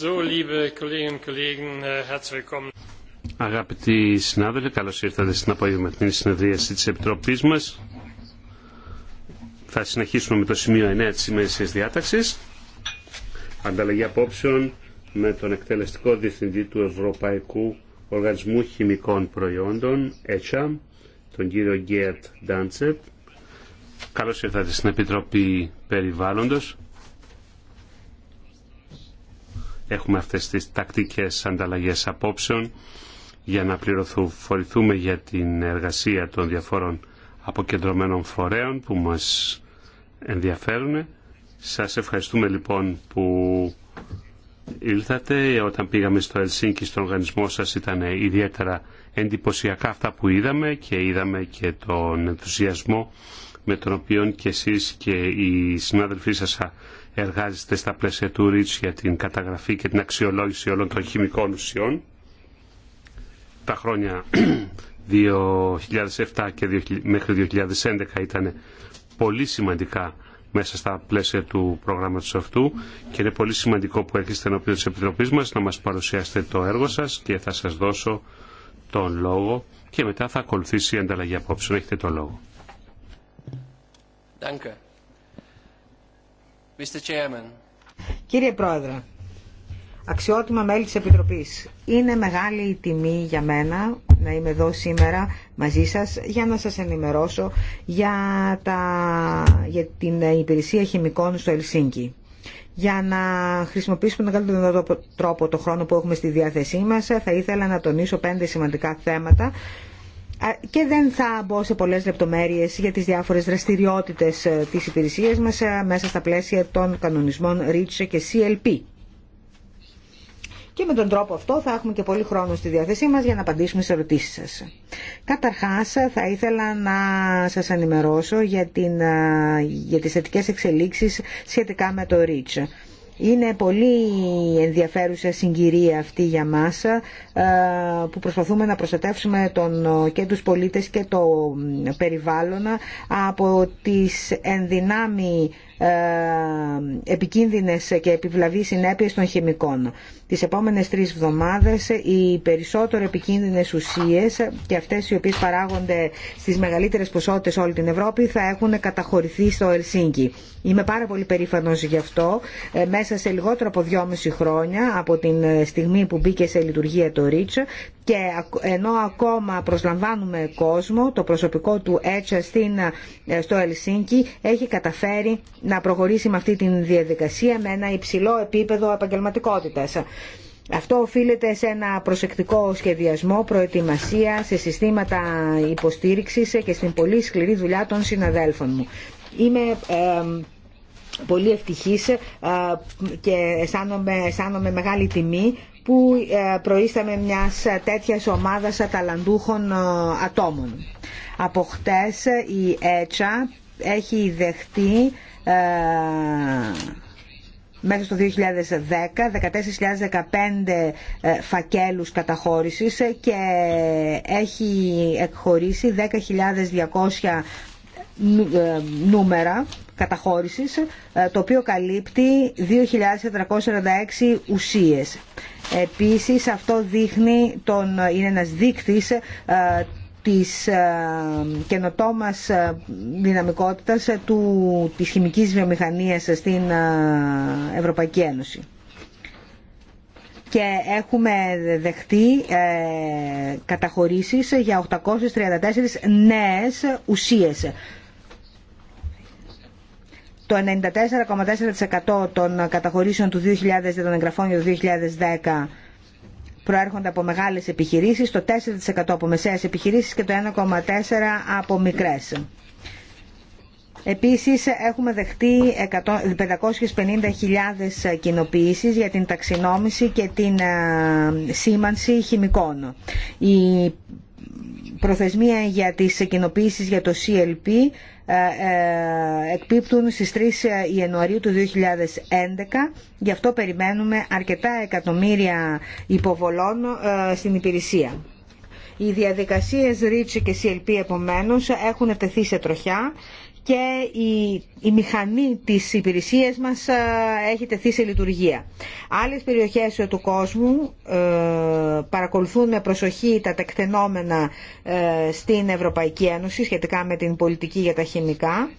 Äh, Αγαπητοί συνάδελφοι, καλώς ήρθατε στην απογευματινή συνεδρίαση της Επιτροπής μας. Θα συνεχίσουμε με το σημείο 9 της σημερινής διάταξης. Ανταλλαγή απόψεων με τον εκτελεστικό διευθυντή του Ευρωπαϊκού Οργανισμού Χημικών Προϊόντων, ΕΤΣΑ, τον κύριο Γκέρτ Ντάντσεπ. Καλώς ήρθατε στην Επιτροπή Περιβάλλοντος. έχουμε αυτές τις τακτικές ανταλλαγές απόψεων για να πληροφορηθούμε για την εργασία των διαφόρων αποκεντρωμένων φορέων που μας ενδιαφέρουν. Σας ευχαριστούμε λοιπόν που ήλθατε. Όταν πήγαμε στο Ελσίνκι στον οργανισμό σας ήταν ιδιαίτερα εντυπωσιακά αυτά που είδαμε και είδαμε και τον ενθουσιασμό με τον οποίο και εσείς και οι συνάδελφοί σας εργάζεστε στα πλαίσια του ΡΙΤΣ για την καταγραφή και την αξιολόγηση όλων των χημικών ουσιών. Τα χρόνια 2007 και μέχρι 2011 ήταν πολύ σημαντικά μέσα στα πλαίσια του προγράμματος αυτού και είναι πολύ σημαντικό που έρχεστε ενώπιον της Επιτροπής μας να μας παρουσιάσετε το έργο σας και θα σας δώσω τον λόγο και μετά θα ακολουθήσει η ανταλλαγή απόψεων. Έχετε τον λόγο. Danke. Κύριε Πρόεδρε, αξιότιμα μέλη της Επιτροπής, είναι μεγάλη η τιμή για μένα να είμαι εδώ σήμερα μαζί σας για να σας ενημερώσω για, τα, για την υπηρεσία χημικών στο Ελσίνκι για να χρησιμοποιήσουμε τον καλύτερο τρόπο το χρόνο που έχουμε στη διάθεσή μας θα ήθελα να τονίσω πέντε σημαντικά θέματα και δεν θα μπω σε πολλές λεπτομέρειες για τις διάφορες δραστηριότητες ε, της υπηρεσίας μας ε, μέσα στα πλαίσια των κανονισμών REACH και CLP. Και με τον τρόπο αυτό θα έχουμε και πολύ χρόνο στη διάθεσή μας για να απαντήσουμε σε ερωτήσεις σας. Καταρχάς ε, θα ήθελα να σας ενημερώσω για, την, για τις θετικές εξελίξεις σχετικά με το REACH. Είναι πολύ ενδιαφέρουσα συγκυρία αυτή για μας ε, που προσπαθούμε να προστατεύσουμε τον, ε, και τους πολίτες και το περιβάλλον ε, από τις ενδυνάμει ε, επικίνδυνες και επιβλαβεί συνέπειες των χημικών. Τις επόμενες τρεις εβδομάδες οι περισσότερο επικίνδυνες ουσίες και αυτές οι οποίες παράγονται στις μεγαλύτερες ποσότητες όλη την Ευρώπη θα έχουν καταχωρηθεί στο Ελσίνκι. Είμαι πάρα πολύ περήφανος γι' αυτό. Ε, μέσα σε λιγότερο από δυόμιση χρόνια από την ε, στιγμή που μπήκε σε λειτουργία το REACH και ενώ ακόμα προσλαμβάνουμε κόσμο, το προσωπικό του έτσα ε, στο Ελσίνκι έχει καταφέρει να προχωρήσει με αυτή τη διαδικασία με ένα υψηλό επίπεδο επαγγελματικότητα. Αυτό οφείλεται σε ένα προσεκτικό σχεδιασμό, προετοιμασία, σε συστήματα υποστήριξης και στην πολύ σκληρή δουλειά των συναδέλφων μου. Είμαι πολύ ευτυχής ε, και αισθάνομαι, αισθάνομαι μεγάλη τιμή που ε, προείσταμε μιας ε, τέτοιας ομάδας αταλαντούχων ε, ατόμων. Από χτες η ΕΤΣΑ έχει δεχτεί μέχρι το 2010 14.015 φακέλους καταχώρησης και έχει εκχωρήσει 10.200 νούμερα καταχώρησης, ε, το οποίο καλύπτει 2.446 ουσίες. Επίσης αυτό δείχνει τον, είναι ένας δείκτης ε, της ε, καινοτόμας δυναμικότητας του, της χημικής βιομηχανίας στην Ευρωπαϊκή Ένωση. Και έχουμε δεχτεί καταχωρήσεις για 834 νέες ουσίες το 94,4% των καταχωρήσεων του 2000 των εγγραφών για το 2010 προέρχονται από μεγάλες επιχειρήσεις, το 4% από μεσαίες επιχειρήσεις και το 1,4% από μικρές. Επίσης έχουμε δεχτεί 550.000 κοινοποιήσεις για την ταξινόμηση και την σήμανση χημικών. Η προθεσμία για τις κοινοποιήσεις για το CLP ε, ε, εκπίπτουν στις 3 ε, Ιανουαρίου του 2011. Γι' αυτό περιμένουμε αρκετά εκατομμύρια υποβολών στην υπηρεσία. Οι διαδικασίες REACH και CLP επομένως έχουν ευτεθεί σε τροχιά και η, η μηχανή της υπηρεσίας μας ε, έχει τεθεί σε λειτουργία. Άλλες περιοχές του κόσμου ε, παρακολουθούν με προσοχή τα τεκτενόμενα ε, στην Ευρωπαϊκή Ένωση σχετικά με την πολιτική για τα χημικά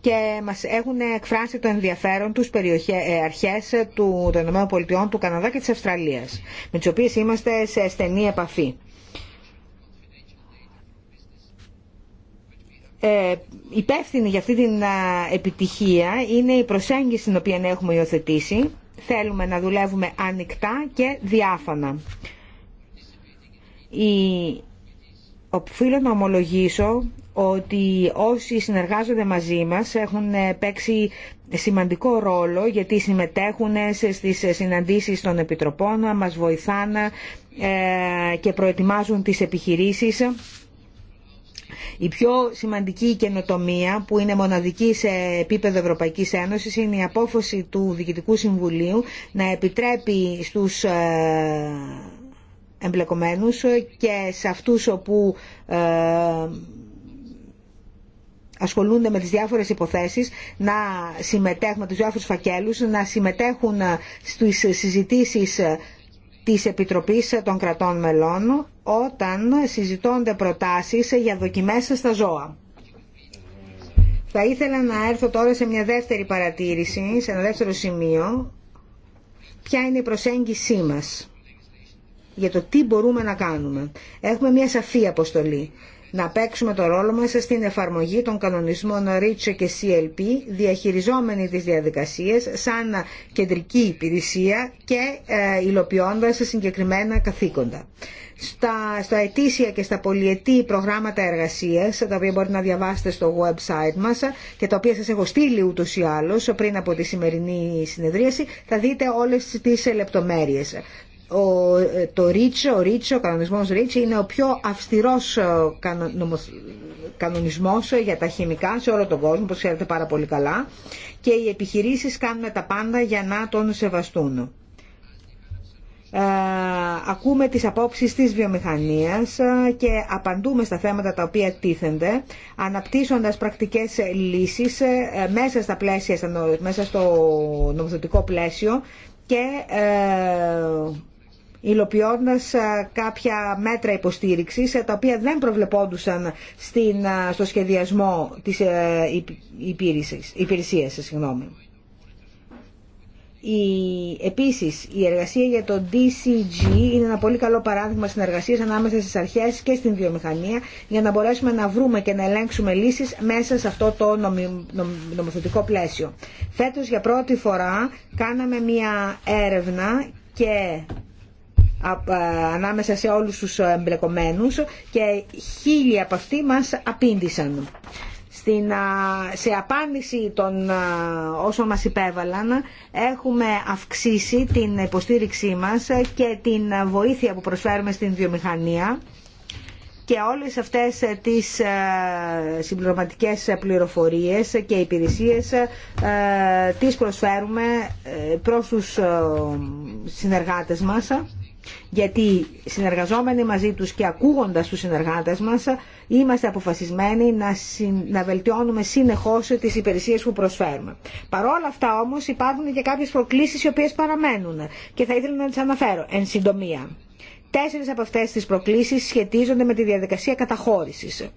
και μας έχουν εκφράσει το ενδιαφέρον τους περιοχές, αρχές του, των ΗΠΑ, του Καναδά και της Αυστραλίας, με τις οποίες είμαστε σε στενή επαφή. Ε, υπεύθυνη για αυτή την επιτυχία είναι η προσέγγιση την οποία έχουμε υιοθετήσει. Θέλουμε να δουλεύουμε ανοιχτά και διάφανα. Η... Οφείλω να ομολογήσω ότι όσοι συνεργάζονται μαζί μας έχουν ε, παίξει σημαντικό ρόλο γιατί συμμετέχουν στις συναντήσεις των επιτροπών, μας βοηθάνε ε, και προετοιμάζουν τις επιχειρήσεις η πιο σημαντική καινοτομία που είναι μοναδική σε επίπεδο Ευρωπαϊκής Ένωσης είναι η απόφαση του Διοικητικού Συμβουλίου να επιτρέπει στους ε, εμπλεκομένους και σε αυτούς όπου ε, ασχολούνται με τις διάφορες υποθέσεις, να συμμετέχουν με τους διάφορους φακέλους, να συμμετέχουν ε, στις συζητήσεις της Επιτροπής των Κρατών Μελών όταν συζητώνται προτάσεις για δοκιμές στα ζώα. Θα ήθελα να έρθω τώρα σε μια δεύτερη παρατήρηση, σε ένα δεύτερο σημείο. Ποια είναι η προσέγγισή μας για το τι μπορούμε να κάνουμε. Έχουμε μια σαφή αποστολή να παίξουμε το ρόλο μας στην εφαρμογή των κανονισμών REACH και CLP, διαχειριζόμενοι τις διαδικασίες σαν κεντρική υπηρεσία και ε, υλοποιώντας συγκεκριμένα καθήκοντα στα, στα ετήσια και στα πολυετή προγράμματα εργασίας, τα οποία μπορείτε να διαβάσετε στο website μας και τα οποία σας έχω στείλει ούτως ή άλλως πριν από τη σημερινή συνεδρίαση, θα δείτε όλες τις λεπτομέρειες ο, ε, το Ρίτσο, ο, Ρίτσο, ο κανονισμός Ρίτσο είναι ο πιο αυστηρός ε, κανονισμός ε, για τα χημικά σε όλο τον κόσμο, όπως ξέρετε πάρα πολύ καλά, και οι επιχειρήσεις κάνουν τα πάντα για να τον σεβαστούν. ακούμε τις απόψεις της βιομηχανίας και απαντούμε στα θέματα τα οποία τίθενται αναπτύσσοντας πρακτικές λύσεις μέσα, στα πλαίσια, μέσα στο νομοθετικό πλαίσιο και ε, υλοποιώντα ε, κάποια μέτρα υποστήριξη ε, τα οποία δεν προβλεπόντουσαν ε, στο σχεδιασμό της υπηρεσίας. επίση, Η, επίσης, η εργασία για το DCG είναι ένα πολύ καλό παράδειγμα συνεργασίας ανάμεσα στις αρχές και στην βιομηχανία για να μπορέσουμε να βρούμε και να ελέγξουμε λύσεις μέσα σε αυτό το νομοθετικό πλαίσιο. Φέτος για πρώτη φορά κάναμε μια έρευνα και ε, ανάμεσα σε όλους τους ε, εμπλεκομένους και χίλια από αυτοί μας απήντησαν. Στην, σε απάντηση των όσων μας υπέβαλαν έχουμε αυξήσει την υποστήριξή μας και την βοήθεια που προσφέρουμε στην βιομηχανία και όλες αυτές τις ε, συμπληρωματικές πληροφορίες και υπηρεσίες τις προσφέρουμε προς τους συνεργάτες μας γιατί συνεργαζόμενοι μαζί τους και ακούγοντας τους συνεργάτες μας είμαστε αποφασισμένοι να, να βελτιώνουμε συνεχώς τις υπηρεσίες που προσφέρουμε. Παρόλα αυτά όμως υπάρχουν και κάποιες προκλήσεις οι οποίες παραμένουν και θα ήθελα να τις αναφέρω εν συντομία. Τέσσερις από αυτές τις προκλήσεις σχετίζονται με τη διαδικασία καταχώρησης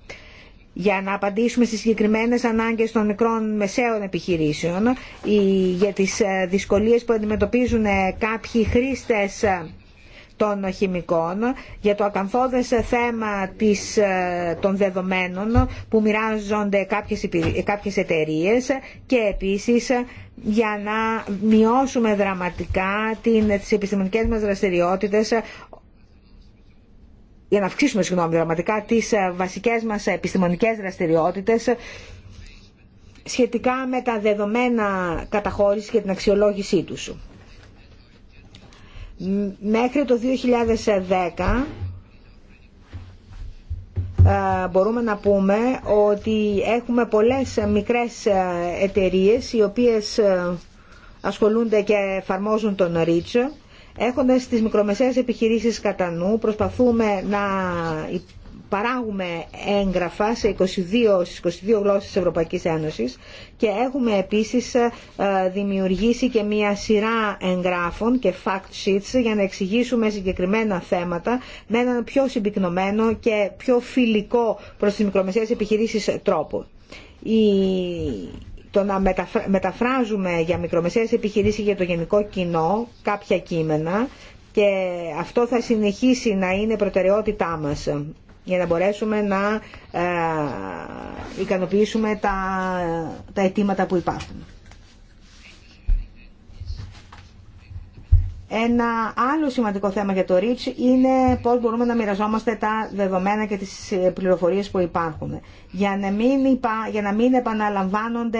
για να απαντήσουμε στις συγκεκριμένες ανάγκες των μικρών μεσαίων επιχειρήσεων ή για τις ε, δυσκολίες που αντιμετωπίζουν ε, κάποιοι χρήστες ε, των χημικών, για το ακαθόδες θέμα της, ε, των δεδομένων που μοιράζονται κάποιες, κάποιες εταιρείες και επίσης για να μειώσουμε δραματικά την, τις επιστημονικές μας δραστηριότητες για να αυξήσουμε συγγνώμη, δραματικά τις ε, βασικές μας επιστημονικές δραστηριότητες σχετικά με τα δεδομένα καταχώρηση και την αξιολόγησή τους μέχρι το 2010 ε, μπορούμε να πούμε ότι έχουμε πολλές ε, μικρές ε, εταιρείες οι οποίες ασχολούνται και εφαρμόζουν τον REACH. Έχοντας τις μικρομεσαίες επιχειρήσεις κατά νου, προσπαθούμε να παράγουμε έγγραφα σε 22, στις 22 γλώσσες της Ευρωπαϊκής Ένωσης και έχουμε επίσης ε, δημιουργήσει και μία σειρά εγγράφων και fact sheets για να εξηγήσουμε συγκεκριμένα θέματα με έναν πιο συμπυκνωμένο και πιο φιλικό προς τις μικρομεσαίες επιχειρήσεις τρόπο. Η... Το να μεταφράζουμε για μικρομεσαίες επιχειρήσεις για το γενικό κοινό κάποια κείμενα και αυτό θα συνεχίσει να είναι προτεραιότητά μας για να μπορέσουμε να ε, ικανοποιήσουμε τα, τα αιτήματα που υπάρχουν. Ένα άλλο σημαντικό θέμα για το REACH είναι πώς μπορούμε να μοιραζόμαστε τα δεδομένα και τις ε, πληροφορίες που υπάρχουν. Για να μην, για να μην επαναλαμβάνονται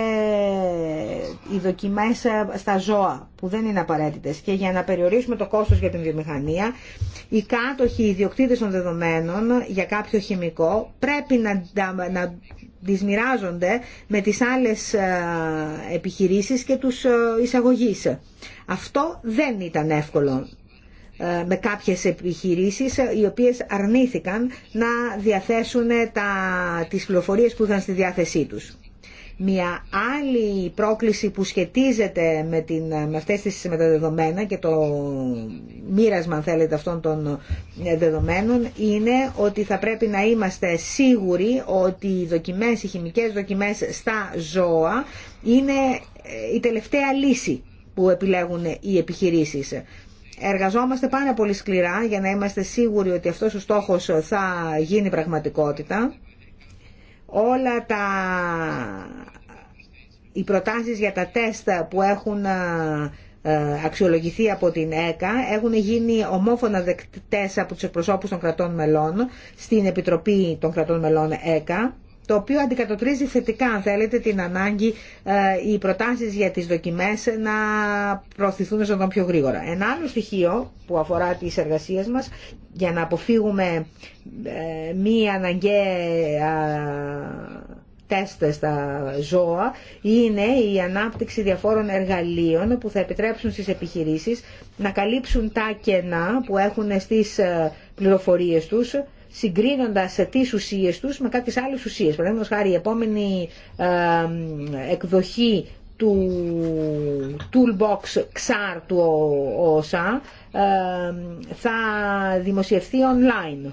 ε, οι δοκιμές ε, στα ζώα που δεν είναι απαραίτητες και για να περιορίσουμε το κόστος για την βιομηχανία, οι κάτοχοι, οι ιδιοκτήτες των δεδομένων για κάποιο χημικό πρέπει να, να τις μοιράζονται με τις άλλες επιχειρήσεις και τους εισαγωγείς. Αυτό δεν ήταν εύκολο ε, με κάποιες επιχειρήσεις ε, οι οποίες αρνήθηκαν να διαθέσουν ε, τα, τις πληροφορίες που είχαν στη διάθεσή τους. Μια άλλη πρόκληση που σχετίζεται με, την, με αυτές τις μεταδεδομένα και το μοίρασμα θέλετε αυτών των δεδομένων είναι ότι θα πρέπει να είμαστε σίγουροι ότι οι δοκιμές, οι χημικές δοκιμές στα ζώα είναι η τελευταία λύση που επιλέγουν οι επιχειρήσεις. Εργαζόμαστε πάρα πολύ σκληρά για να είμαστε σίγουροι ότι αυτός ο στόχος θα γίνει πραγματικότητα. Όλα τα... Οι προτάσεις για τα τεστ που έχουν ε, αξιολογηθεί από την ΕΚΑ έχουν γίνει ομόφωνα δεκτές από τους εκπροσώπους των κρατών μελών στην Επιτροπή των κρατών μελών ΕΚΑ το οποίο αντικατοπτρίζει θετικά, αν θέλετε, την ανάγκη ε, οι προτάσεις για τις δοκιμές να προωθηθούν στον πιο γρήγορα. Ένα άλλο στοιχείο που αφορά τις εργασίες μας, για να αποφύγουμε ε, μη αναγκαία τεστ στα ζώα είναι η ανάπτυξη διαφόρων εργαλείων που θα επιτρέψουν στις επιχειρήσεις να καλύψουν τα κενά που έχουν στις ε, πληροφορίες τους συγκρίνοντας τι ουσίε του με κάποιες άλλες ουσίες. Παραδείγματο χάρη η επόμενη ε, εκδοχή του Toolbox XAR του ΩΣΑ ε, θα δημοσιευθεί online.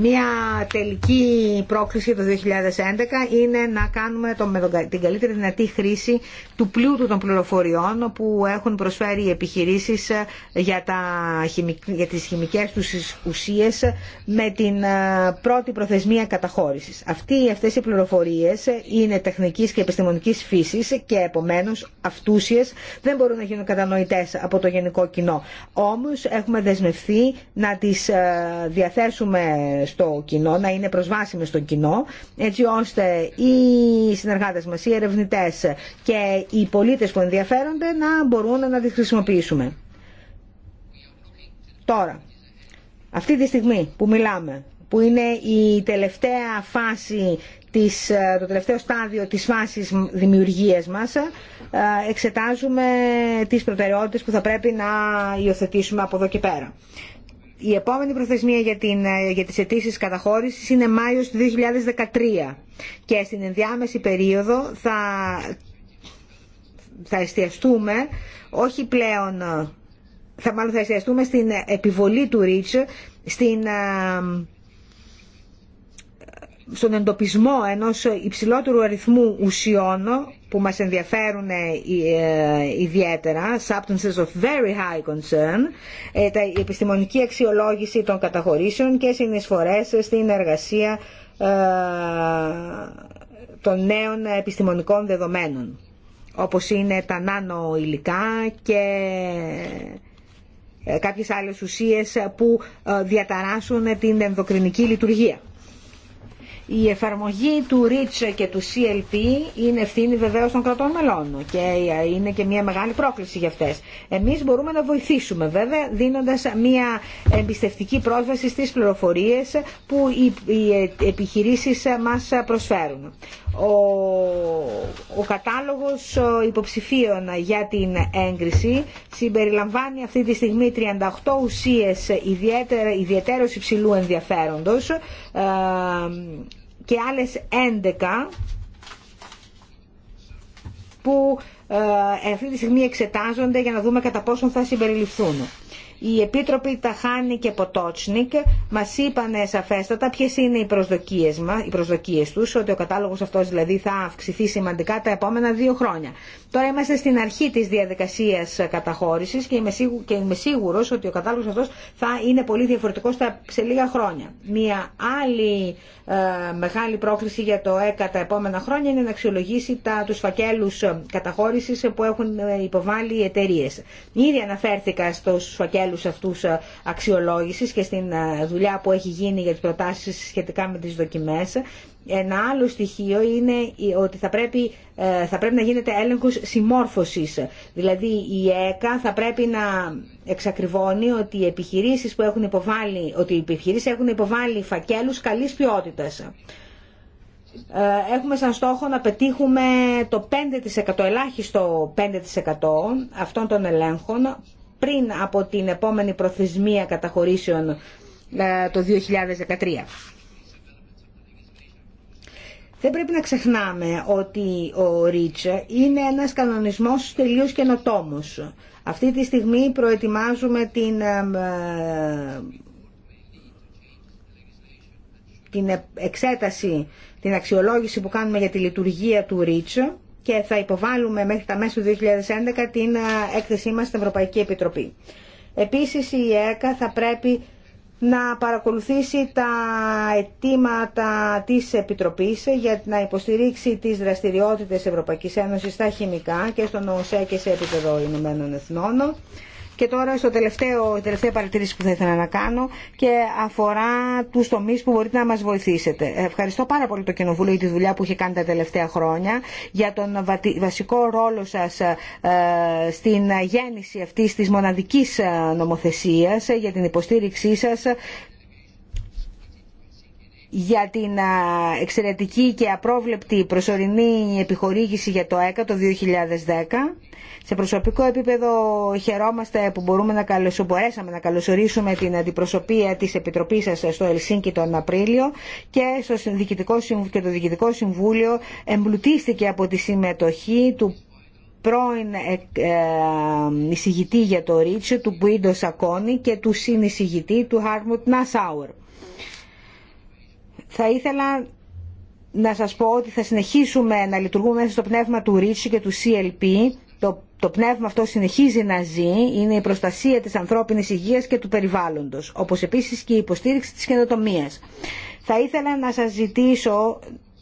Μια τελική πρόκληση το 2011 είναι να κάνουμε το, με την καλύτερη δυνατή χρήση του πλούτου των πληροφοριών που έχουν προσφέρει οι επιχειρήσεις ε, για, τα, για τις χημικές τους ουσίες ε, με την ε, πρώτη προθεσμία καταχώρησης. Αυτή, αυτές οι πληροφορίες είναι τεχνικής και επιστημονικής φύσης και επομένως αυτούσιες δεν μπορούν να γίνουν κατανοητές από το γενικό κοινό. Όμως έχουμε δεσμευθεί να τις διαθέσουμε στο κοινό, να είναι προσβάσιμες στο κοινό, έτσι ώστε οι συνεργάτες μας, οι ερευνητές και οι πολίτες που ενδιαφέρονται να μπορούν να τις χρησιμοποιήσουμε. Τώρα, αυτή τη στιγμή που μιλάμε, που είναι η τελευταία φάση της, ε, το τελευταίο στάδιο της φάσης δημιουργίας μας ε, εξετάζουμε τις προτεραιότητες που θα πρέπει να υιοθετήσουμε από εδώ και πέρα η επόμενη προθεσμία για, την, ε, για τις αιτήσει καταχώρησης είναι Μάιος του 2013 και στην ενδιάμεση περίοδο θα, θα εστιαστούμε όχι πλέον ε, θα μάλλον θα εστιαστούμε στην επιβολή του REACH στην ε, στον εντοπισμό ενός υψηλότερου αριθμού ουσιών που μας ενδιαφέρουν ε, ε, ιδιαίτερα, substances of very high concern, ε, η επιστημονική αξιολόγηση των καταχωρήσεων και συνεισφορές στην εργασία των νέων επιστημονικών δεδομένων, όπως είναι τα νάνο υλικά και κάποιες άλλες ουσίες που διαταράσσουν την ενδοκρινική λειτουργία. Η εφαρμογή του REACH και του CLP είναι ευθύνη βεβαίως των κρατών μελών και είναι και μια μεγάλη πρόκληση για αυτές. Εμείς μπορούμε να βοηθήσουμε βέβαια δίνοντας μια εμπιστευτική πρόσβαση στις πληροφορίες που οι επιχειρήσεις μας προσφέρουν. Ο, ο κατάλογος υποψηφίων για την έγκριση συμπεριλαμβάνει αυτή τη στιγμή 38 ουσίες ιδιαίτερως υψηλού ενδιαφέροντος ε, και άλλες 11 που ε, αυτή τη στιγμή εξετάζονται για να δούμε κατά πόσον θα συμπεριληφθούν. Οι Επίτροποι Ταχάνη και Ποτότσνικ μα είπαν σαφέστατα ποιε είναι οι προσδοκίε μα, οι ότι ο κατάλογο αυτό δηλαδή θα αυξηθεί σημαντικά τα επόμενα δύο χρόνια. Τώρα είμαστε στην αρχή τη διαδικασία καταχώρηση και είμαι, σίγουρο ότι ο κατάλογο αυτό θα είναι πολύ διαφορετικό σε λίγα χρόνια. Μία άλλη ε, μεγάλη πρόκληση για το ΕΚΑ τα επόμενα χρόνια είναι να αξιολογήσει τα, τους φακέλους ε, που έχουν ε, υποβάλει οι εταιρείε. Ήδη αναφέρθηκα φακέλους αυτούς ε, αξιολόγησης και στην ε, δουλειά που έχει γίνει για τις προτάσεις σχετικά με τις δοκιμές. Ένα άλλο στοιχείο είναι ότι θα πρέπει, ε, θα πρέπει να γίνεται έλεγχος συμμόρφωσης. Δηλαδή η ΕΚΑ θα πρέπει να εξακριβώνει ότι οι επιχειρήσεις, που έχουν, υποβάλει, ότι οι επιχειρήσεις έχουν υποβάλει φακέλους καλής ποιότητας έχουμε σαν στόχο να πετύχουμε το 5% ελάχιστο 5% αυτών των ελέγχων πριν από την επόμενη προθεσμία καταχωρήσεων ε, το 2013. Δεν πρέπει να ξεχνάμε ότι ο Ρίτς είναι ένας κανονισμός τελείως καινοτόμος. Αυτή τη στιγμή προετοιμάζουμε την, ε, ε, την εξέταση, την αξιολόγηση που κάνουμε για τη λειτουργία του Ρίτς και θα υποβάλουμε μέχρι τα μέσα του 2011 την έκθεσή μας στην Ευρωπαϊκή Επιτροπή. Επίσης η ΕΚΑ θα πρέπει να παρακολουθήσει τα αιτήματα της Επιτροπής για να υποστηρίξει τις δραστηριότητες Ευρωπαϊκής Ένωσης στα χημικά και στον ΟΣΕ και σε επίπεδο Ηνωμένων Εθνών και τώρα στο τελευταίο, η τελευταία παρατηρήση που θα ήθελα να κάνω και αφορά του τομεί που μπορείτε να μα βοηθήσετε. Ευχαριστώ πάρα πολύ το Κοινοβούλιο για τη δουλειά που είχε κάνει τα τελευταία χρόνια, για τον βασικό ρόλο σα ε, στην γέννηση αυτή τη μοναδική ε, νομοθεσία, ε, για την υποστήριξή σα για την εξαιρετική και απρόβλεπτη προσωρινή επιχορήγηση για το ΕΚΑ το 2010. Σε προσωπικό επίπεδο χαιρόμαστε που μπορούμε να μπορέσαμε να καλωσορίσουμε την αντιπροσωπεία της Επιτροπής σας στο Ελσίνκι τον Απρίλιο και, στο Διοικητικό, το Διοικητικό Συμβούλιο εμπλουτίστηκε από τη συμμετοχή του πρώην ε, ε, εισηγητή για το Ρίτσο, του Μπουίντο Σακόνη και του συνεισηγητή του Χάρμουτ Νάσαουερ. Θα ήθελα να σας πω ότι θα συνεχίσουμε να λειτουργούμε μέσα στο πνεύμα του Ρίτσι και του CLP. Το, το πνεύμα αυτό συνεχίζει να ζει, είναι η προστασία της ανθρώπινης υγείας και του περιβάλλοντος, όπως επίσης και η υποστήριξη της καινοτομίας. Θα ήθελα να σας ζητήσω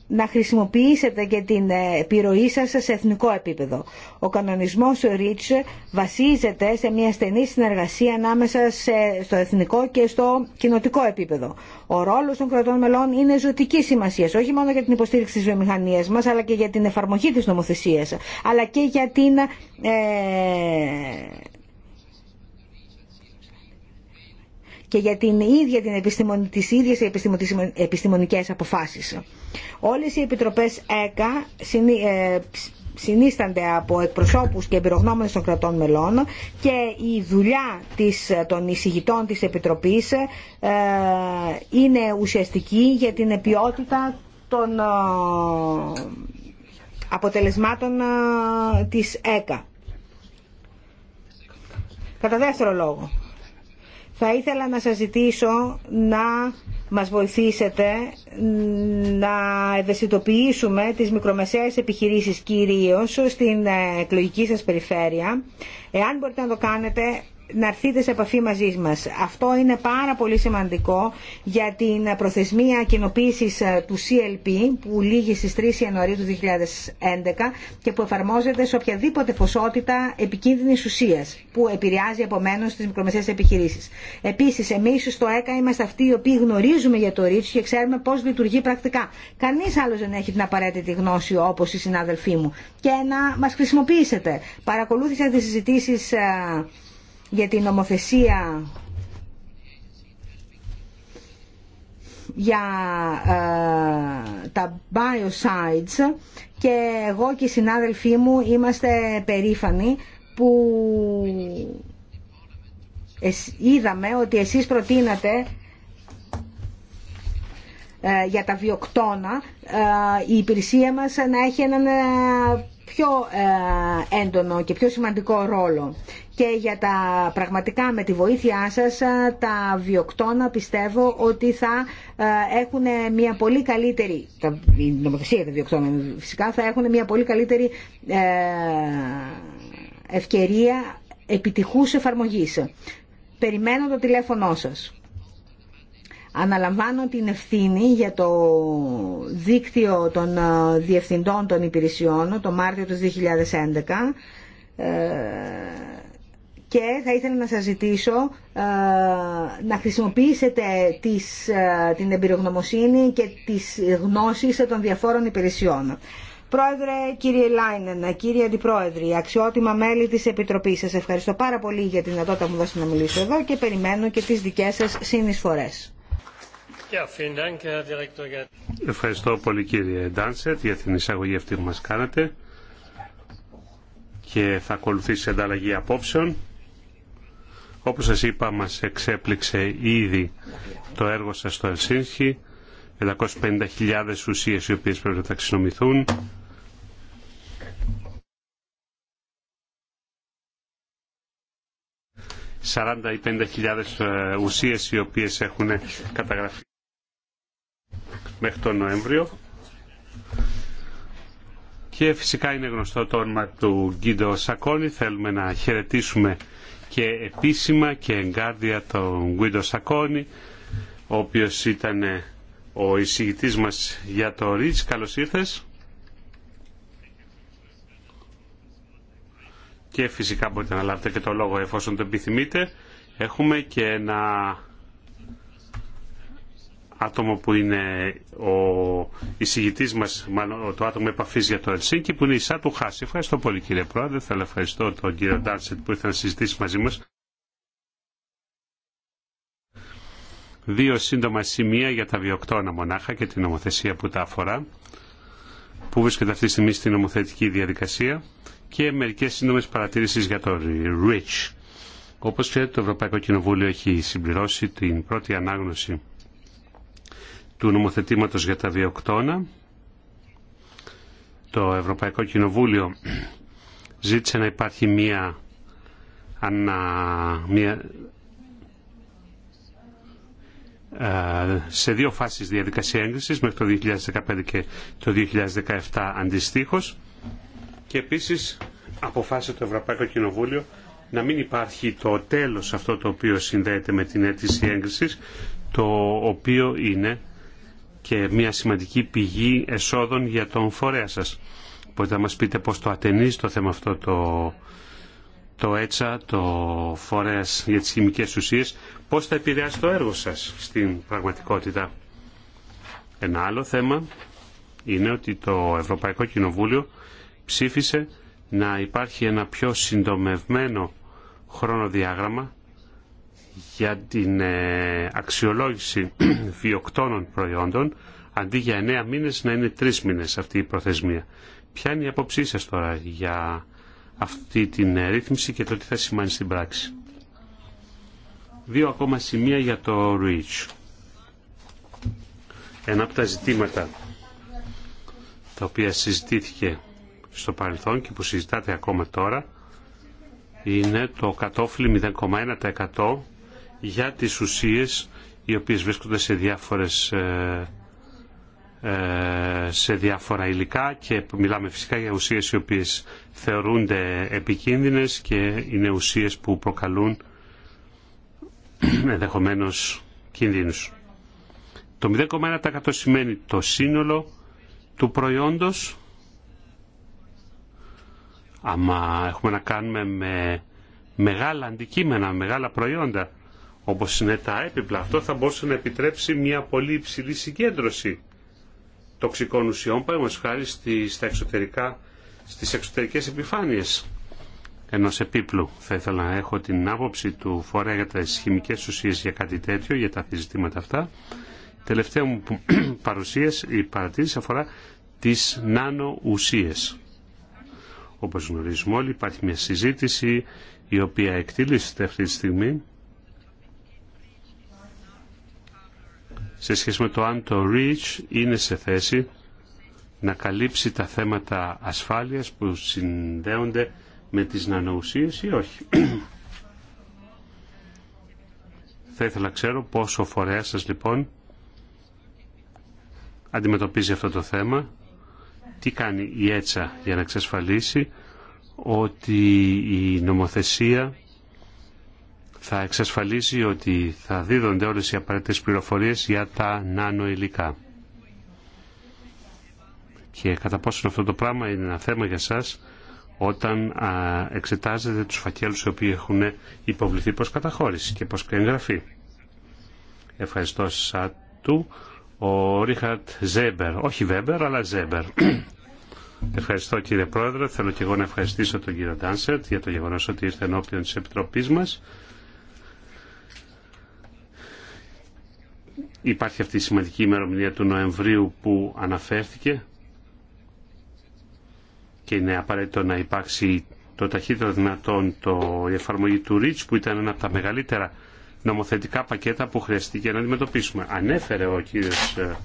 να χρησιμοποιήσετε και την ε, επιρροή σας σε εθνικό επίπεδο. Ο κανονισμός REACH βασίζεται σε μια στενή συνεργασία ανάμεσα στο εθνικό και στο κοινοτικό επίπεδο. Ο ρόλος των κρατών μελών είναι ζωτική σημασία, όχι μόνο για την υποστήριξη της βιομηχανίας μας, αλλά και για την εφαρμογή της νομοθεσίας, αλλά και για την ε, και για την ίδια την επιστημονική, τις ίδιες επιστημονικές αποφάσεις. Όλες οι επιτροπές ΕΚΑ ε, συνίστανται από εκπροσώπους και εμπειρογνώμενες των κρατών μελών και η δουλειά της, των εισηγητών της Επιτροπής ε, είναι ουσιαστική για την ποιότητα των ε, αποτελεσμάτων της ΕΚΑ. Κατά δεύτερο λόγο, θα ήθελα να σας ζητήσω να μας βοηθήσετε να ευαισθητοποιήσουμε τις μικρομεσαίες επιχειρήσεις κυρίως στην εκλογική σας περιφέρεια. Εάν μπορείτε να το κάνετε να έρθείτε σε επαφή μαζί μας. Αυτό είναι πάρα πολύ σημαντικό για την προθεσμία κοινοποίηση ε, του CLP που λήγει στις 3 Ιανουαρίου του 2011 και που εφαρμόζεται σε οποιαδήποτε ποσότητα επικίνδυνης ουσίας που επηρεάζει επομένως τις μικρομεσαίες επιχειρήσεις. Επίσης, εμείς στο ΕΚΑ είμαστε αυτοί οι οποίοι γνωρίζουμε για το ρίτσι και ξέρουμε πώς λειτουργεί πρακτικά. Κανείς άλλος δεν έχει την απαραίτητη γνώση όπως οι συνάδελφοί μου. Και να μας χρησιμοποιήσετε. Παρακολούθησα τις συζητήσεις ε, για την νομοθεσία για ε, τα biocides και εγώ και οι συνάδελφοί μου είμαστε περήφανοι που είδαμε ότι εσείς προτείνατε ε, για τα βιοκτώνα ε, η υπηρεσία μας να έχει έναν πιο ε, έντονο και πιο σημαντικό ρόλο. Και για τα πραγματικά με τη βοήθειά σας ε, τα βιοκτώνα πιστεύω ότι θα ε, έχουν μια πολύ καλύτερη, η νομοθεσία φυσικά, θα έχουν μια πολύ καλύτερη ευκαιρία επιτυχούς εφαρμογής. Περιμένω το τηλέφωνό σας αναλαμβάνω την ευθύνη για το δίκτυο των ε, διευθυντών των υπηρεσιών το Μάρτιο του 2011 ε, και θα ήθελα να σας ζητήσω ε, να χρησιμοποιήσετε τις, την εμπειρογνωμοσύνη και τις γνώσεις των διαφόρων υπηρεσιών. Πρόεδρε, κύριε Λάινεν, κύριε Αντιπρόεδρε, αξιότιμα μέλη της Επιτροπής, σας ευχαριστώ πάρα πολύ για τη δυνατότητα που μου δώσετε να μιλήσω εδώ και περιμένω και τις δικές σας συνεισφορές. Ευχαριστώ πολύ κύριε Ντάνσετ για την εισαγωγή αυτή που μας κάνατε και θα ακολουθήσει ανταλλαγή απόψεων. Όπως σας είπα μας εξέπληξε ήδη το έργο σας στο Ελσίνσχη 750.000 ουσίες οι οποίες πρέπει να ταξινομηθούν Σαράντα ή πέντε ουσίες οι οποίες έχουν καταγραφεί μέχρι τον Νοέμβριο και φυσικά είναι γνωστό το όνομα του Γκίντο Σακόνη Θέλουμε να χαιρετήσουμε και επίσημα και εγκάρδια τον Γκίντο Σακόνη ο οποίος ήταν ο εισηγητής μας για το Ρίτς. Καλώς ήρθες. Και φυσικά μπορείτε να λάβετε και το λόγο εφόσον το επιθυμείτε. Έχουμε και ένα άτομο που είναι ο εισηγητή μα, μάλλον το άτομο επαφή για το Ελσίνκι, που είναι η Σάτου Χάση. Ευχαριστώ πολύ κύριε Πρόεδρε, θέλω ευχαριστώ τον κύριο Ντάρσετ που ήρθε να συζητήσει μαζί μα. Δύο σύντομα σημεία για τα βιοκτώνα μονάχα και την νομοθεσία που τα αφορά, που βρίσκεται αυτή τη στιγμή στην νομοθετική διαδικασία και μερικές σύντομες παρατηρήσεις για το REACH. Όπω ξέρετε το Ευρωπαϊκό Κοινοβούλιο έχει συμπληρώσει την πρώτη ανάγνωση του νομοθετήματος για τα βιοκτώνα. Το Ευρωπαϊκό Κοινοβούλιο ζήτησε να υπάρχει μία, ε, σε δύο φάσεις διαδικασία έγκρισης μέχρι το 2015 και το 2017 αντιστοίχως και επίσης αποφάσισε το Ευρωπαϊκό Κοινοβούλιο να μην υπάρχει το τέλος αυτό το οποίο συνδέεται με την αίτηση έγκρισης το οποίο είναι και μια σημαντική πηγή εσόδων για τον φορέα σας. Μπορείτε να μας πείτε πώς το ατενίζει το θέμα αυτό το, το έτσα, το φορέας για τις χημικές ουσίες, πώς θα επηρεάσει το έργο σας στην πραγματικότητα. Ένα άλλο θέμα είναι ότι το Ευρωπαϊκό Κοινοβούλιο ψήφισε να υπάρχει ένα πιο συντομευμένο χρονοδιάγραμμα για την ε, αξιολόγηση βιοκτώνων προϊόντων αντί για 9 μήνες να είναι 3 μήνες αυτή η προθεσμία. Ποια είναι η απόψή σας τώρα για αυτή την ε, ρύθμιση και το τι θα σημαίνει στην πράξη. Δύο ακόμα σημεία για το REACH. Ένα από τα ζητήματα τα οποία συζητήθηκε στο παρελθόν και που συζητάτε ακόμα τώρα είναι το κατόφλι 0,1% για τις ουσίες οι οποίες βρίσκονται σε, διάφορες, ε, ε, σε διάφορα υλικά και μιλάμε φυσικά για ουσίες οι οποίες θεωρούνται επικίνδυνες και είναι ουσίες που προκαλούν ενδεχομένω κινδύνους. Το 0,1% σημαίνει το σύνολο του προϊόντος. Άμα έχουμε να κάνουμε με μεγάλα αντικείμενα, μεγάλα προϊόντα, όπως είναι τα έπιπλα. Αυτό θα μπορούσε να επιτρέψει μια πολύ υψηλή συγκέντρωση τοξικών ουσιών, παραδείγματος χάρη στα εξωτερικά, στις εξωτερικές επιφάνειες ενός επίπλου. Θα ήθελα να έχω την άποψη του φορέα για τις χημικές ουσίες για κάτι τέτοιο, για τα ζητήματα αυτά. Τελευταία μου παρουσίες, η παρατήρηση αφορά τις νανοουσίες. Όπως γνωρίζουμε όλοι υπάρχει μια συζήτηση η οποία εκτελήσεται αυτή τη στιγμή σε σχέση με το αν το REACH είναι σε θέση να καλύψει τα θέματα ασφάλειας που συνδέονται με τις νανοουσίες ή όχι. Θα ήθελα να ξέρω πόσο φορέα σας λοιπόν αντιμετωπίζει αυτό το θέμα, τι κάνει η ΕΤΣΑ για να εξασφαλίσει ότι η νομοθεσία θα εξασφαλίσει ότι θα δίδονται όλες οι απαραίτητες πληροφορίες για τα νανοηλικά. Και κατά πόσο αυτό το πράγμα είναι ένα θέμα για σας όταν εξετάζετε τους φακέλους οι οποίοι έχουν υποβληθεί προς καταχώρηση και προς εγγραφή. Ευχαριστώ σα του ο Ρίχαρτ Ζέμπερ, όχι Βέμπερ αλλά Ζέμπερ. Ευχαριστώ κύριε Πρόεδρε, θέλω και εγώ να ευχαριστήσω τον κύριο Ντάνσερτ για το γεγονός ότι ήρθε ενώπιον της Επιτροπής μας υπάρχει αυτή η σημαντική ημερομηνία του Νοεμβρίου που αναφέρθηκε και είναι απαραίτητο να υπάρξει το ταχύτερο δυνατόν το, η εφαρμογή του REACH που ήταν ένα από τα μεγαλύτερα νομοθετικά πακέτα που χρειαστήκε να αντιμετωπίσουμε. Ανέφερε ο κύριος ε,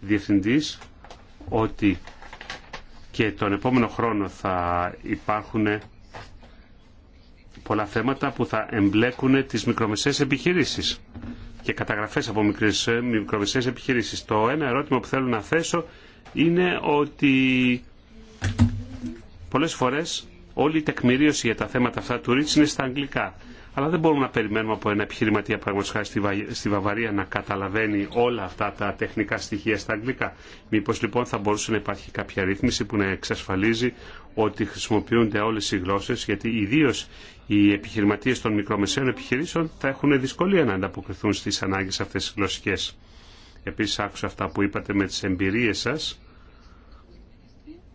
Διευθυντής ότι και τον επόμενο χρόνο θα υπάρχουν πολλά θέματα που θα εμπλέκουν τις μικρομεσαίες επιχειρήσεις και καταγραφές από μικρές, μικρομεσαίες επιχειρήσεις. Το ένα ερώτημα που θέλω να θέσω είναι ότι πολλές φορές όλη η τεκμηρίωση για τα θέματα αυτά του Ρίτς είναι στα αγγλικά. Αλλά δεν μπορούμε να περιμένουμε από ένα επιχειρηματία πραγματικά στη Βαυαρία να καταλαβαίνει όλα αυτά τα τεχνικά στοιχεία στα αγγλικά. Μήπως λοιπόν θα μπορούσε να υπάρχει κάποια ρύθμιση που να εξασφαλίζει ότι χρησιμοποιούνται όλες οι γλώσσες, γιατί ιδίω οι επιχειρηματίε των μικρομεσαίων επιχειρήσεων θα έχουν δυσκολία να ανταποκριθούν στι ανάγκε αυτέ τι γλωσσικές. Επίση άκουσα αυτά που είπατε με τι εμπειρίε σα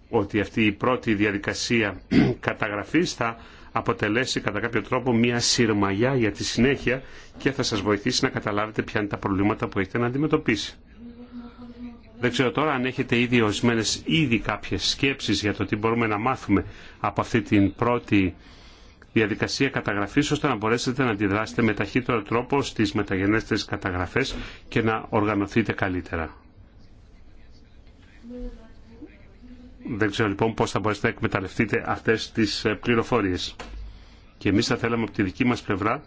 ότι αυτή η πρώτη διαδικασία καταγραφή θα αποτελέσει κατά κάποιο τρόπο μια σειρμαγιά για τη συνέχεια και θα σας βοηθήσει να καταλάβετε ποια είναι τα προβλήματα που έχετε να αντιμετωπίσει. Δεν ξέρω τώρα αν έχετε ήδη ορισμένε ήδη κάποιες σκέψεις για το τι μπορούμε να μάθουμε από αυτή την πρώτη διαδικασία καταγραφή ώστε να μπορέσετε να αντιδράσετε με ταχύτερο τρόπο στι μεταγενέστερε καταγραφέ και να οργανωθείτε καλύτερα. Δεν ξέρω λοιπόν πώς θα μπορέσετε να εκμεταλλευτείτε αυτές τις ε, πληροφορίες. Και εμείς θα θέλαμε από τη δική μας πλευρά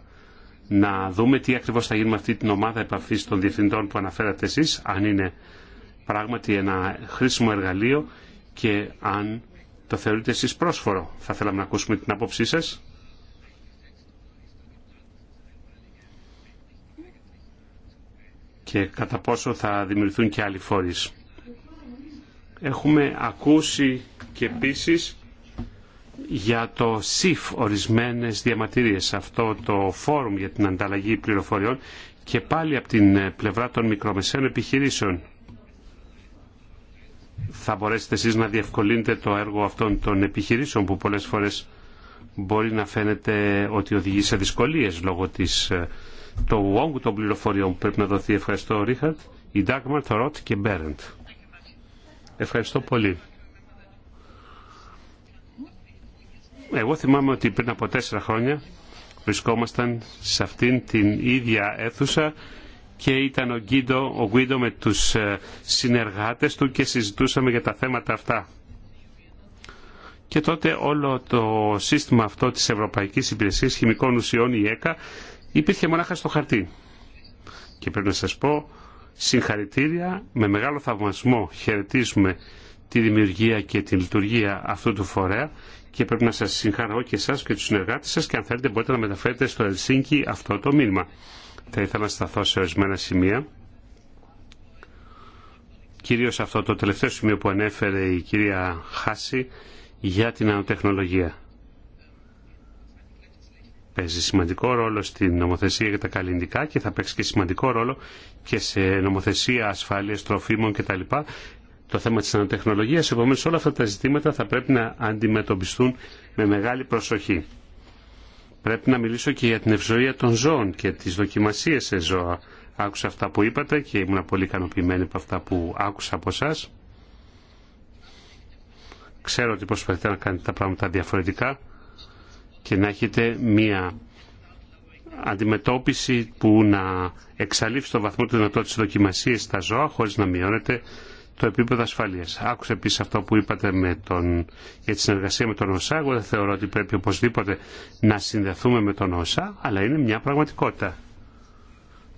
να δούμε τι ακριβώς θα γίνει με αυτή την ομάδα επαφής των διευθυντών που αναφέρατε εσείς, αν είναι πράγματι ένα χρήσιμο εργαλείο και αν το θεωρείτε εσείς πρόσφορο. Θα θέλαμε να ακούσουμε την άποψή σας. και κατά πόσο θα δημιουργηθούν και άλλοι φορείς. Έχουμε ακούσει και επίση για το ΣΥΦ ορισμένες διαματήριες, αυτό το φόρουμ για την ανταλλαγή πληροφοριών και πάλι από την πλευρά των μικρομεσαίων επιχειρήσεων. Θα μπορέσετε εσείς να διευκολύνετε το έργο αυτών των επιχειρήσεων που πολλές φορές μπορεί να φαίνεται ότι οδηγεί σε δυσκολίες λόγω της ε, το όγκο των πληροφοριών που πρέπει να δοθεί. Ευχαριστώ, Ρίχαρτ, η Ντάγμαρ, το Ρότ και Μπέρεντ. Ευχαριστώ πολύ. Εγώ θυμάμαι ότι πριν από τέσσερα χρόνια βρισκόμασταν σε αυτήν την ίδια αίθουσα και ήταν ο Γκίντο, ο Γκίντο με τους ε, συνεργάτες του και συζητούσαμε για τα θέματα αυτά. Και τότε όλο το σύστημα αυτό της Ευρωπαϊκής Υπηρεσίας Χημικών Ουσιών, η ΕΚΑ, υπήρχε μονάχα στο χαρτί. Και πρέπει να σας πω συγχαρητήρια, με μεγάλο θαυμασμό χαιρετίζουμε τη δημιουργία και τη λειτουργία αυτού του φορέα και πρέπει να σας συγχαρώ και εσάς και τους συνεργάτες σας και αν θέλετε μπορείτε να μεταφέρετε στο Ελσίνκι αυτό το μήνυμα. Θα ήθελα να σταθώ σε ορισμένα σημεία. Κυρίως αυτό το τελευταίο σημείο που ανέφερε η κυρία Χάση για την ανοτεχνολογία παίζει σημαντικό ρόλο στην νομοθεσία για τα καλλιντικά και θα παίξει και σημαντικό ρόλο και σε νομοθεσία ασφάλειας τροφίμων κτλ. Το θέμα της ανατεχνολογίας, Επομένω όλα αυτά τα ζητήματα θα πρέπει να αντιμετωπιστούν με μεγάλη προσοχή. Πρέπει να μιλήσω και για την ευζοία των ζώων και τις δοκιμασίες σε ζώα. Άκουσα αυτά που είπατε και ήμουν πολύ ικανοποιημένη από αυτά που άκουσα από εσά. Ξέρω ότι προσπαθείτε να κάνετε τα πράγματα διαφορετικά και να έχετε μία αντιμετώπιση που να εξαλείψει το βαθμό του δυνατό της δοκιμασίας στα ζώα χωρίς να μειώνεται το επίπεδο ασφαλείας. Άκουσα επίσης αυτό που είπατε με τον, για τη συνεργασία με τον ΩΣΑ. Εγώ δεν θεωρώ ότι πρέπει οπωσδήποτε να συνδεθούμε με τον ΩΣΑ, αλλά είναι μια πραγματικότητα.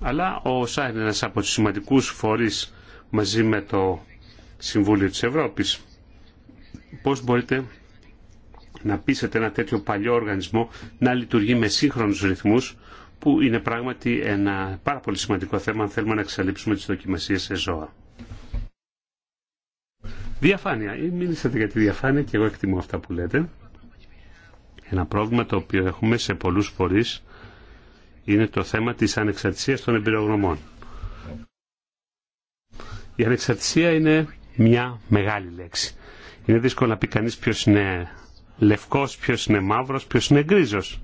Αλλά ο ΩΣΑ είναι ένας από τους σημαντικούς φορείς μαζί με το Συμβούλιο της Ευρώπης. Πώς μπορείτε να πείσετε ένα τέτοιο παλιό οργανισμό να λειτουργεί με σύγχρονους ρυθμούς που είναι πράγματι ένα πάρα πολύ σημαντικό θέμα αν θέλουμε να εξαλείψουμε τις δοκιμασίες σε ζώα. Διαφάνεια. Μίλησατε για τη διαφάνεια και εγώ εκτιμώ αυτά που λέτε. Ένα πρόβλημα το οποίο έχουμε σε πολλούς φορείς είναι το θέμα της ανεξαρτησίας των εμπειρογνωμών. Η ανεξαρτησία είναι μια μεγάλη λέξη. Είναι δύσκολο να πει κανείς ποιος είναι λευκός, ποιος είναι μαύρος, ποιος είναι γκρίζος.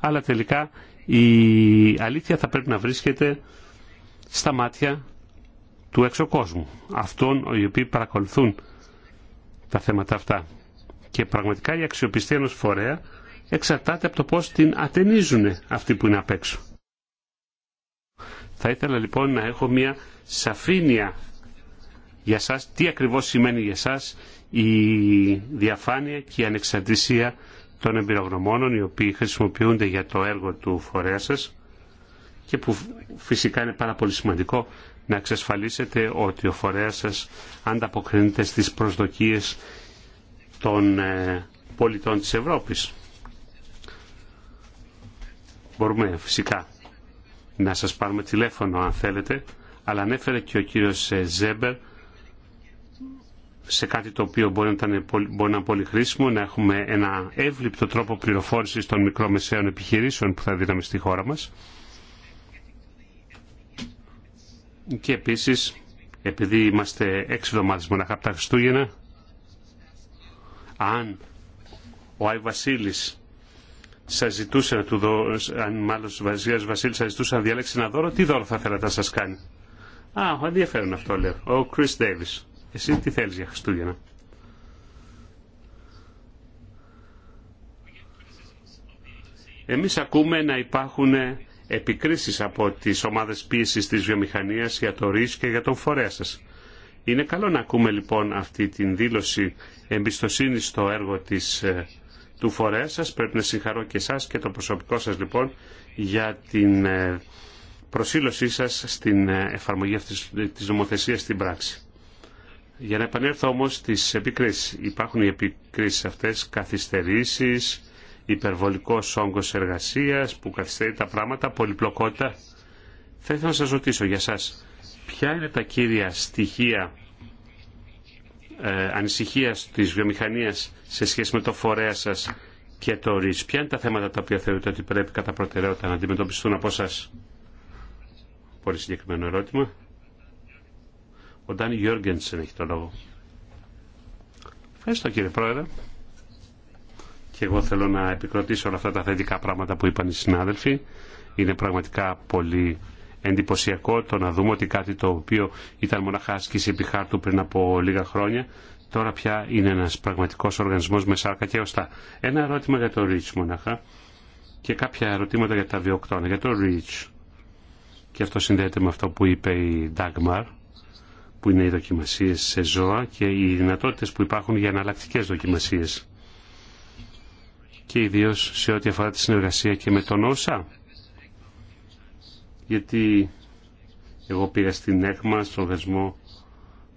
Αλλά τελικά η αλήθεια θα πρέπει να βρίσκεται στα μάτια του έξω κόσμου, αυτών οι οποίοι παρακολουθούν τα θέματα αυτά. Και πραγματικά η αξιοπιστία ενός φορέα εξαρτάται από το πώς την ατενίζουν αυτοί που είναι απ' έξω. Θα ήθελα λοιπόν να έχω μια σαφήνεια για σας, τι ακριβώς σημαίνει για σας η διαφάνεια και η ανεξαρτησία των εμπειρογνωμόνων οι οποίοι χρησιμοποιούνται για το έργο του φορέα σας και που φυσικά είναι πάρα πολύ σημαντικό να εξασφαλίσετε ότι ο φορέας σας ανταποκρίνεται στις προσδοκίες των ε, πολιτών της Ευρώπης. Μπορούμε φυσικά να σας πάρουμε τηλέφωνο αν θέλετε, αλλά ανέφερε και ο κύριος ε, Ζέμπερ σε κάτι το οποίο μπορεί να, ήταν, μπορεί να είναι πολύ χρήσιμο, να έχουμε ένα εύληπτο τρόπο πληροφόρησης των μικρομεσαίων επιχειρήσεων που θα δίναμε στη χώρα μας. Και επίσης, επειδή είμαστε έξι εβδομάδες μοναχά από τα Χριστούγεννα, αν ο Άι Βασίλης σας ζητούσε να του δω, αν μάλλον ο Βασίλης Βασίλης σας ζητούσε να διαλέξει ένα δώρο, τι δώρο θα θέλατε να σας κάνει. Α, ενδιαφέρον αυτό λέω. Ο Chris Davis. Εσύ τι θέλεις για Χριστούγεννα. Εμείς ακούμε να υπάρχουν επικρίσεις από τις ομάδες πίεσης της βιομηχανίας για το ρίσκο και για τον φορέα σας. Είναι καλό να ακούμε λοιπόν αυτή την δήλωση εμπιστοσύνη στο έργο της, ε, του φορέα σας. Πρέπει να συγχαρώ και εσάς και το προσωπικό σας λοιπόν για την ε, προσήλωσή σας στην ε, εφαρμογή αυτής της νομοθεσίας στην πράξη. Για να επανέλθω όμως στις επικρίσεις. Υπάρχουν οι επικρίσεις αυτές καθυστερήσεις, υπερβολικός όγκος εργασίας που καθυστερεί τα πράγματα, πολυπλοκότητα. Θα ήθελα να σας ρωτήσω για σας, ποια είναι τα κύρια στοιχεία ε, ανησυχίας της βιομηχανίας σε σχέση με το φορέα σας και το ΡΙΣ. Ποια είναι τα θέματα τα οποία θεωρείτε ότι πρέπει κατά προτεραιότητα να αντιμετωπιστούν από σας. Πολύ συγκεκριμένο ερώτημα. Ο Ντάνι Γιώργενσεν έχει το λόγο. Ευχαριστώ κύριε Πρόεδρε. Και εγώ θέλω να επικροτήσω όλα αυτά τα θετικά πράγματα που είπαν οι συνάδελφοι. Είναι πραγματικά πολύ εντυπωσιακό το να δούμε ότι κάτι το οποίο ήταν μονάχα άσκηση χάρτου πριν από λίγα χρόνια, τώρα πια είναι ένας πραγματικός οργανισμός με σάρκα και ωστά. Ένα ερώτημα για το REACH μονάχα και κάποια ερωτήματα για τα βιοκτώνα, για το REACH. Και αυτό συνδέεται με αυτό που είπε η Dagmar που είναι οι δοκιμασίες σε ζώα και οι δυνατότητες που υπάρχουν για εναλλακτικέ δοκιμασίες. Και ιδίω σε ό,τι αφορά τη συνεργασία και με τον ΩΣΑ. Γιατί εγώ πήγα στην ΕΚΜΑ, στον δεσμό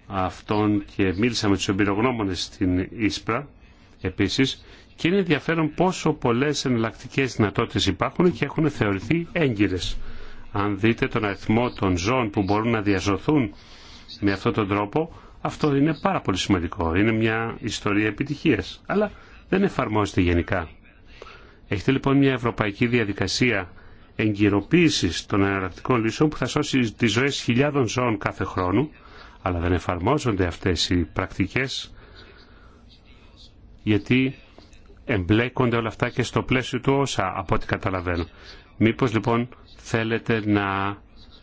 αυτών και μίλησα με τους εμπειρογνώμονες στην ΙΣΠΡΑ επίσης και είναι ενδιαφέρον πόσο πολλές εναλλακτικέ δυνατότητες υπάρχουν και έχουν θεωρηθεί έγκυρες. Αν δείτε τον αριθμό των ζώων που μπορούν να διαζωθούν με αυτόν τον τρόπο, αυτό είναι πάρα πολύ σημαντικό. Είναι μια ιστορία επιτυχίας, αλλά δεν εφαρμόζεται γενικά. Έχετε λοιπόν μια ευρωπαϊκή διαδικασία εγκυροποίησης των εναλλακτικών λύσεων που θα σώσει τις ζωές χιλιάδων ζώων κάθε χρόνο, αλλά δεν εφαρμόζονται αυτές οι πρακτικές γιατί εμπλέκονται όλα αυτά και στο πλαίσιο του όσα από ό,τι καταλαβαίνω. Μήπως λοιπόν θέλετε να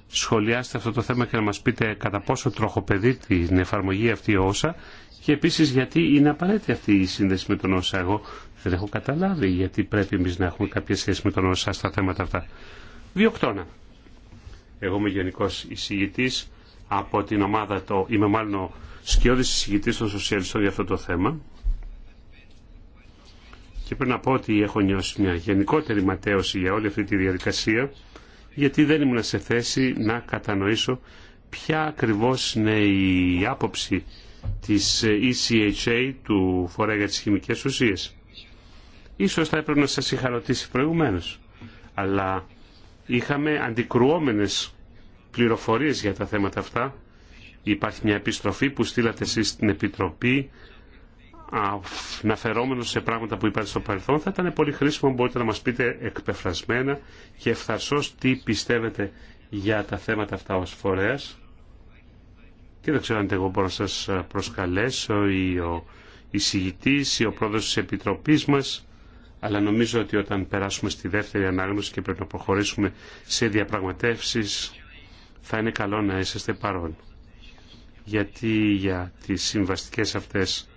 σχολιάσετε αυτό το θέμα και να μας πείτε κατά πόσο τροχοπεδεί την εφαρμογή αυτή η όσα και επίσης γιατί είναι απαραίτητη αυτή η σύνδεση με τον όσα εγώ δεν έχω καταλάβει γιατί πρέπει εμεί να έχουμε κάποια σχέση με τον όσα στα θέματα αυτά. Διοκτώνα. Εγώ είμαι γενικό εισηγητή από την ομάδα, το, είμαι μάλλον ο σκιώδη εισηγητή των Σοσιαλιστών για αυτό το θέμα. Και πρέπει να πω ότι έχω νιώσει μια γενικότερη ματέωση για όλη αυτή τη διαδικασία γιατί δεν ήμουν σε θέση να κατανοήσω ποια ακριβώς είναι η άποψη της ECHA ε του φορέα για τις χημικές ουσίες. Ίσως θα έπρεπε να σας είχα ρωτήσει προηγουμένως, αλλά είχαμε αντικρουόμενες πληροφορίες για τα θέματα αυτά. Υπάρχει μια επιστροφή που στείλατε εσείς στην Επιτροπή Αναφερόμενο σε πράγματα που υπάρχουν στο παρελθόν θα ήταν πολύ χρήσιμο μπορείτε να μας πείτε εκπεφρασμένα και ευθαρσώς τι πιστεύετε για τα θέματα αυτά ως φορέας και δεν ξέρω αν εγώ μπορώ να σας προσκαλέσω ή ο εισηγητής ή ο πρόεδρος της Επιτροπής μας αλλά νομίζω ότι όταν περάσουμε στη δεύτερη ανάγνωση και πρέπει να προχωρήσουμε σε διαπραγματεύσεις θα είναι καλό να είσαστε παρόν γιατί για τις συμβαστικές αυτές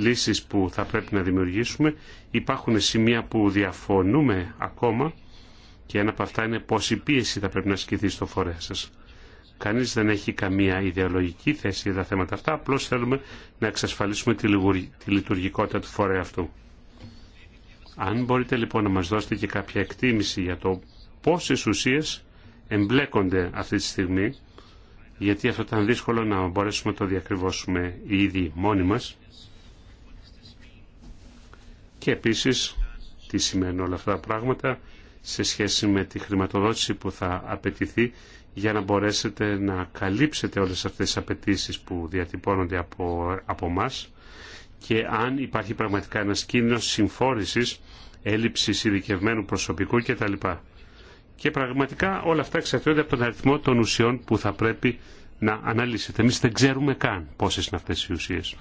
λύσεις που θα πρέπει να δημιουργήσουμε. Υπάρχουν σημεία που διαφωνούμε ακόμα και ένα από αυτά είναι πόση πίεση θα πρέπει να ασκηθεί στο φορέα σας. Κανείς δεν έχει καμία ιδεολογική θέση για τα θέματα αυτά, απλώς θέλουμε να εξασφαλίσουμε τη λειτουργικότητα του φορέα αυτού. Αν μπορείτε λοιπόν να μας δώσετε και κάποια εκτίμηση για το πόσε ουσίες εμπλέκονται αυτή τη στιγμή, γιατί αυτό ήταν δύσκολο να μπορέσουμε να το διακριβώσουμε ήδη μόνοι μας. Και επίσης, τι σημαίνουν όλα αυτά τα πράγματα σε σχέση με τη χρηματοδότηση που θα απαιτηθεί για να μπορέσετε να καλύψετε όλες αυτές τις απαιτήσεις που διατυπώνονται από, από μας και αν υπάρχει πραγματικά ένα κίνδυνος συμφόρησης, έλλειψης ειδικευμένου προσωπικού κτλ. Και πραγματικά όλα αυτά εξαρτώνται από τον αριθμό των ουσιών που θα πρέπει να αναλύσετε. Εμείς δεν ξέρουμε καν πόσες είναι αυτές οι ουσίες.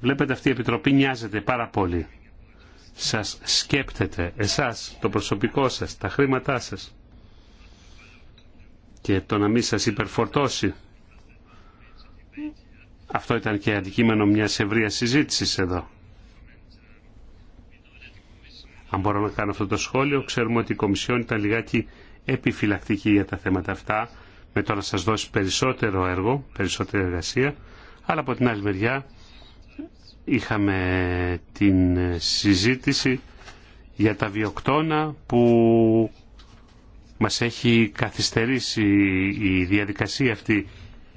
Βλέπετε αυτή η Επιτροπή νοιάζεται πάρα πολύ. Σας σκέπτεται εσάς, το προσωπικό σας, τα χρήματά σας. Και το να μην σας υπερφορτώσει. Αυτό ήταν και αντικείμενο μιας ευρείας συζήτησης εδώ. Αν μπορώ να κάνω αυτό το σχόλιο, ξέρουμε ότι η Κομισιόν ήταν λιγάκι επιφυλακτική για τα θέματα αυτά, με το να σας δώσει περισσότερο έργο, περισσότερη εργασία, αλλά από την άλλη μεριά είχαμε την συζήτηση για τα βιοκτώνα που μας έχει καθυστερήσει η διαδικασία αυτή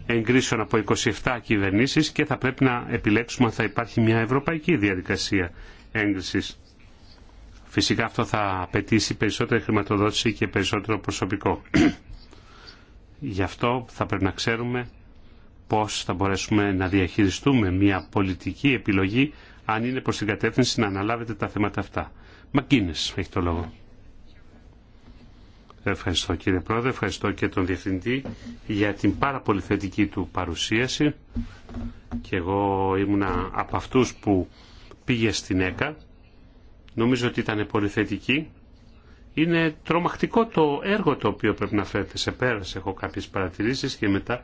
εγκρίσεων από 27 κυβερνήσεις και θα πρέπει να επιλέξουμε αν θα υπάρχει μια ευρωπαϊκή διαδικασία έγκρισης. Φυσικά αυτό θα απαιτήσει περισσότερη χρηματοδότηση και περισσότερο προσωπικό. Γι' αυτό θα πρέπει να ξέρουμε πώς θα μπορέσουμε να διαχειριστούμε μια πολιτική επιλογή αν είναι προς την κατεύθυνση να αναλάβετε τα θέματα αυτά. Μακίνες έχει το λόγο. Ευχαριστώ κύριε Πρόεδρε, ευχαριστώ και τον Διευθυντή για την πάρα πολύ θετική του παρουσίαση και εγώ ήμουνα από αυτούς που πήγε στην ΕΚΑ. Νομίζω ότι ήταν πολύ θετική. Είναι τρομακτικό το έργο το οποίο πρέπει να φέρετε σε πέρας. Έχω κάποιες παρατηρήσεις και μετά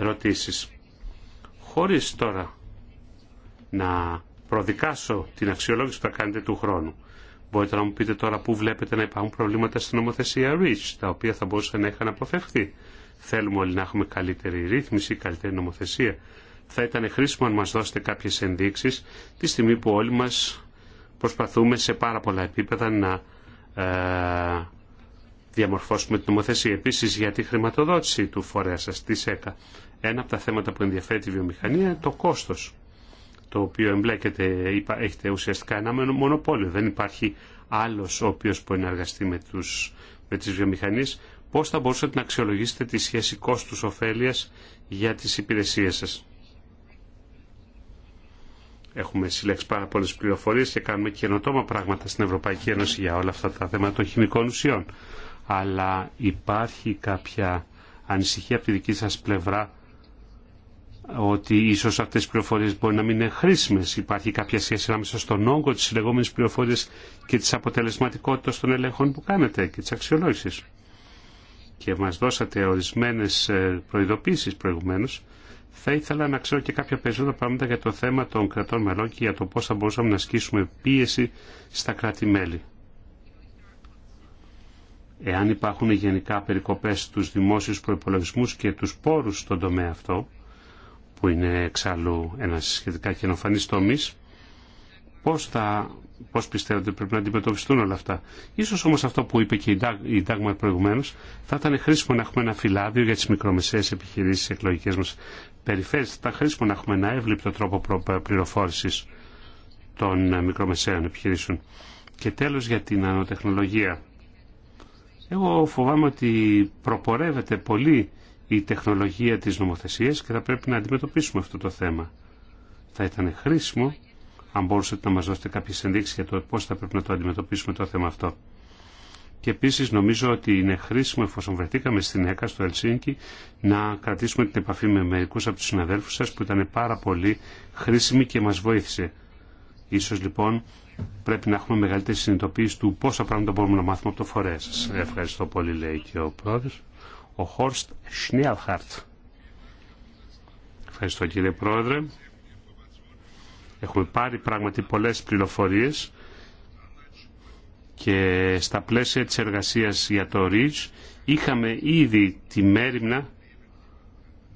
ερωτήσεις. Χωρίς τώρα να προδικάσω την αξιολόγηση που θα κάνετε του χρόνου, μπορείτε να μου πείτε τώρα πού βλέπετε να υπάρχουν προβλήματα στην νομοθεσία REACH, τα οποία θα μπορούσαν να είχαν αποφευχθεί. Θέλουμε όλοι να έχουμε καλύτερη ρύθμιση, καλύτερη νομοθεσία. Θα ήταν χρήσιμο αν μας δώσετε κάποιες ενδείξεις τη στιγμή που όλοι μας προσπαθούμε σε πάρα πολλά επίπεδα να ε, διαμορφώσουμε την νομοθεσία. Επίσης για τη χρηματοδότηση του φορέα σας, της ΕΚΑ ένα από τα θέματα που ενδιαφέρει τη βιομηχανία είναι το κόστος το οποίο εμπλέκεται, έχετε ουσιαστικά ένα μονοπόλιο. Δεν υπάρχει άλλος ο οποίος μπορεί να εργαστεί με, τους, με τις βιομηχανίες. Πώς θα μπορούσατε να αξιολογήσετε τη σχέση κόστους ωφέλειας για τις υπηρεσίες σας. Έχουμε συλλέξει πάρα πολλές πληροφορίες και κάνουμε καινοτόμα πράγματα στην Ευρωπαϊκή Ένωση για όλα αυτά τα θέματα των χημικών ουσιών. Αλλά υπάρχει κάποια ανησυχία από τη δική σας πλευρά ότι ίσω αυτέ οι πληροφορίε μπορεί να μην είναι χρήσιμε. Υπάρχει κάποια σχέση ανάμεσα στον όγκο τη λεγόμενη πληροφορία και τη αποτελεσματικότητα των ελέγχων που κάνετε και τη αξιολόγηση. Και μα δώσατε ορισμένε ε, προειδοποίησεις προηγουμένω Θα ήθελα να ξέρω και κάποια περισσότερα πράγματα για το θέμα των κρατών μελών και για το πώ θα μπορούσαμε να ασκήσουμε πίεση στα κράτη-μέλη. Εάν υπάρχουν γενικά περικοπές στους δημόσιους προϋπολογισμούς και τους πόρους στον τομέα αυτό, που είναι εξάλλου ένας σχετικά καινοφανής τομής, πώς, θα, πώς πιστεύετε πρέπει να αντιμετωπιστούν όλα αυτά. Ίσως όμως αυτό που είπε και η Ντάγμα προηγουμένω, θα ήταν χρήσιμο να έχουμε ένα φυλάδιο για τις μικρομεσαίες επιχειρήσεις εκλογικέ εκλογικές μας περιφέρειες. Θα ήταν χρήσιμο να έχουμε ένα εύληπτο τρόπο πληροφόρησης των ε, μικρομεσαίων επιχειρήσεων. Και τέλος για την ανοτεχνολογία. Εγώ φοβάμαι ότι προπορεύεται πολύ η τεχνολογία της νομοθεσίας και θα πρέπει να αντιμετωπίσουμε αυτό το θέμα. Θα ήταν χρήσιμο αν μπορούσατε να μας δώσετε κάποιες ενδείξεις για το πώς θα πρέπει να το αντιμετωπίσουμε το θέμα αυτό. Και επίσης νομίζω ότι είναι χρήσιμο εφόσον βρεθήκαμε στην ΕΚΑ στο Ελσίνκι να κρατήσουμε την επαφή με μερικούς από τους συναδέλφους σας που ήταν πάρα πολύ χρήσιμοι και μας βοήθησε. Ίσως λοιπόν πρέπει να έχουμε μεγαλύτερη συνειδητοποίηση του πόσα πράγματα μπορούμε να μάθουμε από το φορέα Ευχαριστώ πολύ λέει και ο πρόεδρος ο Χόρστ Σνιαλχάρτ. Ευχαριστώ κύριε Πρόεδρε. Έχουμε πάρει πράγματι πολλές πληροφορίες και στα πλαίσια της εργασίας για το ΡΙΖ είχαμε ήδη τη μέρημνα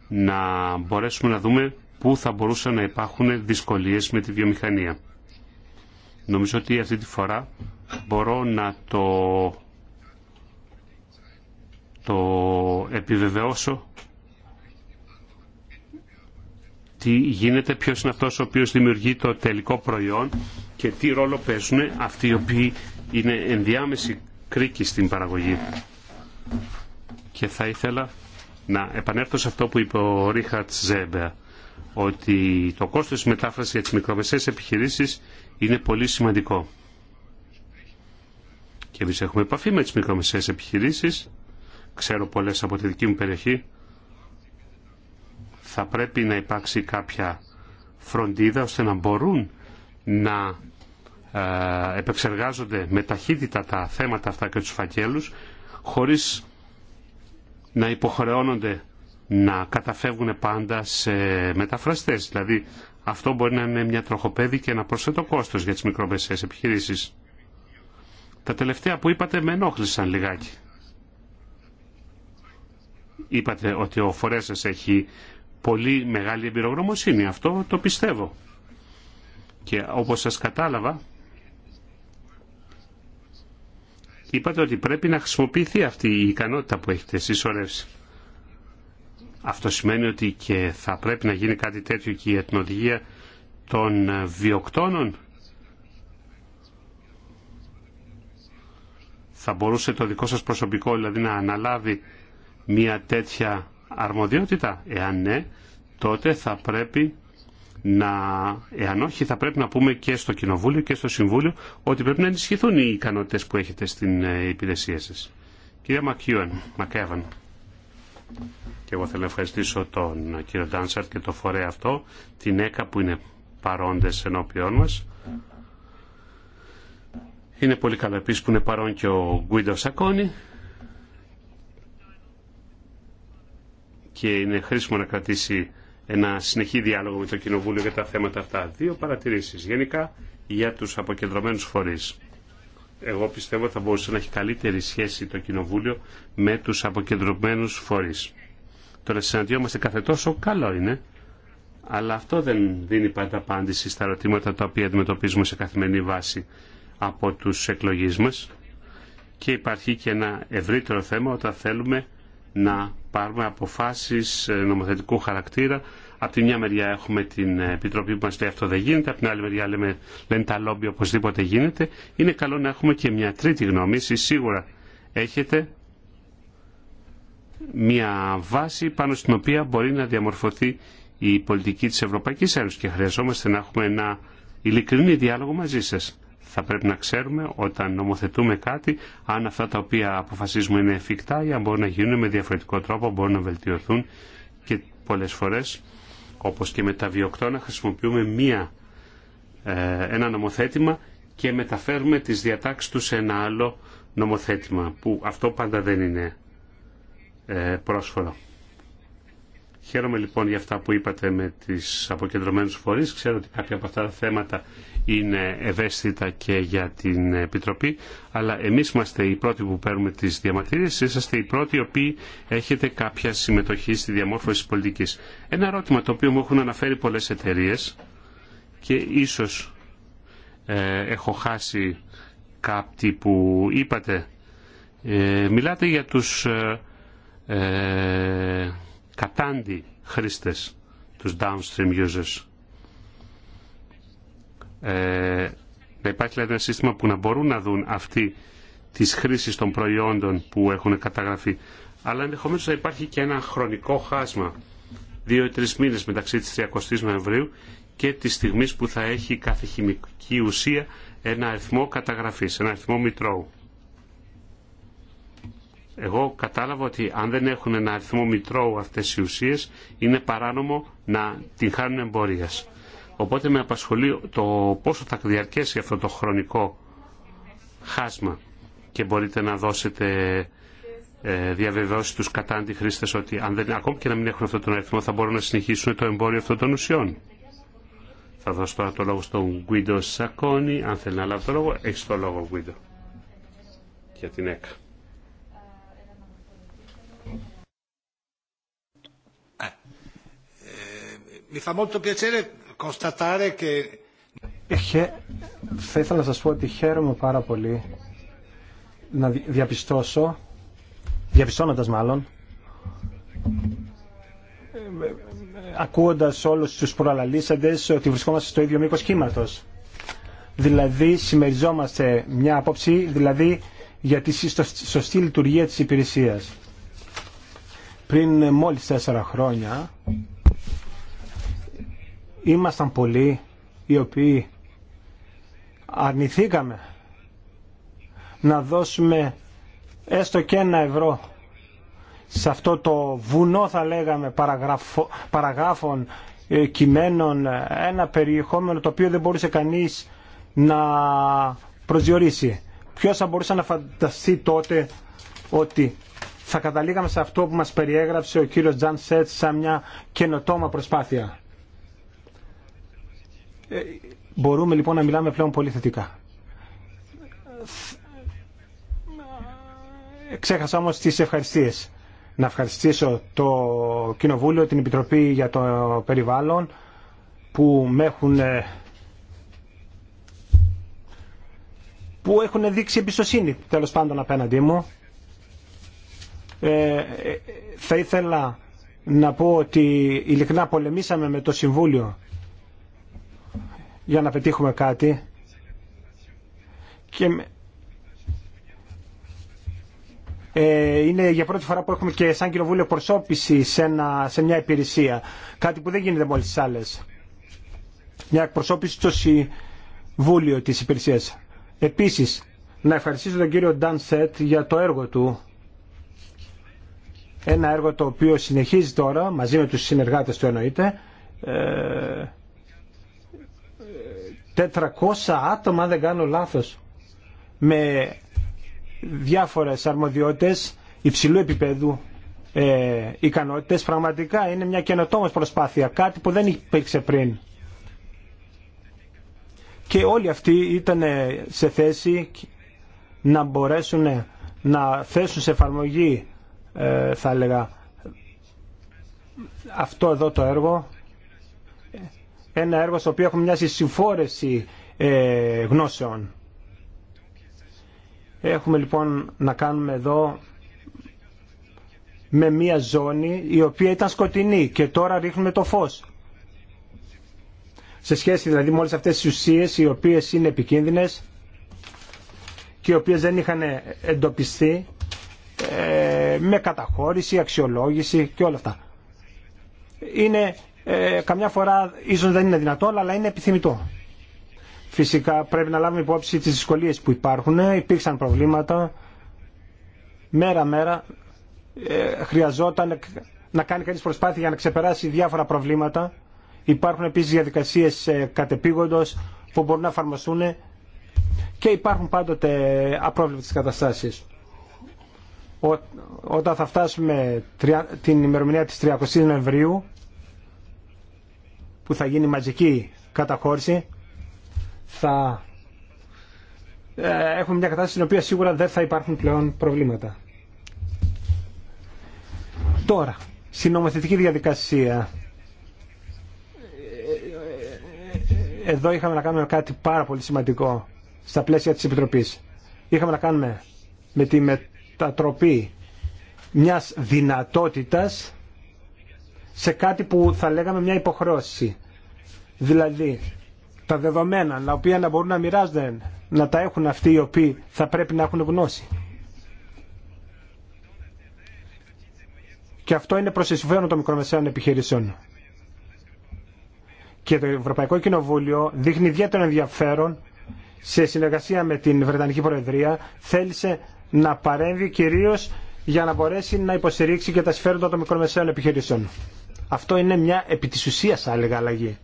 να μπορέσουμε να δούμε πού θα μπορούσαν να υπάρχουν δυσκολίες με τη βιομηχανία. Νομίζω ότι αυτή τη φορά μπορώ να το το επιβεβαιώσω τι γίνεται, ποιος είναι αυτός ο οποίος δημιουργεί το τελικό προϊόν και τι ρόλο παίζουν αυτοί οι οποίοι είναι ενδιάμεση κρίκη στην παραγωγή. Και θα ήθελα να επανέλθω σε αυτό που είπε ο Ρίχαρτ Ζέμπερ, ότι το κόστος της μετάφρασης για τις μικρομεσαίες επιχειρήσεις είναι πολύ σημαντικό. Και εμείς έχουμε επαφή με τις μικρομεσαίες επιχειρήσεις ξέρω πολλές από τη δική μου περιοχή, θα πρέπει να υπάρξει κάποια φροντίδα ώστε να μπορούν να ε, επεξεργάζονται με ταχύτητα τα θέματα αυτά και τους φακέλους χωρίς να υποχρεώνονται να καταφεύγουν πάντα σε μεταφραστές. Δηλαδή αυτό μπορεί να είναι μια τροχοπέδη και ένα προσθέτο κόστος για τις μικρομεσαίες επιχειρήσεις. Τα τελευταία που είπατε με ενόχλησαν λιγάκι είπατε ότι ο φορέας έχει πολύ μεγάλη εμπειρογνωμοσύνη. Αυτό το πιστεύω. Και όπως σας κατάλαβα, είπατε ότι πρέπει να χρησιμοποιηθεί αυτή η ικανότητα που έχετε συσσωρεύσει. Αυτό σημαίνει ότι και θα πρέπει να γίνει κάτι τέτοιο και η εθνοδηγία των βιοκτώνων. Θα μπορούσε το δικό σας προσωπικό δηλαδή να αναλάβει μια τέτοια αρμοδιότητα. Εάν ναι, τότε θα πρέπει να, εάν όχι, θα πρέπει να πούμε και στο Κοινοβούλιο και στο Συμβούλιο ότι πρέπει να ενισχυθούν οι ικανότητες που έχετε στην ε, υπηρεσία σας. Κυρία Μακίουεν, Μακέβαν. Και εγώ θέλω να ευχαριστήσω τον κύριο Ντάνσαρτ και το φορέα αυτό, την ΕΚΑ που είναι παρόντες ενώπιόν μας. Είναι πολύ καλό επίσης που είναι παρόν και ο Γκουίντο Σακόνη και είναι χρήσιμο να κρατήσει ένα συνεχή διάλογο με το Κοινοβούλιο για τα θέματα αυτά. Δύο παρατηρήσεις γενικά για τους αποκεντρωμένους φορείς. Εγώ πιστεύω ότι θα μπορούσε να έχει καλύτερη σχέση το Κοινοβούλιο με τους αποκεντρωμένους φορείς. Τώρα συναντιόμαστε κάθε τόσο καλό είναι, αλλά αυτό δεν δίνει πάντα απάντηση στα ερωτήματα τα οποία αντιμετωπίζουμε σε καθημερινή βάση από τους εκλογείς μας. Και υπάρχει και ένα ευρύτερο θέμα όταν θέλουμε να πάρουμε αποφάσεις ε, νομοθετικού χαρακτήρα. Από τη μια μεριά έχουμε την ε, Επιτροπή που μας λέει αυτό δεν γίνεται, από την άλλη μεριά λέμε, λένε τα λόμπι οπωσδήποτε γίνεται. Είναι καλό να έχουμε και μια τρίτη γνώμη. σίγουρα έχετε μια βάση πάνω στην οποία μπορεί να διαμορφωθεί η πολιτική της Ευρωπαϊκής Ένωσης και χρειαζόμαστε να έχουμε ένα ειλικρινή διάλογο μαζί σας θα πρέπει να ξέρουμε όταν νομοθετούμε κάτι αν αυτά τα οποία αποφασίζουμε είναι εφικτά ή αν μπορούν να γίνουν με διαφορετικό τρόπο, μπορούν να βελτιωθούν και πολλές φορές όπως και με τα βιοκτώνα χρησιμοποιούμε μία, ε, ένα νομοθέτημα και μεταφέρουμε τις διατάξεις του σε ένα άλλο νομοθέτημα που αυτό πάντα δεν είναι ε, πρόσφορο. Χαίρομαι λοιπόν για αυτά που είπατε με τις αποκεντρωμένους φορείς. Ξέρω ότι κάποια από αυτά τα θέματα είναι ευαίσθητα και για την Επιτροπή, αλλά εμείς είμαστε οι πρώτοι που παίρνουμε τις διαμαρτυρίες, είσαστε οι πρώτοι οι οποίοι έχετε κάποια συμμετοχή στη διαμόρφωση της πολιτικής. Ένα ερώτημα το οποίο μου έχουν αναφέρει πολλές εταιρείε και ίσως ε, έχω χάσει κάτι που είπατε. Ε, μιλάτε για τους... Ε, κατάντι χρήστες, τους downstream users. Ε, να υπάρχει δηλαδή ένα σύστημα που να μπορούν να δουν αυτοί τις χρήσεις των προϊόντων που έχουν καταγραφεί. Αλλά ενδεχομένως θα υπάρχει και ένα χρονικό χάσμα, δύο ή τρεις μήνες μεταξύ της 30ης Νοεμβρίου και τη στιγμή που θα έχει κάθε χημική ουσία ένα αριθμό καταγραφής, ένα αριθμό μητρώου. Εγώ κατάλαβα ότι αν δεν έχουν ένα αριθμό μητρώου αυτές οι ουσίες, είναι παράνομο να την χάνουν εμπορία. Οπότε με απασχολεί το πόσο θα διαρκέσει αυτό το χρονικό χάσμα και μπορείτε να δώσετε ε, διαβεβαιώσει τους κατά χρήστες ότι αν δεν, ακόμη και να μην έχουν αυτό τον αριθμό θα μπορούν να συνεχίσουν το εμπόριο αυτών των ουσιών. Θα δώσω τώρα το λόγο στον Γκουίντο Σακόνη. Αν θέλει να λάβει το λόγο, έχει το λόγο Γκουίντο για την ΕΚΑ. Θα ήθελα να σας πω ότι χαίρομαι πάρα πολύ να διαπιστώσω, διαπιστώνοντας μάλλον, ακούοντας όλους τους προαλαλήσαντες ότι βρισκόμαστε στο ίδιο μήκος κύματος. Δηλαδή συμμεριζόμαστε μια απόψη, δηλαδή για τη σωστή λειτουργία της υπηρεσίας. Πριν μόλις τέσσερα χρόνια, ήμασταν πολλοί οι οποίοι αρνηθήκαμε να δώσουμε έστω και ένα ευρώ σε αυτό το βουνό θα λέγαμε παραγράφων ε, κειμένων ε, ένα περιεχόμενο το οποίο δεν μπορούσε κανείς να προσδιορίσει. Ποιος θα μπορούσε να φανταστεί τότε ότι θα καταλήγαμε σε αυτό που μας περιέγραψε ο κύριος Τζαν Σέτ σαν μια καινοτόμα προσπάθεια. Μπορούμε λοιπόν να μιλάμε πλέον πολύ θετικά. Ξέχασα όμως τις ευχαριστίες. Να ευχαριστήσω το Κοινοβούλιο, την Επιτροπή για το Περιβάλλον που με έχουν ε, που έχουν δείξει εμπιστοσύνη τέλος πάντων απέναντί μου. Ε, ε, θα ήθελα να πω ότι ειλικρινά πολεμήσαμε με το Συμβούλιο για να πετύχουμε κάτι και ε, είναι για πρώτη φορά που έχουμε και σαν κοινοβούλιο προσώπηση σε, ένα, σε μια υπηρεσία. Κάτι που δεν γίνεται μόλις στις άλλες. Μια εκπροσώπηση στο Συμβούλιο της υπηρεσίας. Επίσης, να ευχαριστήσω τον κύριο Νταν Σετ για το έργο του. Ένα έργο το οποίο συνεχίζει τώρα, μαζί με τους συνεργάτες του εννοείται, ε, 400 άτομα, δεν κάνω λάθος, με διάφορες αρμοδιότητες υψηλού επίπεδου ε, ικανότητες. Πραγματικά είναι μια καινοτόμως προσπάθεια, κάτι που δεν υπήρξε πριν. Και όλοι αυτοί ήταν σε θέση να μπορέσουν να θέσουν σε εφαρμογή, ε, θα έλεγα, αυτό εδώ το έργο ένα έργο στο οποίο έχουμε μια συσυμφόρεση ε, γνώσεων. Έχουμε λοιπόν να κάνουμε εδώ με μια ζώνη η οποία ήταν σκοτεινή και τώρα ρίχνουμε το φως. Σε σχέση δηλαδή με όλες αυτές τις ουσίες οι οποίες είναι επικίνδυνες και οι οποίες δεν είχαν εντοπιστεί ε, με καταχώρηση, αξιολόγηση και όλα αυτά. Είναι ε, καμιά φορά ίσως δεν είναι δυνατό αλλά είναι επιθυμητό. Φυσικά πρέπει να λάβουμε υπόψη τις δυσκολίες που υπάρχουν, υπήρξαν προβλήματα, μέρα-μέρα ε, χρειαζόταν να κάνει κανείς προσπάθεια για να ξεπεράσει διάφορα προβλήματα. Υπάρχουν επίσης διαδικασίες ε, που μπορούν να εφαρμοστούν και υπάρχουν πάντοτε απρόβλεπτες καταστάσεις. όταν θα φτάσουμε την ημερομηνία της 30 Νοεμβρίου που θα γίνει μαζική καταχώρηση θα ε, έχουμε μια κατάσταση στην οποία σίγουρα δεν θα υπάρχουν πλέον προβλήματα. Τώρα, συνομοθετική διαδικασία. Εδώ είχαμε να κάνουμε κάτι πάρα πολύ σημαντικό στα πλαίσια της Επιτροπής. Είχαμε να κάνουμε με τη μετατροπή μιας δυνατότητας σε κάτι που θα λέγαμε μια υποχρέωση. Δηλαδή, τα δεδομένα τα οποία να μπορούν να μοιράζονται, να τα έχουν αυτοί οι οποίοι θα πρέπει να έχουν γνώση. Και αυτό είναι προ συμφέρον των μικρομεσαίων επιχειρήσεων. Και το Ευρωπαϊκό Κοινοβούλιο δείχνει ιδιαίτερο ενδιαφέρον σε συνεργασία με την Βρετανική Προεδρία θέλησε να παρέμβει κυρίω για να μπορέσει να υποστηρίξει και τα συμφέροντα των μικρομεσαίων επιχειρήσεων. Αυτό είναι μια επί τη αλλαγή.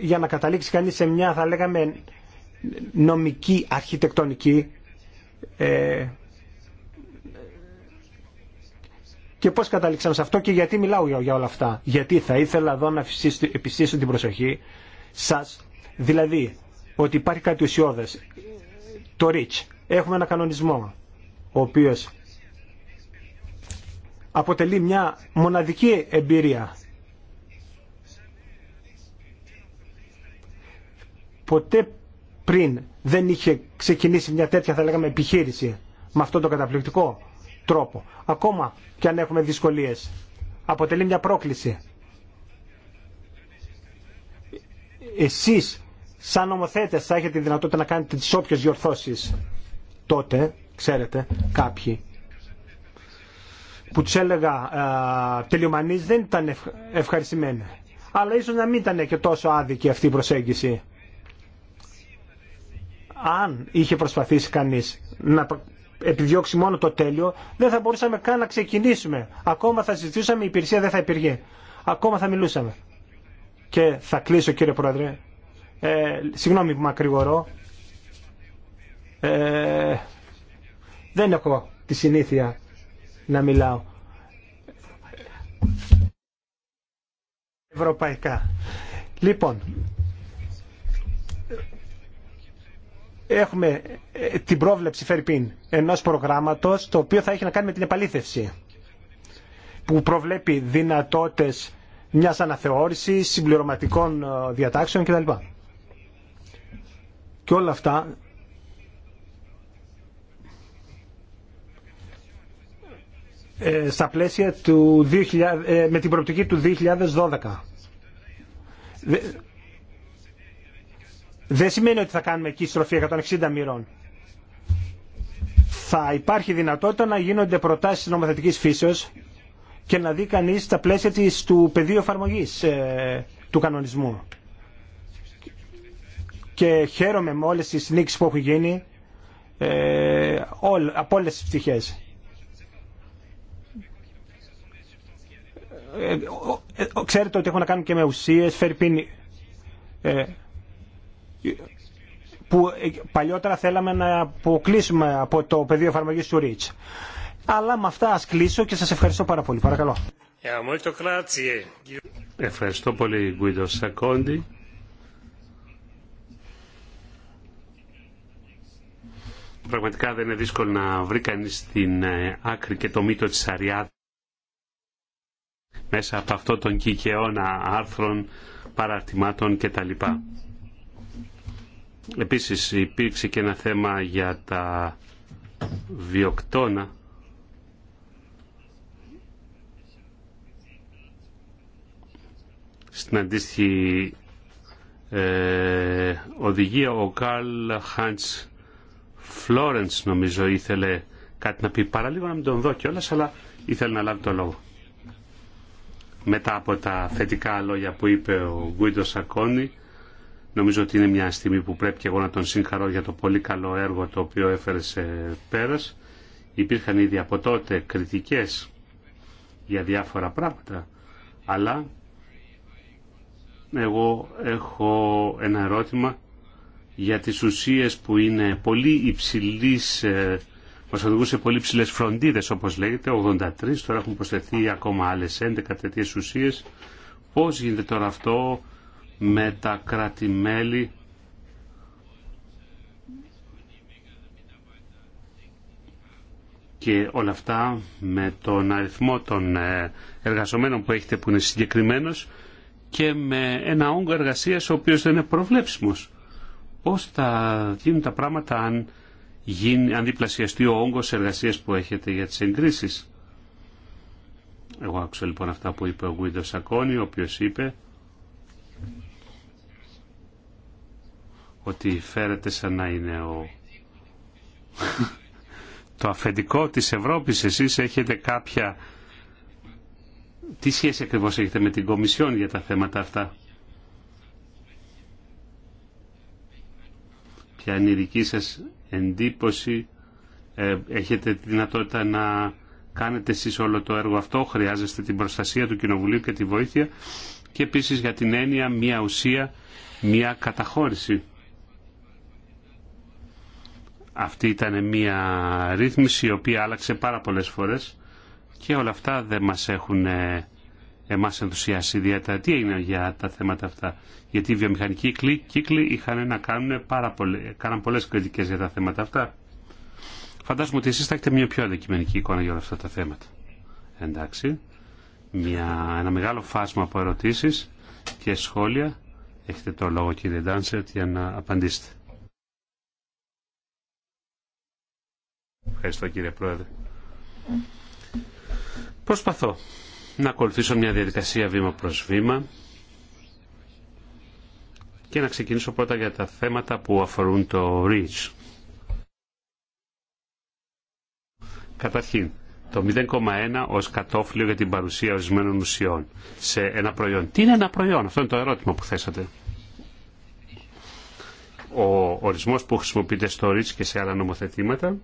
για να καταλήξει κανείς σε μια θα λέγαμε νομική αρχιτεκτονική ε, και πώς καταλήξαμε σε αυτό και γιατί μιλάω για, για όλα αυτά. Γιατί θα ήθελα εδώ να επιστήσω την προσοχή σας, δηλαδή ότι υπάρχει κάτι ουσιώδες. Το REACH, έχουμε ένα κανονισμό, ο οποίος αποτελεί μια μοναδική εμπειρία ποτέ πριν δεν είχε ξεκινήσει μια τέτοια θα λέγαμε επιχείρηση με αυτό το καταπληκτικό τρόπο. Ακόμα και αν έχουμε δυσκολίες. Αποτελεί μια πρόκληση. Εσείς σαν νομοθέτες θα έχετε τη δυνατότητα να κάνετε τις όποιες διορθώσεις. Τότε, ξέρετε, κάποιοι που του έλεγα τελειομανείς δεν ήταν ευχαριστημένοι. Αλλά ίσως να μην ήταν και τόσο άδικη αυτή η προσέγγιση αν είχε προσπαθήσει κανείς να επιδιώξει μόνο το τέλειο, δεν θα μπορούσαμε καν να ξεκινήσουμε. Ακόμα θα συζητούσαμε, η υπηρεσία δεν θα υπήρχε. Ακόμα θα μιλούσαμε. Και θα κλείσω κύριε Πρόεδρε. Ε, συγγνώμη που μακρηγορώ. Ε, δεν έχω τη συνήθεια να μιλάω. Ευρωπαϊκά. Λοιπόν, έχουμε ε, την πρόβλεψη Φερπίν ενός προγράμματος το οποίο θα έχει να κάνει με την επαλήθευση που προβλέπει δυνατότητες μιας αναθεώρησης, συμπληρωματικών ε, διατάξεων κτλ. Και όλα αυτά ε, στα πλαίσια του 2000, με την προοπτική του 2012 δεν σημαίνει ότι θα κάνουμε εκεί στροφή 160 μοιρών. Θα υπάρχει δυνατότητα να γίνονται προτάσεις νομοθετική φύσεως και να δει κανεί τα πλαίσια της, του πεδίου εφαρμογή ε, του κανονισμού. Και χαίρομαι με όλες τις νίκες που έχουν γίνει ε, από όλες τι πτυχέ. Ε, ξέρετε ότι έχουν να κάνουν και με ουσίε, φέρει που ε, παλιότερα θέλαμε να αποκλείσουμε από το πεδίο εφαρμογή του REACH. Αλλά με αυτά ας κλείσω και σας ευχαριστώ πάρα πολύ. Παρακαλώ. Ε, ευχαριστώ πολύ Γκουίντο Σακόντι. Πραγματικά δεν είναι δύσκολο να βρει κανεί την ε, άκρη και το μύτο της αριά μέσα από αυτό τον κικαιώνα άρθρων, παραρτημάτων κτλ. Επίσης υπήρξε και ένα θέμα για τα βιοκτώνα στην αντίστοιχη ε, οδηγία ο Καρλ Χάντς Φλόρενς νομίζω ήθελε κάτι να πει παραλίγο να μην τον δω κιόλας αλλά ήθελε να λάβει το λόγο μετά από τα θετικά λόγια που είπε ο Γκουίντο Σακόνη Νομίζω ότι είναι μια στιγμή που πρέπει και εγώ να τον συγχαρώ για το πολύ καλό έργο το οποίο έφερε σε πέρας. Υπήρχαν ήδη από τότε κριτικές για διάφορα πράγματα, αλλά εγώ έχω ένα ερώτημα για τις ουσίες που είναι πολύ υψηλής, ε, μας οδηγούν σε πολύ υψηλές φροντίδες όπως λέγεται, 83, τώρα έχουν προσθεθεί ακόμα άλλες 11 τέτοιες ουσίες. Πώς γίνεται τώρα αυτό, με τα κράτη-μέλη και όλα αυτά με τον αριθμό των ε, εργαζομένων που έχετε που είναι συγκεκριμένος και με ένα όγκο εργασίας ο οποίος δεν είναι προβλέψιμος. Πώς θα γίνουν τα πράγματα αν, γίνει, αν διπλασιαστεί ο όγκος εργασίας που έχετε για τις εγκρίσεις. Εγώ άκουσα λοιπόν αυτά που είπε ο Γουίντο Σακώνη, ο οποίος είπε ότι φέρεται σαν να είναι το αφεντικό της Ευρώπης. Εσείς έχετε κάποια... Τι σχέση ακριβώς έχετε με την Κομισιόν για τα θέματα αυτά. Ποια είναι η δική σας εντύπωση. Ε, έχετε τη δυνατότητα να κάνετε εσείς όλο το έργο αυτό. Χρειάζεστε την προστασία του Κοινοβουλίου και τη βοήθεια. Και επίσης για την έννοια μια ουσία, μια καταχώρηση. Αυτή ήταν μια ρύθμιση η οποία άλλαξε πάρα πολλές φορές και όλα αυτά δεν μας έχουν ε, εμάς ενθουσιάσει ιδιαίτερα. Τι έγινε για τα θέματα αυτά. Γιατί οι βιομηχανικοί κύκλοι είχαν να κάνουν πάρα πολλές, κάναν πολλές κριτικές για τα θέματα αυτά. Φαντάζομαι ότι εσείς θα έχετε μια πιο αντικειμενική εικόνα για όλα αυτά τα θέματα. Εντάξει. Μια, ένα μεγάλο φάσμα από ερωτήσεις και σχόλια. Έχετε το λόγο κύριε Ντάνσερτ για να απαντήσετε. Ευχαριστώ κύριε Πρόεδρε. Προσπαθώ να ακολουθήσω μια διαδικασία βήμα προς βήμα και να ξεκινήσω πρώτα για τα θέματα που αφορούν το REACH. Καταρχήν, το 0,1 ως κατόφλιο για την παρουσία ορισμένων ουσιών σε ένα προϊόν. Τι είναι ένα προϊόν, αυτό είναι το ερώτημα που θέσατε. Ο ορισμός που χρησιμοποιείται στο REACH και σε άλλα νομοθετήματα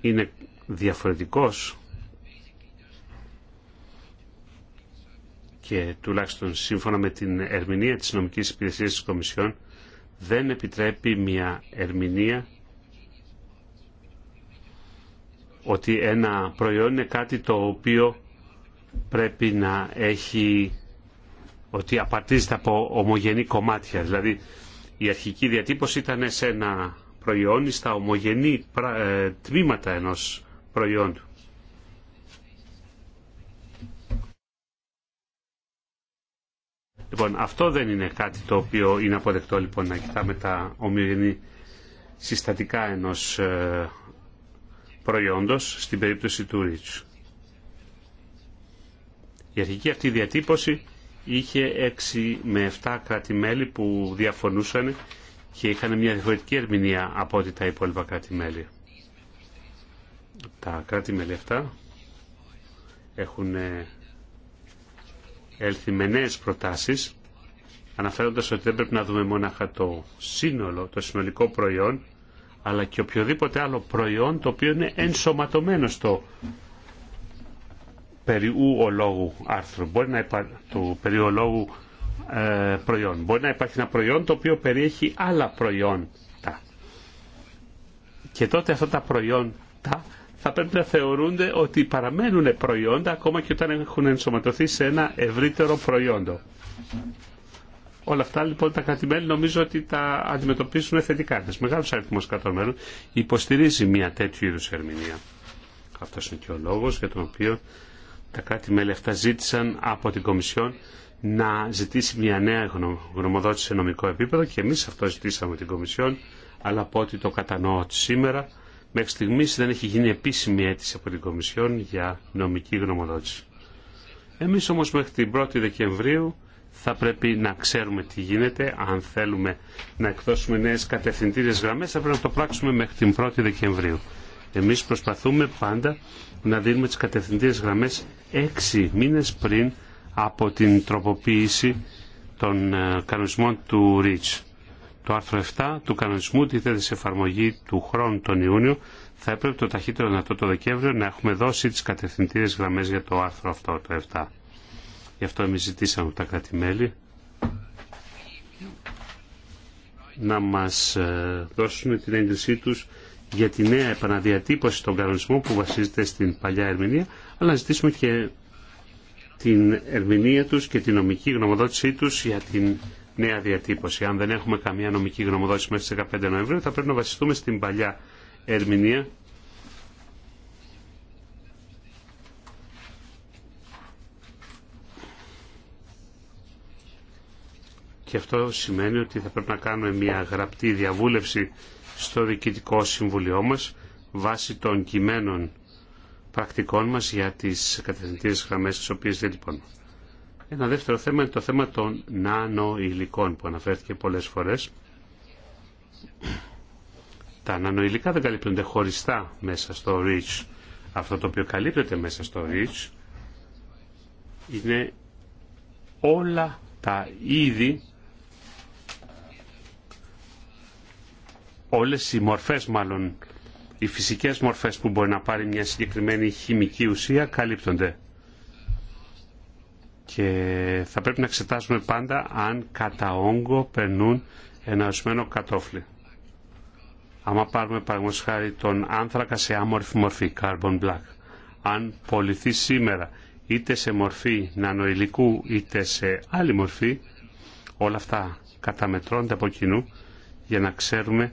είναι διαφορετικός και τουλάχιστον σύμφωνα με την ερμηνεία της νομικής υπηρεσίας της Κομισιόν δεν επιτρέπει μια ερμηνεία ότι ένα προϊόν είναι κάτι το οποίο πρέπει να έχει ότι απαρτίζεται από ομογενή κομμάτια. Δηλαδή η αρχική διατύπωση ήταν σε ένα προϊόν ή στα ομογενή ε, τμήματα ενός προϊόντου. Λοιπόν, αυτό δεν είναι κάτι το οποίο είναι αποδεκτό λοιπόν να κοιτάμε τα ομοιογενή συστατικά ενός ε, προϊόντος στην περίπτωση του ρίτσου. αρχική αυτή κοιταμε τα ομογενή συστατικα ενος προιοντος στην περιπτωση είχε 6 με 7 κράτη-μέλη που διαφωνούσαν και είχαν μια διαφορετική ερμηνεία από ό,τι τα υπόλοιπα κράτη-μέλη. Τα κράτη-μέλη αυτά έχουν ε, έλθει με νέες προτάσεις αναφέροντας ότι δεν πρέπει να δούμε μόναχα το σύνολο, το συνολικό προϊόν αλλά και οποιοδήποτε άλλο προϊόν το οποίο είναι ενσωματωμένο στο περιού ολόγου άρθρο. Μπορεί να του περί ε, προϊόν. Μπορεί να υπάρχει ένα προϊόν το οποίο περιέχει άλλα προϊόντα. Και τότε αυτά τα προϊόντα θα πρέπει να θεωρούνται ότι παραμένουν προϊόντα ακόμα και όταν έχουν ενσωματωθεί σε ένα ευρύτερο προϊόντο. Όλα αυτά λοιπόν τα κράτη-μέλη νομίζω ότι τα αντιμετωπίσουν θετικά. Ένα μεγάλο αριθμό κρατών υποστηρίζει μια τέτοιου είδου ερμηνεία. Αυτό είναι και ο λόγο για τον οποίο τα κράτη-μέλη αυτά ζήτησαν από την Κομισιόν να ζητήσει μια νέα γνωμοδότηση σε νομικό επίπεδο και εμείς αυτό ζητήσαμε την Κομισιόν, αλλά από ό,τι το κατανοώ ότι σήμερα, μέχρι στιγμή δεν έχει γίνει επίσημη αίτηση από την Κομισιόν για νομική γνωμοδότηση. Εμείς όμως μέχρι την 1η Δεκεμβρίου θα πρέπει να ξέρουμε τι γίνεται. Αν θέλουμε να εκδώσουμε νέες κατευθυντήριες γραμμές θα πρέπει να το πράξουμε μέχρι την 1η Δεκεμβρίου. Εμείς προσπαθούμε πάντα να δίνουμε τις κατευθυντήριες γραμμές 6 μήνες πριν από την τροποποίηση των ε, κανονισμών του ΡΙΤΣ. Το άρθρο 7 του κανονισμού τίθεται σε εφαρμογή του χρόνου τον Ιούνιο. Θα έπρεπε το ταχύτερο δυνατό το Δεκέμβριο να έχουμε δώσει τις κατευθυντήριες γραμμές για το άρθρο αυτό, το 7. Γι' αυτό εμείς ζητήσαμε τα κρατη να μας ε, δώσουν την έγκρισή τους για τη νέα επαναδιατύπωση των κανονισμών που βασίζεται στην παλιά ερμηνεία, αλλά να ζητήσουμε και την ερμηνεία τους και την νομική γνωμοδότησή τους για την νέα διατύπωση. Αν δεν έχουμε καμία νομική γνωμοδότηση μέσα στις 15 Νοεμβρίου θα πρέπει να βασιστούμε στην παλιά ερμηνεία και αυτό σημαίνει ότι θα πρέπει να κάνουμε μια γραπτή διαβούλευση στο Διοικητικό Συμβουλίο μας βάσει των κειμένων πρακτικών μας για τις κατευθυντήρες γραμμές τις οποίες δεν Ένα δεύτερο θέμα είναι το θέμα των νανοηλικών που αναφέρθηκε πολλές φορές. Τα νανοηλικά δεν καλύπτονται χωριστά μέσα στο REACH. Αυτό το οποίο καλύπτεται μέσα στο REACH είναι όλα τα είδη όλες οι μορφές μάλλον οι φυσικές μορφές που μπορεί να πάρει μια συγκεκριμένη χημική ουσία καλύπτονται. Και θα πρέπει να εξετάσουμε πάντα αν κατά όγκο περνούν ένα ορισμένο κατόφλι. Άμα πάρουμε παραγωγικά χάρη τον άνθρακα σε άμορφη μορφή, carbon black, αν πολιθεί σήμερα είτε σε μορφή νανοηλικού είτε σε άλλη μορφή, όλα αυτά καταμετρώνται από κοινού για να ξέρουμε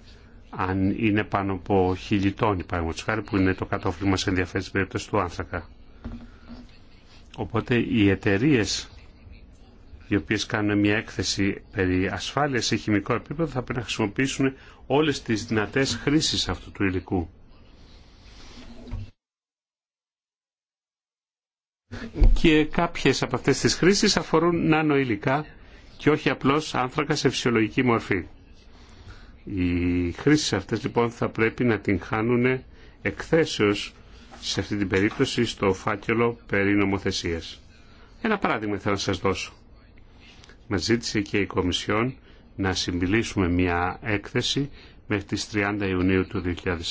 αν είναι πάνω από χιλιτόνι παραγωγή χάρη που είναι το κατόφλι μας ενδιαφέρει στην περίπτωση του άνθρακα. Οπότε οι εταιρείε οι οποίες κάνουν μια έκθεση περί ασφάλειας σε χημικό επίπεδο θα πρέπει να χρησιμοποιήσουν όλες τις δυνατές χρήσεις αυτού του υλικού. Και κάποιες από αυτές τις χρήσεις αφορούν νανοηλικά και όχι απλώς άνθρακα σε φυσιολογική μορφή. Οι χρήσει αυτές λοιπόν θα πρέπει να την χάνουν εκθέσεως σε αυτή την περίπτωση στο φάκελο περί νομοθεσίας. Ένα παράδειγμα θέλω να σας δώσω. Μας ζήτησε και η Κομισιόν να συμπιλήσουμε μια έκθεση μέχρι τις 30 Ιουνίου του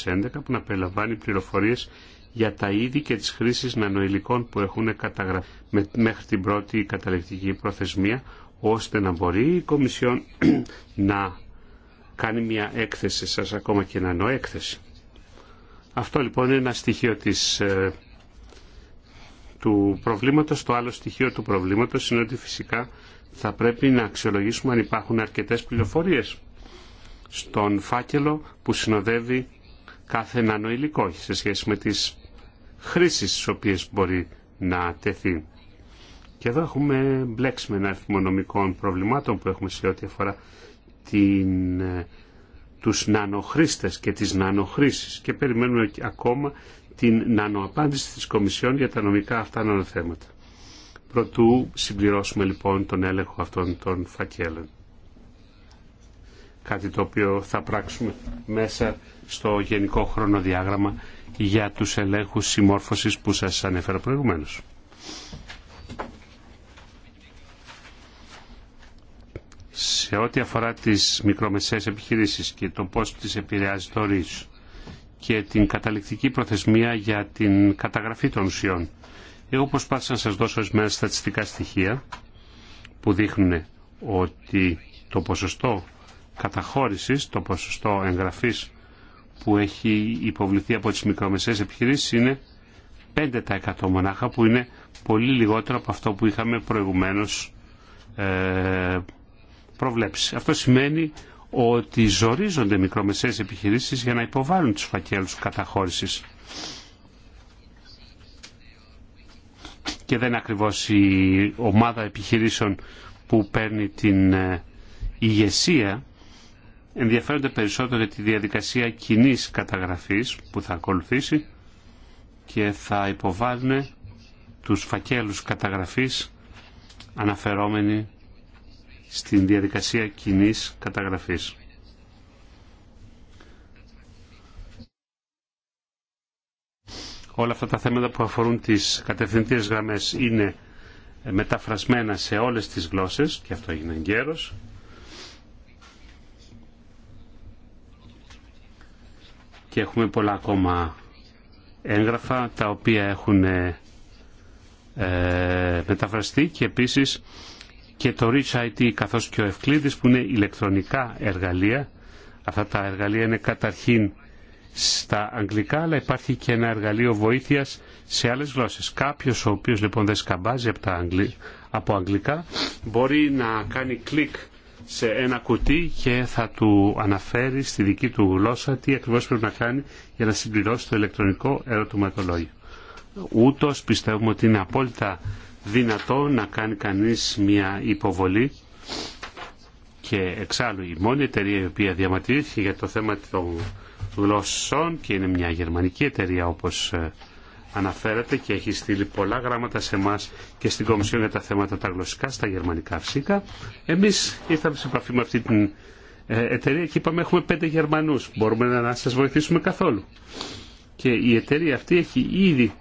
2011 που να περιλαμβάνει πληροφορίες για τα είδη και τις χρήσεις νανοηλικών που έχουν καταγραφεί μέχρι την πρώτη καταληκτική προθεσμία ώστε να μπορεί η Κομισιόν να κάνει μια έκθεση σας, ακόμα και ένα νοέκθεση. έκθεση. Αυτό λοιπόν είναι ένα στοιχείο της, ε, του προβλήματος. Το άλλο στοιχείο του προβλήματος είναι ότι φυσικά θα πρέπει να αξιολογήσουμε αν υπάρχουν αρκετές πληροφορίες στον φάκελο που συνοδεύει κάθε υλικό σε σχέση με τις χρήσεις τις οποίες μπορεί να τεθεί. Και εδώ έχουμε μπλέξει με ένα προβλημάτων που έχουμε σε ό,τι αφορά την, τους νανοχρήστες και τις νανοχρήσεις και περιμένουμε ακόμα την νανοαπάντηση της Κομισιόν για τα νομικά αυτά νανοθέματα. Προτού συμπληρώσουμε λοιπόν τον έλεγχο αυτών των φακέλων. Κάτι το οποίο θα πράξουμε μέσα στο γενικό χρονοδιάγραμμα για τους ελέγχους συμμόρφωσης που σας ανέφερα προηγουμένως. σε ό,τι αφορά τις μικρομεσαίες επιχειρήσεις και το πώς τις επηρεάζει το ρίσο και την καταληκτική προθεσμία για την καταγραφή των ουσιών. Εγώ προσπάθησα να σας δώσω ορισμένα στατιστικά στοιχεία που δείχνουν ότι το ποσοστό καταχώρησης, το ποσοστό εγγραφής που έχει υποβληθεί από τις μικρομεσαίες επιχειρήσεις είναι 5% μονάχα που είναι πολύ λιγότερο από αυτό που είχαμε προηγουμένως ε, προβλέψει. Αυτό σημαίνει ότι ζορίζονται μικρομεσαίες επιχειρήσεις για να υποβάλουν τους φακέλους καταχώρησης. Και δεν ακριβώς η ομάδα επιχειρήσεων που παίρνει την ε, ηγεσία ενδιαφέρονται περισσότερο για τη διαδικασία κοινή καταγραφής που θα ακολουθήσει και θα υποβάλουν τους φακέλους καταγραφής αναφερόμενοι στην διαδικασία κοινή καταγραφής. Όλα αυτά τα θέματα που αφορούν τις κατευθυντήριες γραμμές είναι μεταφρασμένα σε όλες τις γλώσσες και αυτό έγινε γέρος. Και έχουμε πολλά ακόμα έγγραφα τα οποία έχουν ε, μεταφραστεί και επίσης και το Reach IT καθώς και ο Ευκλήδης που είναι ηλεκτρονικά εργαλεία. Αυτά τα εργαλεία είναι καταρχήν στα αγγλικά αλλά υπάρχει και ένα εργαλείο βοήθειας σε άλλες γλώσσες. Κάποιος ο οποίος λοιπόν δεν σκαμπάζει από, τα αγγλικά, μπορεί να κάνει κλικ σε ένα κουτί και θα του αναφέρει στη δική του γλώσσα τι ακριβώς πρέπει να κάνει για να συμπληρώσει το ηλεκτρονικό ερωτηματολόγιο. Ούτως πιστεύουμε ότι είναι απόλυτα δυνατό να κάνει κανείς μια υποβολή και εξάλλου η μόνη εταιρεία η οποία διαμαρτυρήθηκε για το θέμα των γλωσσών και είναι μια γερμανική εταιρεία όπως ε, αναφέρατε και έχει στείλει πολλά γράμματα σε εμά και στην Κομισιόν για τα θέματα τα γλωσσικά, στα γερμανικά φυσικά. Εμείς ήρθαμε σε επαφή με αυτή την ε, εταιρεία και είπαμε έχουμε πέντε Γερμανούς, μπορούμε να σας βοηθήσουμε καθόλου. Και η εταιρεία αυτή έχει ήδη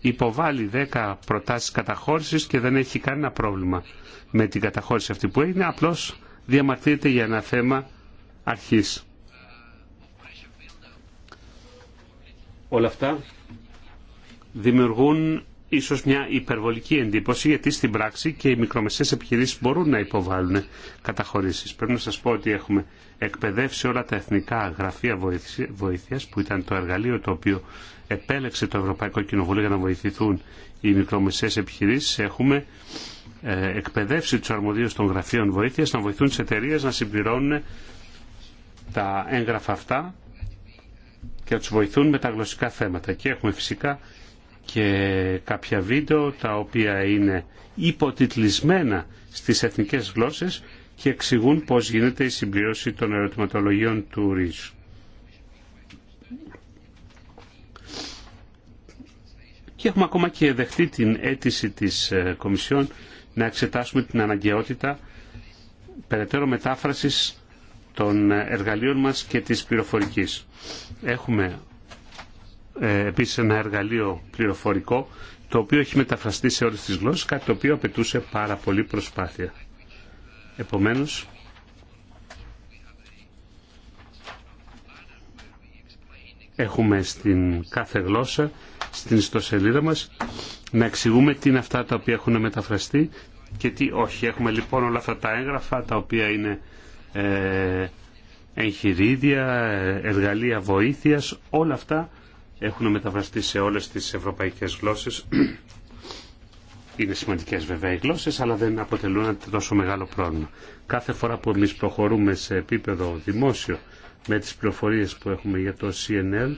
υποβάλλει 10 προτάσεις καταχώρησης και δεν έχει κανένα πρόβλημα με την καταχώρηση αυτή που έγινε, απλώς διαμαρτύρεται για ένα θέμα αρχής. Όλα αυτά δημιουργούν ίσως μια υπερβολική εντύπωση γιατί στην πράξη και οι μικρομεσαίες επιχειρήσεις μπορούν να υποβάλουν καταχωρήσεις. Πρέπει να σας πω ότι έχουμε εκπαιδεύσει όλα τα εθνικά γραφεία βοήθειας που ήταν το εργαλείο το οποίο επέλεξε το Ευρωπαϊκό Κοινοβούλιο για να βοηθηθούν οι μικρομεσαίες επιχειρήσεις. Έχουμε ε, εκπαιδεύσει τους αρμοδίους των γραφείων βοήθειας να βοηθούν τις εταιρείε να συμπληρώνουν τα έγγραφα αυτά και να τους βοηθούν με τα γλωσσικά θέματα. Και έχουμε φυσικά και κάποια βίντεο τα οποία είναι υποτιτλισμένα στις εθνικές γλώσσες και εξηγούν πώς γίνεται η συμπλήρωση των ερωτηματολογίων του ρίσου. και έχουμε ακόμα και δεχτεί την αίτηση της ε, Κομισιόν να εξετάσουμε την αναγκαιότητα περαιτέρω μετάφρασης των ε, εργαλείων μας και της πληροφορικής. Έχουμε ε, επίσης ένα εργαλείο πληροφορικό το οποίο έχει μεταφραστεί σε όλες τις γλώσσες, κάτι το οποίο απαιτούσε πάρα πολύ προσπάθεια. Επομένως, έχουμε στην κάθε γλώσσα στην ιστοσελίδα μας, να εξηγούμε τι είναι αυτά τα οποία έχουν μεταφραστεί και τι όχι. Έχουμε λοιπόν όλα αυτά τα έγγραφα τα οποία είναι ε, εγχειρίδια, εργαλεία βοήθειας, όλα αυτά έχουν μεταφραστεί σε όλες τις ευρωπαϊκές γλώσσες. Είναι σημαντικές βέβαια οι γλώσσες, αλλά δεν αποτελούν ένα τόσο μεγάλο πρόβλημα. Κάθε φορά που εμείς προχωρούμε σε επίπεδο δημόσιο με τις πληροφορίες που έχουμε για το CNL,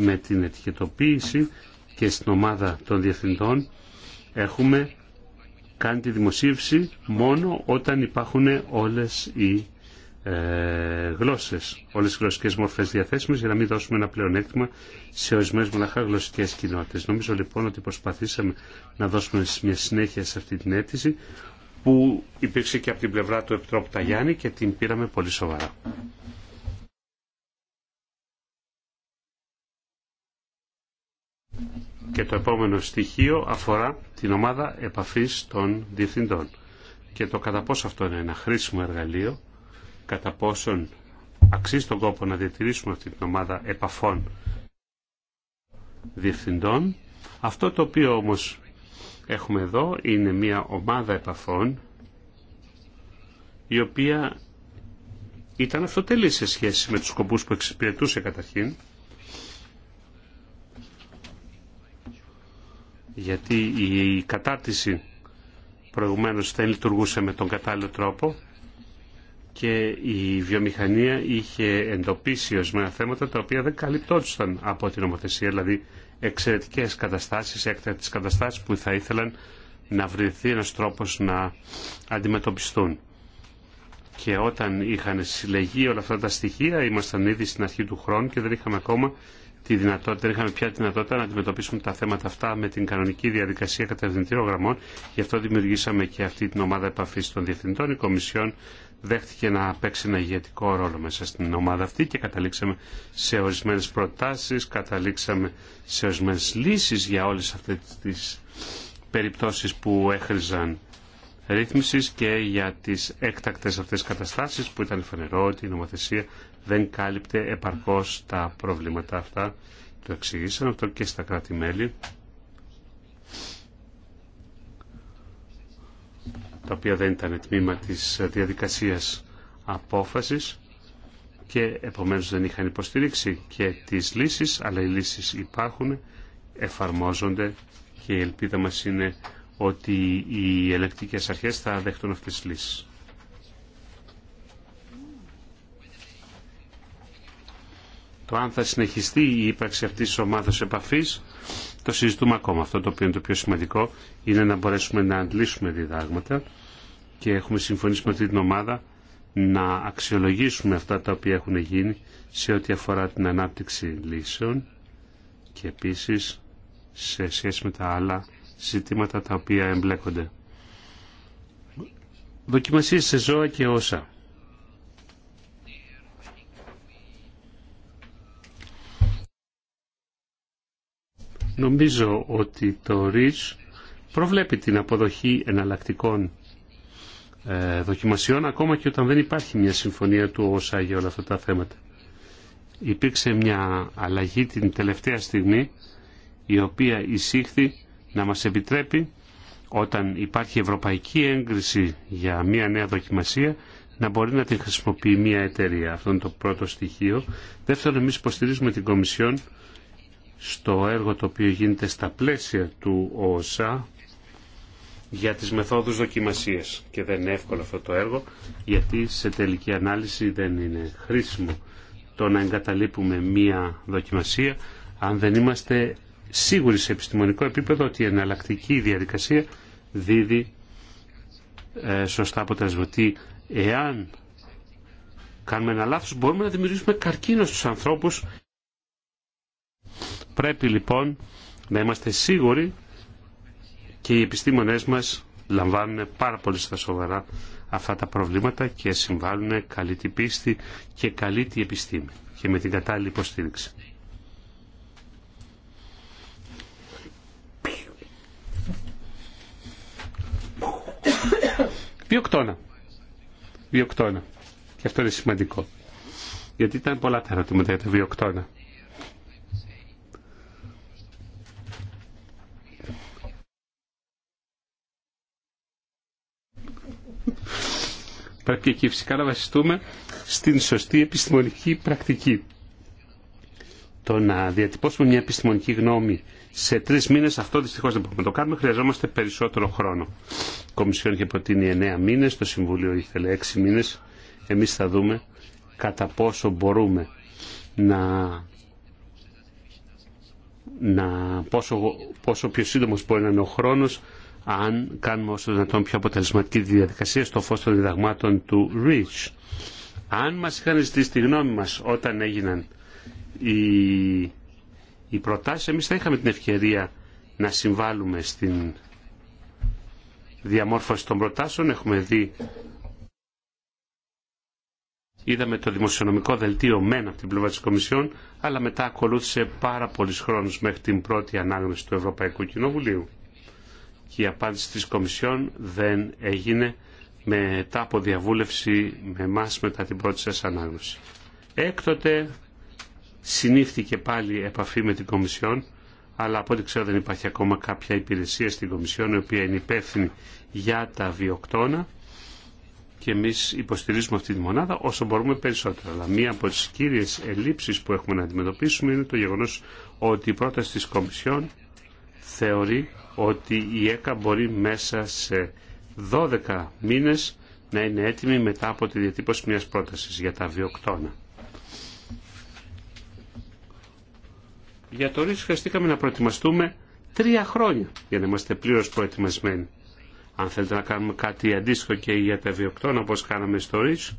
με την ετικετοποίηση και στην ομάδα των διευθυντών έχουμε κάνει τη δημοσίευση μόνο όταν υπάρχουν όλες οι ε, γλώσσες, όλες οι γλωσσικές μορφές διαθέσιμες για να μην δώσουμε ένα πλεονέκτημα σε ορισμένες μοναχά γλωσσικές κοινότητες. Νομίζω λοιπόν ότι προσπαθήσαμε να δώσουμε μια συνέχεια σε αυτή την αίτηση που υπήρξε και από την πλευρά του Επιτρόπου Ταγιάννη και την πήραμε πολύ σοβαρά. Και το επόμενο στοιχείο αφορά την ομάδα επαφής των διευθυντών και το κατά πόσο αυτό είναι ένα χρήσιμο εργαλείο, κατά πόσον αξίζει τον κόπο να διατηρήσουμε αυτή την ομάδα επαφών διευθυντών. Αυτό το οποίο όμως έχουμε εδώ είναι μια ομάδα επαφών η οποία ήταν αυτοτελή σε σχέση με τους σκοπούς που εξυπηρετούσε καταρχήν γιατί η κατάρτιση προηγουμένως δεν λειτουργούσε με τον κατάλληλο τρόπο και η βιομηχανία είχε εντοπίσει ορισμένα θέματα τα οποία δεν καλυπτόντουσαν από την νομοθεσία, δηλαδή εξαιρετικές καταστάσεις, έκτακτες καταστάσεις που θα ήθελαν να βρεθεί ένας τρόπος να αντιμετωπιστούν. Και όταν είχαν συλλεγεί όλα αυτά τα στοιχεία, ήμασταν ήδη στην αρχή του χρόνου και δεν είχαμε ακόμα τη δυνατότητα, δεν είχαμε πια τη δυνατότητα να αντιμετωπίσουμε τα θέματα αυτά με την κανονική διαδικασία κατευθυντήρων γραμμών. Γι' αυτό δημιουργήσαμε και αυτή την ομάδα επαφή των διευθυντών. Η Κομισιόν δέχτηκε να παίξει ένα ηγετικό ρόλο μέσα στην ομάδα αυτή και καταλήξαμε σε ορισμένε προτάσει, καταλήξαμε σε ορισμένε λύσει για όλε αυτέ τι περιπτώσει που έχριζαν ρύθμισης και για τις έκτακτες αυτές καταστάσεις που ήταν φανερό ότι η νομοθεσία δεν κάλυπτε επαρκώς τα προβλήματα αυτά. Το εξηγήσαμε αυτό και στα κράτη-μέλη, τα οποία δεν ήταν τμήμα της διαδικασίας απόφασης και επομένως δεν είχαν υποστήριξη και τις λύσεις, αλλά οι λύσεις υπάρχουν, εφαρμόζονται και η ελπίδα μας είναι ότι οι ελεκτικές αρχές θα δεχτούν αυτές τις λύσεις. Το αν θα συνεχιστεί η ύπαρξη αυτη τη ομάδα επαφή το συζητούμε ακόμα. Αυτό το οποίο είναι το πιο σημαντικό είναι να μπορέσουμε να αντλήσουμε διδάγματα και έχουμε συμφωνήσει με αυτή την ομάδα να αξιολογήσουμε αυτά τα οποία έχουν γίνει σε ό,τι αφορά την ανάπτυξη λύσεων και επίσης σε σχέση με τα άλλα ζητήματα τα οποία εμπλέκονται. Δοκιμασίες σε ζώα και όσα. Νομίζω ότι το ΡΙΣ προβλέπει την αποδοχή εναλλακτικών ε, δοκιμασιών ακόμα και όταν δεν υπάρχει μια συμφωνία του ΩΣΑ για όλα αυτά τα θέματα. Υπήρξε μια αλλαγή την τελευταία στιγμή η οποία εισήχθη να μας επιτρέπει όταν υπάρχει ευρωπαϊκή έγκριση για μια νέα δοκιμασία να μπορεί να την χρησιμοποιεί μια εταιρεία. Αυτό είναι το πρώτο στοιχείο. Δεύτερον, εμείς υποστηρίζουμε την Κομισιόν στο έργο το οποίο γίνεται στα πλαίσια του ΟΣΑ για τις μεθόδους δοκιμασίας και δεν είναι εύκολο αυτό το έργο γιατί σε τελική ανάλυση δεν είναι χρήσιμο το να εγκαταλείπουμε μία δοκιμασία αν δεν είμαστε σίγουροι σε επιστημονικό επίπεδο ότι η εναλλακτική διαδικασία δίδει ε, σωστά ότι Εάν κάνουμε ένα λάθος μπορούμε να δημιουργήσουμε καρκίνο στους ανθρώπους Πρέπει λοιπόν να είμαστε σίγουροι και οι επιστήμονές μας λαμβάνουν πάρα πολύ στα σοβαρά αυτά τα προβλήματα και συμβάλλουν καλή την πίστη και καλή την επιστήμη και με την κατάλληλη υποστήριξη. Βιοκτώνα. Βιοκτώνα. Και αυτό είναι σημαντικό. Γιατί ήταν πολλά τα ερωτήματα για τα βιοκτώνα. Πρέπει και εκεί φυσικά να βασιστούμε στην σωστή επιστημονική πρακτική. Το να διατυπώσουμε μια επιστημονική γνώμη σε τρει μήνε, αυτό δυστυχώ δεν μπορούμε να το κάνουμε. Χρειαζόμαστε περισσότερο χρόνο. Η Κομισιόν είχε προτείνει εννέα μήνε, το Συμβούλιο ήθελε έξι μήνε. Εμεί θα δούμε κατά πόσο μπορούμε να, να πόσο, πόσο πιο σύντομος μπορεί να είναι ο χρόνος αν κάνουμε όσο δυνατόν πιο αποτελεσματική τη διαδικασία στο φως των διδαγμάτων του REACH. Αν μας είχαν ζητήσει τη γνώμη μας όταν έγιναν οι, οι προτάσεις, εμείς θα είχαμε την ευκαιρία να συμβάλλουμε στην διαμόρφωση των προτάσεων. Έχουμε δει Είδαμε το δημοσιονομικό δελτίο μεν από την πλευρά της Κομισιόν, αλλά μετά ακολούθησε πάρα πολλούς χρόνους μέχρι την πρώτη ανάγνωση του Ευρωπαϊκού Κοινοβουλίου και η απάντηση της Κομισιόν δεν έγινε μετά από διαβούλευση με εμά μετά την πρώτη σας ανάγνωση. Έκτοτε συνήφθηκε πάλι επαφή με την Κομισιόν, αλλά από ό,τι ξέρω δεν υπάρχει ακόμα κάποια υπηρεσία στην Κομισιόν η οποία είναι υπεύθυνη για τα βιοκτώνα και εμείς υποστηρίζουμε αυτή τη μονάδα όσο μπορούμε περισσότερο. Αλλά μία από τις κύριες ελλείψεις που έχουμε να αντιμετωπίσουμε είναι το γεγονός ότι η πρόταση της Κομισιόν θεωρεί ότι η ΕΚΑ μπορεί μέσα σε 12 μήνες να είναι έτοιμη μετά από τη διατύπωση μιας πρότασης για τα βιοκτώνα. Για το ρίσκο χρειαστήκαμε να προετοιμαστούμε τρία χρόνια για να είμαστε πλήρως προετοιμασμένοι. Αν θέλετε να κάνουμε κάτι αντίστοιχο και για τα βιοκτώνα όπως κάναμε στο ΡΙΣ,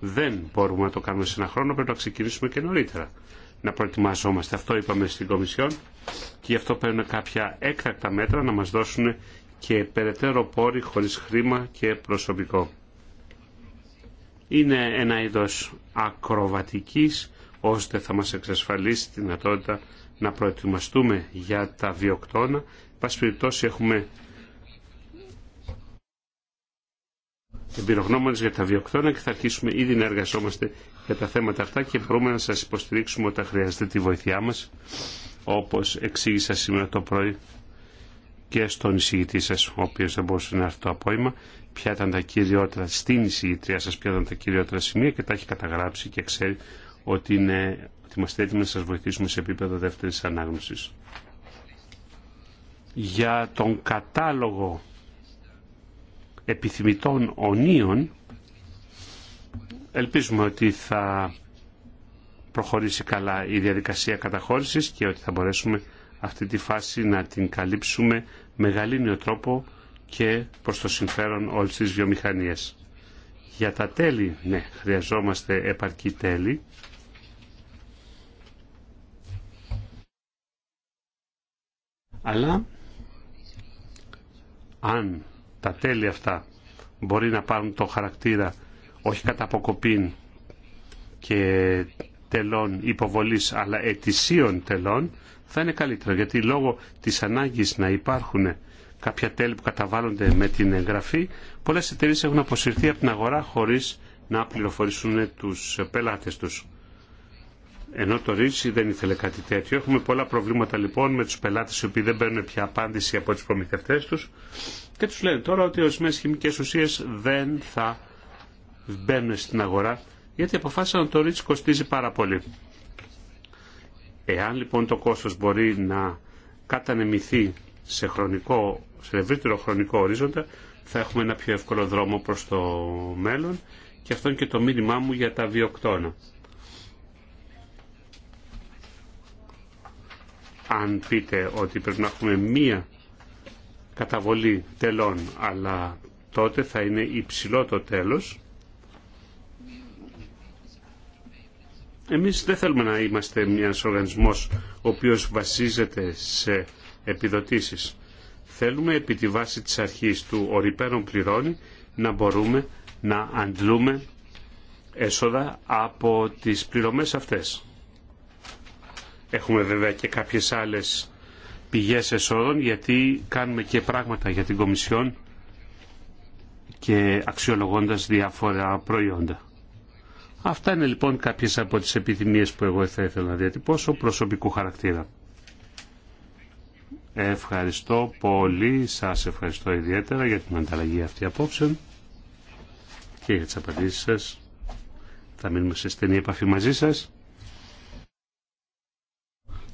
δεν μπορούμε να το κάνουμε σε ένα χρόνο, πρέπει να ξεκινήσουμε και νωρίτερα να προετοιμαζόμαστε. Αυτό είπαμε στην Κομισιόν και γι' αυτό παίρνουν κάποια έκτακτα μέτρα να μας δώσουν και περαιτέρω πόροι χωρίς χρήμα και προσωπικό. Είναι ένα είδος ακροβατικής ώστε θα μας εξασφαλίσει τη δυνατότητα να προετοιμαστούμε για τα βιοκτώνα. Πάση περιπτώσει έχουμε εμπειρογνώμονε για τα βιοκτώνα και θα αρχίσουμε ήδη να εργαζόμαστε για τα θέματα αυτά και μπορούμε να σα υποστηρίξουμε όταν χρειάζεται τη βοήθειά μα, όπω εξήγησα σήμερα το πρωί και στον εισηγητή σα, ο οποίο δεν μπορούσε να έρθει το απόημα ποια ήταν τα κυριότερα στην εισηγητρία σα ποια ήταν τα κυριότερα σημεία και τα έχει καταγράψει και ξέρει ότι, είναι, ότι είμαστε έτοιμοι να σα βοηθήσουμε σε επίπεδο δεύτερη ανάγνωση. Για τον κατάλογο επιθυμητών ονείων ελπίζουμε ότι θα προχωρήσει καλά η διαδικασία καταχώρησης και ότι θα μπορέσουμε αυτή τη φάση να την καλύψουμε με γαλήνιο τρόπο και προς το συμφέρον όλες τις βιομηχανίες. Για τα τέλη, ναι, χρειαζόμαστε επαρκή τέλη. Αλλά αν τα τέλη αυτά μπορεί να πάρουν το χαρακτήρα όχι κατά αποκοπήν και τελών υποβολής αλλά ετησίων τελών θα είναι καλύτερο γιατί λόγω της ανάγκης να υπάρχουν κάποια τέλη που καταβάλλονται με την εγγραφή πολλές εταιρείε έχουν αποσυρθεί από την αγορά χωρίς να πληροφορήσουν τους πελάτες τους. Ενώ το Ρίτσι δεν ήθελε κάτι τέτοιο. Έχουμε πολλά προβλήματα λοιπόν με τους πελάτες οι οποίοι δεν παίρνουν πια απάντηση από τους προμηθευτές τους και τους λένε τώρα ότι ορισμένε χημικές ουσίες δεν θα μπαίνουν στην αγορά γιατί αποφάσισαν ότι το ριτς κοστίζει πάρα πολύ. Εάν λοιπόν το κόστος μπορεί να κατανεμηθεί σε, χρονικό, σε ευρύτερο χρονικό ορίζοντα θα έχουμε ένα πιο εύκολο δρόμο προς το μέλλον και αυτό είναι και το μήνυμά μου για τα βιοκτώνα. Αν πείτε ότι πρέπει να έχουμε μία καταβολή τελών, αλλά τότε θα είναι υψηλό το τέλος. Εμείς δεν θέλουμε να είμαστε μια οργανισμός ο οποίος βασίζεται σε επιδοτήσεις. Θέλουμε επί τη βάση της αρχής του οριπέρων πληρώνει να μπορούμε να αντλούμε έσοδα από τις πληρωμές αυτές. Έχουμε βέβαια και κάποιες άλλες πηγές εσόδων γιατί κάνουμε και πράγματα για την Κομισιόν και αξιολογώντας διάφορα προϊόντα. Αυτά είναι λοιπόν κάποιες από τις επιθυμίες που εγώ θα ήθελα να διατυπώσω προσωπικού χαρακτήρα. Ευχαριστώ πολύ, σας ευχαριστώ ιδιαίτερα για την ανταλλαγή αυτή απόψε και για τις απαντήσεις σας. Θα μείνουμε σε στενή επαφή μαζί σας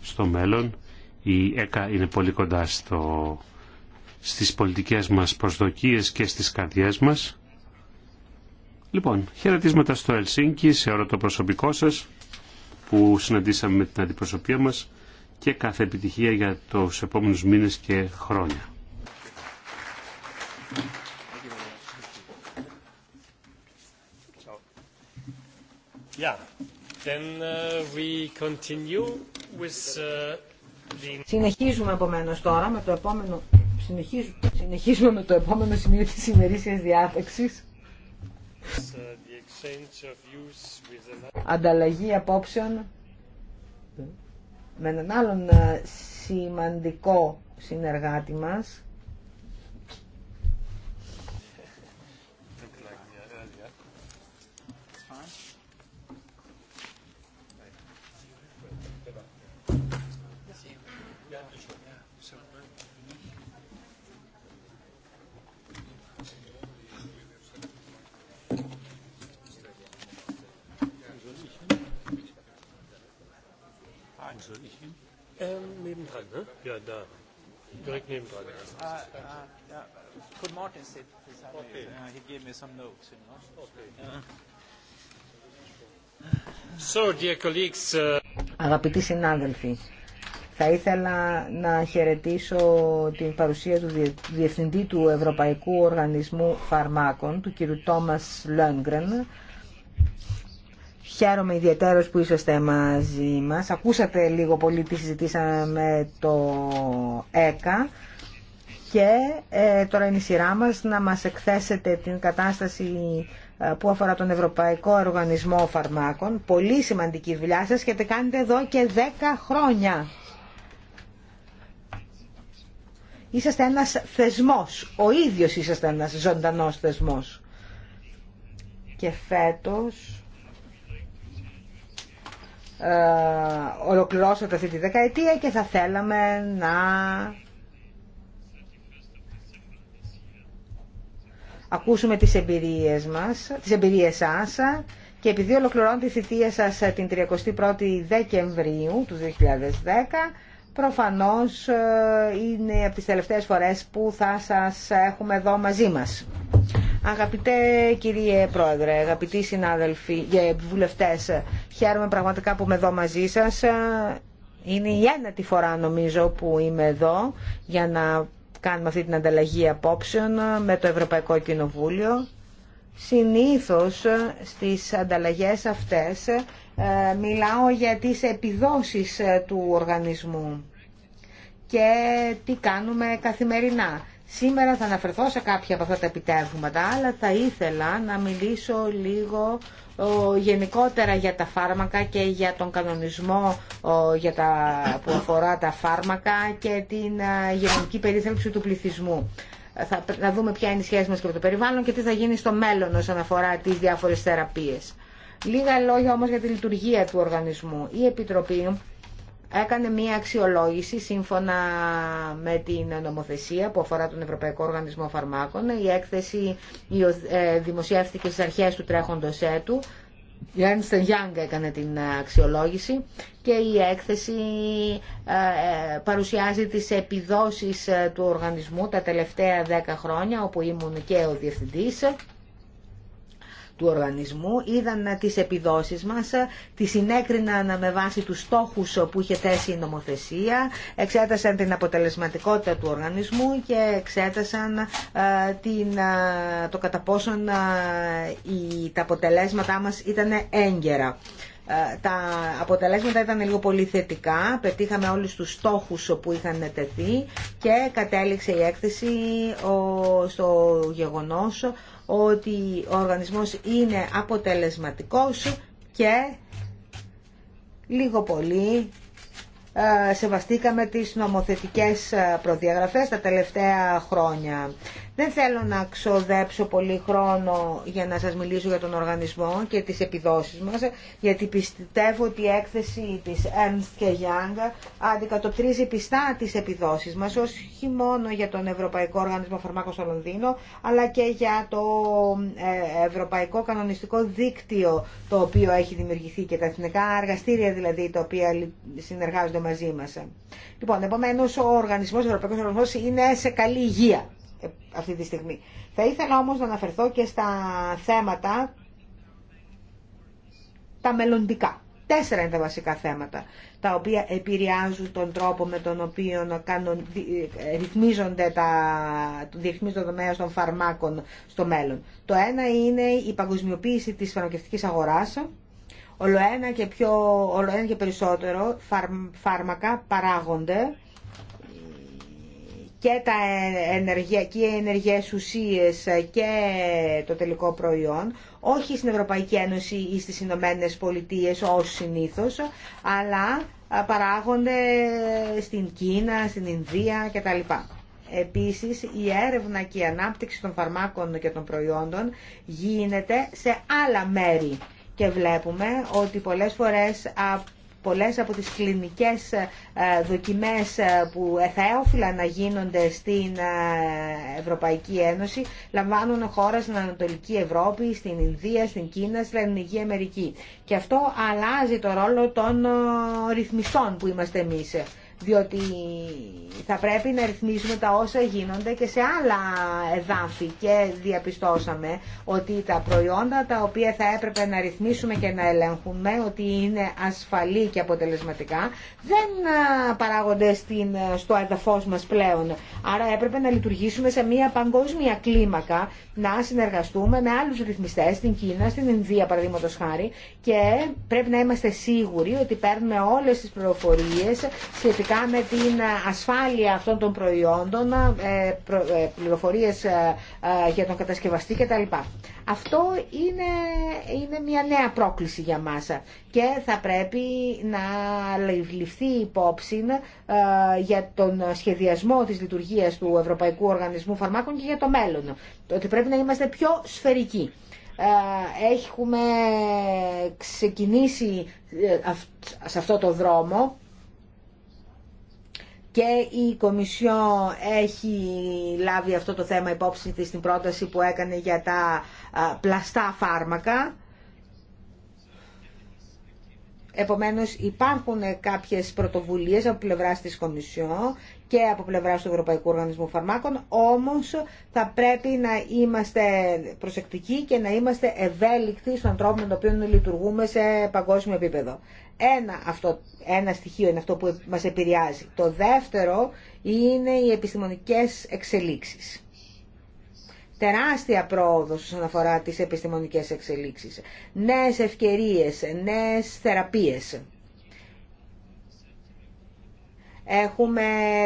στο μέλλον η ΕΚΑ είναι πολύ κοντά στο, στις πολιτικές μας προσδοκίες και στις καρδιές μας. Λοιπόν, χαιρετίσματα στο Ελσίνκι, σε όλο το προσωπικό σας που συναντήσαμε με την αντιπροσωπεία μας και κάθε επιτυχία για τους επόμενους μήνες και χρόνια. Yeah. Then uh, we continue with uh, Συνεχίζουμε επομένω τώρα με το επόμενο. Συνεχίζουμε, συνεχίζουμε με το επόμενο σημείο τη ημερήσια διάθεξη. Ανταλλαγή απόψεων με έναν άλλον ε, σημαντικό συνεργάτη μας, Ähm, nebendran, ne? Ja, da. Direkt nebendran. Uh, uh, yeah. Could Martin sit, please? Okay. Uh, he gave me some notes, you know. Okay. Uh. So, dear colleagues, Αγαπητοί συνάδελφοι, θα ήθελα να χαιρετήσω την παρουσία του Διευθυντή του Ευρωπαϊκού Οργανισμού Φαρμάκων, του κ. Τόμας Λönggren, Χαίρομαι ιδιαίτερος που είσαστε μαζί μας. Ακούσατε λίγο πολύ τι συζητήσαμε με το ΕΚΑ και ε, τώρα είναι η σειρά μας να μας εκθέσετε την κατάσταση ε, που αφορά τον Ευρωπαϊκό Οργανισμό Φαρμάκων. Πολύ σημαντική δουλειά σας και τα κάνετε εδώ και 10 χρόνια. Είσαστε ένας θεσμός. Ο ίδιος είσαστε ένας ζωντανός θεσμός. Και φέτος ε, ολοκληρώσετε αυτή τη δεκαετία και θα θέλαμε να ακούσουμε τις εμπειρίες μας, τις εμπειρίες σας και επειδή ολοκληρώνω τη θητεία σας την 31η Δεκεμβρίου του 2010, προφανώς ε, είναι από τις τελευταίες φορές που θα σας έχουμε εδώ μαζί μας. Αγαπητέ κύριε Πρόεδρε, αγαπητοί συνάδελφοι και ε, βουλευτές, χαίρομαι πραγματικά που είμαι εδώ μαζί σας. Είναι η ένατη φορά νομίζω που είμαι εδώ για να κάνουμε αυτή την ανταλλαγή απόψεων με το Ευρωπαϊκό Κοινοβούλιο. Συνήθως στις ανταλλαγές αυτές ε, μιλάω για τις επιδόσεις ε, του οργανισμού και τι κάνουμε καθημερινά. Σήμερα θα αναφερθώ σε κάποια από αυτά τα επιτεύγματα, αλλά θα ήθελα να μιλήσω λίγο γενικότερα για τα φάρμακα και για τον κανονισμό για τα, που αφορά τα φάρμακα και την γενική περίθαλψη του πληθυσμού. Θα, δούμε ποια είναι η σχέση μας και με το περιβάλλον και τι θα γίνει στο μέλλον όσον αφορά τις διάφορες θεραπείες. Λίγα λόγια όμως για τη λειτουργία του οργανισμού. Η Επιτροπή έκανε μία αξιολόγηση σύμφωνα με την νομοθεσία που αφορά τον Ευρωπαϊκό Οργανισμό Φαρμάκων. Η έκθεση ε, δημοσιεύτηκε στις αρχές του τρέχοντος έτου. Η Ernst Young έκανε την αξιολόγηση και η έκθεση ε, ε, παρουσιάζει τις επιδόσεις του οργανισμού τα τελευταία δέκα χρόνια όπου ήμουν και ο διευθυντής του οργανισμού, είδαν ε, τις επιδόσεις μας, ε, τις συνέκριναν ε, με βάση τους στόχους που είχε θέσει η νομοθεσία, εξέτασαν την αποτελεσματικότητα του οργανισμού και εξέτασαν την, το κατά πόσον η, τα αποτελέσματά μας ήταν έγκαιρα. Τα αποτελέσματα ήταν λίγο πολύ θετικά, πετύχαμε όλους τους στόχους που είχαν τεθεί και κατέληξε η έκθεση στο γεγονός ότι ο οργανισμός είναι αποτελεσματικός και λίγο πολύ ε, σεβαστήκαμε τις νομοθετικές ε, προδιαγραφές τα τελευταία χρόνια. Δεν θέλω να ξοδέψω πολύ χρόνο για να σας μιλήσω για τον οργανισμό και τις επιδόσεις μας, γιατί πιστεύω ότι η έκθεση της Ernst και Young αντικατοπτρίζει πιστά τις επιδόσεις μας, όχι μόνο για τον Ευρωπαϊκό Οργανισμό Φαρμάκων στο Λονδίνο, αλλά και για το ε, Ευρωπαϊκό Κανονιστικό Δίκτυο, το οποίο έχει δημιουργηθεί και τα εθνικά εργαστήρια δηλαδή, τα οποία συνεργάζονται μαζί μας. Λοιπόν, επομένως, ο Οργανισμός, ο Ευρωπαϊκός Οργανισμός είναι σε καλή υγεία αυτή τη στιγμή. Θα ήθελα όμως να αναφερθώ και στα θέματα τα μελλοντικά. Τέσσερα είναι τα βασικά θέματα, τα οποία επηρεάζουν τον τρόπο με τον οποίο κάνουν, ε, ρυθμίζονται τα, ρυθμίζονται το τομέα των φαρμάκων στο μέλλον. Το ένα είναι η παγκοσμιοποίηση της φαρμακευτικής αγοράς, Ολοένα και, πιο, ολοένα και περισσότερο φάρμακα παράγονται και τα ενεργειακή ενεργές ουσίες και το τελικό προϊόν, όχι στην Ευρωπαϊκή Ένωση ή στις Ηνωμένε Πολιτείες ως συνήθως, αλλά παράγονται στην Κίνα, στην Ινδία κτλ. Επίσης, η έρευνα και η ανάπτυξη των φαρμάκων και των προϊόντων γίνεται σε άλλα μέρη και βλέπουμε ότι πολλές φορές Πολλές από τις κλινικές ε, ε, δοκιμές ε, που θα έοφυλα να γίνονται στην Ευρωπαϊκή Ένωση λαμβάνουν χώρα στην Ανατολική Ευρώπη, στην Ινδία, στην Κίνα, στην Ελληνική Αμερική. Και αυτό αλλάζει το ρόλο των ρυθμιστών που είμαστε εμείς διότι θα πρέπει να ρυθμίσουμε τα όσα γίνονται και σε άλλα εδάφη και διαπιστώσαμε ότι τα προϊόντα τα οποία θα έπρεπε να ρυθμίσουμε και να ελέγχουμε ότι είναι ασφαλή και αποτελεσματικά δεν ε, παράγονται στην, ε, στο έδαφος μας πλέον. Άρα έπρεπε να λειτουργήσουμε σε μια παγκόσμια κλίμακα, να συνεργαστούμε με άλλους ρυθμιστές στην Κίνα, στην Ινδία παραδείγματο χάρη και πρέπει να είμαστε σίγουροι ότι παίρνουμε όλες τις πληροφορίε σχετικά με την ασφάλεια αυτών των προϊόντων, ε, ε, πληροφορίες ε, για τον κατασκευαστή κτλ. Αυτό είναι, είναι μια νέα πρόκληση για μας και θα πρέπει να ληφθεί υπόψη για τον σχεδιασμό της λειτουργίας του Ευρωπαϊκού Οργανισμού Φαρμάκων και για το μέλλον. Ότι πρέπει να είμαστε πιο σφαιρικοί έχουμε ξεκινήσει σε αυτό το δρόμο και η Κομισιό έχει λάβει αυτό το θέμα υπόψη της στην πρόταση που έκανε για τα πλαστά φάρμακα. Επομένως υπάρχουν κάποιες πρωτοβουλίες από πλευράς της Κομισιό και από πλευράς του Ευρωπαϊκού Οργανισμού Φαρμάκων, όμως θα πρέπει να είμαστε προσεκτικοί και να είμαστε ευέλικτοι στον τρόπο με τον οποίο λειτουργούμε σε παγκόσμιο επίπεδο ένα, αυτό, ένα στοιχείο είναι αυτό που μας επηρεάζει. Το δεύτερο είναι οι επιστημονικές εξελίξεις. Τεράστια πρόοδος όσον αφορά τις επιστημονικές εξελίξεις. Νέες ευκαιρίες, νέες θεραπείες. Έχουμε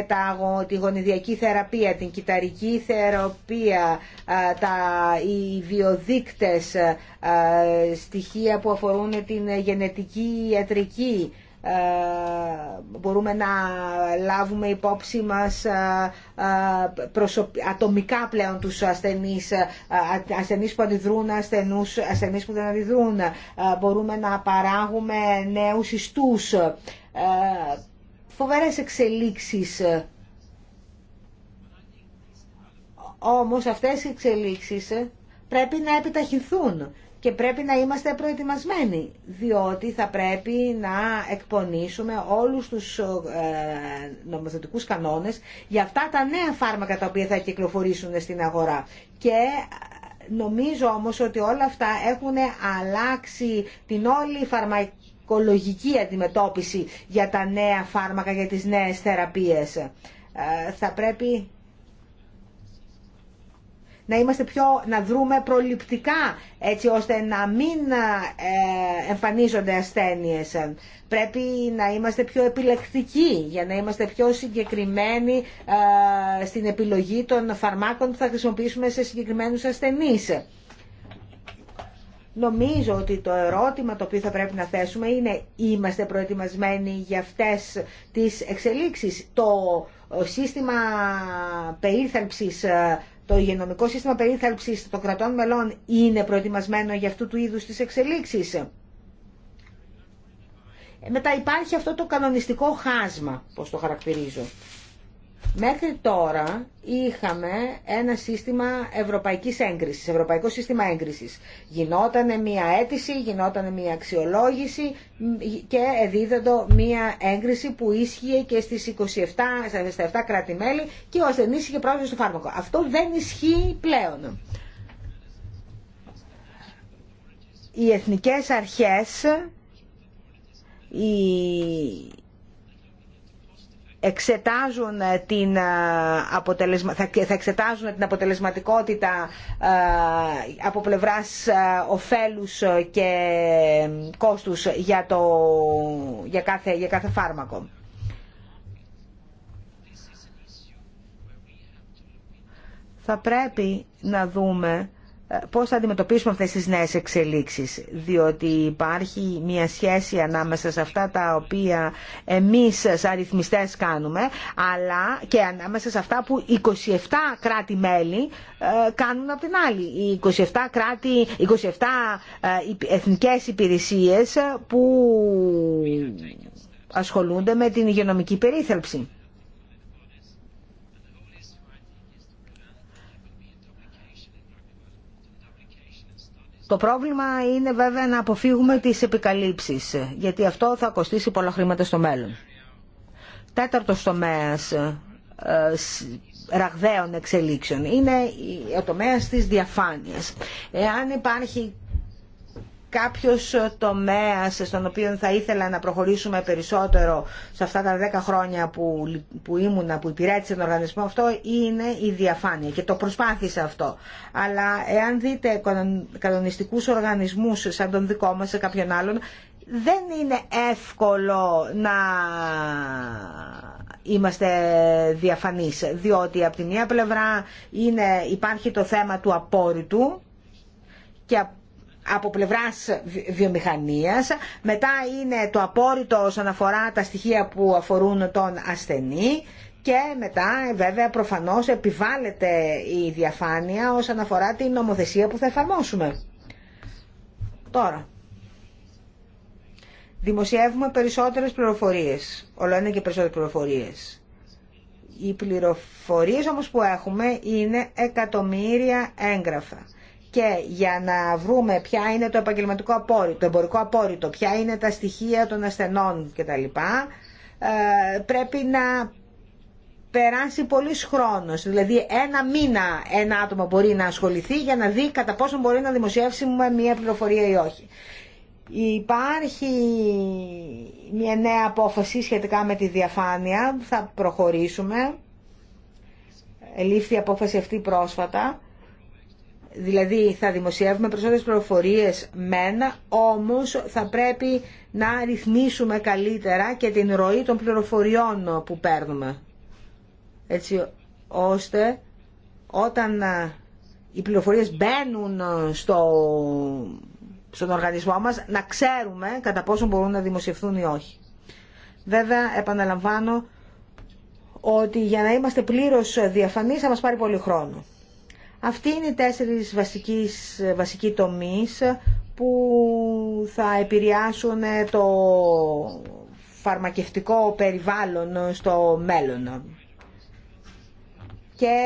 τα, τη γονιδιακή θεραπεία, την κυταρική θεραπεία, τα, οι βιοδείκτες, στοιχεία που αφορούν την γενετική ιατρική. Μπορούμε να λάβουμε υπόψη μας ατομικά πλέον τους ασθενείς, ασθενείς που αντιδρούν, ασθενούς, ασθενείς που δεν αντιδρούν. Μπορούμε να παράγουμε νέους ιστούς φοβερές εξελίξεις. Ε. Όμως αυτές οι εξελίξεις ε, πρέπει να επιταχυνθούν και πρέπει να είμαστε προετοιμασμένοι, διότι θα πρέπει να εκπονήσουμε όλους τους ε, νομοθετικούς κανόνες για αυτά τα νέα φάρμακα τα οποία θα κυκλοφορήσουν στην αγορά. Και νομίζω όμως ότι όλα αυτά έχουν αλλάξει την όλη φαρμακευτική οικολογική αντιμετώπιση για τα νέα φάρμακα, για τις νέες θεραπείες. Ε, θα πρέπει να είμαστε πιο, να δρούμε προληπτικά έτσι ώστε να μην ε, εμφανίζονται ασθένειες. Πρέπει να είμαστε πιο επιλεκτικοί για να είμαστε πιο συγκεκριμένοι ε, στην επιλογή των φαρμάκων που θα χρησιμοποιήσουμε σε συγκεκριμένους ασθενείς. Νομίζω ότι το ερώτημα το οποίο θα πρέπει να θέσουμε είναι είμαστε προετοιμασμένοι για αυτές τις εξελίξεις. Το ε, σύστημα περίθαλψης, ε, το υγειονομικό σύστημα περίθαλψης των κρατών μελών είναι προετοιμασμένο για αυτού του είδους τις εξελίξεις. Ε, μετά υπάρχει αυτό το κανονιστικό χάσμα, πώς το χαρακτηρίζω. Μέχρι τώρα είχαμε ένα σύστημα ευρωπαϊκής έγκρισης, ευρωπαϊκό σύστημα έγκρισης. Γινόταν μία αίτηση, γινόταν μία αξιολόγηση και εδίδοντο μία έγκριση που ίσχυε και στις 27, στα κράτη-μέλη και ο ασθενής είχε πρόσβαση στο φάρμακο. Αυτό δεν ισχύει πλέον. Οι εθνικές αρχές, οι εξετάζουν ε, την, ε, αποτελεσμα... θα εξετάζουν την αποτελεσματικότητα ε, από πλευράς οφέλους και κόστους για, το... για, κάθε... για κάθε φάρμακο. Θα πρέπει να δούμε πώς θα αντιμετωπίσουμε αυτές τις νέες εξελίξεις, διότι υπάρχει μια σχέση ανάμεσα σε αυτά τα οποία εμείς σαν αριθμιστές κάνουμε, αλλά και ανάμεσα σε αυτά που 27 κράτη-μέλη ε, κάνουν από την άλλη. Οι 27, κράτη, 27 ε, εθνικές υπηρεσίες που ασχολούνται με την υγειονομική περίθαλψη. Το πρόβλημα είναι βέβαια να αποφύγουμε τις επικαλύψεις, γιατί αυτό θα κοστίσει πολλά χρήματα στο μέλλον. Τέταρτος τομέας ε, ραγδαίων εξελίξεων είναι ο τομέας της διαφάνειας. Εάν υπάρχει κάποιος ε, τομέας στον οποίο θα ήθελα να προχωρήσουμε περισσότερο σε αυτά τα 10 χρόνια που, που ήμουνα, που υπηρέτησε τον οργανισμό αυτό, είναι η διαφάνεια και το προσπάθησα αυτό. Αλλά εάν δείτε κανονιστικούς οργανισμούς σαν τον δικό μας σε κάποιον άλλον, δεν είναι εύκολο να είμαστε διαφανείς, διότι από τη μία πλευρά είναι, υπάρχει το θέμα του απόρριτου και από πλευράς βιομηχανίας, μετά είναι το απόρριτο όσον αφορά τα στοιχεία που αφορούν τον ασθενή και μετά βέβαια προφανώς επιβάλλεται η διαφάνεια όσον αφορά την νομοθεσία που θα εφαρμόσουμε. Τώρα, δημοσιεύουμε περισσότερες πληροφορίες, όλο είναι και περισσότερες πληροφορίες. Οι πληροφορίες όμως που έχουμε είναι εκατομμύρια έγγραφα και για να βρούμε ποια είναι το επαγγελματικό απόρριτο, το εμπορικό απόρριτο, ποια είναι τα στοιχεία των ασθενών κτλ. Ε, πρέπει να περάσει πολύς χρόνος, δηλαδή ένα μήνα ένα άτομο μπορεί να ασχοληθεί για να δει κατά πόσο μπορεί να δημοσιεύσει μια πληροφορία ή όχι. Υπάρχει μια νέα απόφαση σχετικά με τη διαφάνεια, θα προχωρήσουμε. Ελήφθη η απόφαση αυτή πρόσφατα Δηλαδή θα δημοσιεύουμε περισσότερες πληροφορίες μένα, όμως θα πρέπει να ρυθμίσουμε καλύτερα και την ροή των πληροφοριών που παίρνουμε. Έτσι ώστε όταν ε, οι πληροφορίες μπαίνουν στο, στον οργανισμό μας να ξέρουμε κατά πόσο μπορούν να δημοσιευθούν ή όχι. Βέβαια επαναλαμβάνω ότι για να είμαστε πλήρως διαφανείς θα μας πάρει πολύ χρόνο. Αυτοί είναι οι τέσσερις βασικής, βασικοί τομείς που θα επηρεάσουν το φαρμακευτικό περιβάλλον στο μέλλον. Και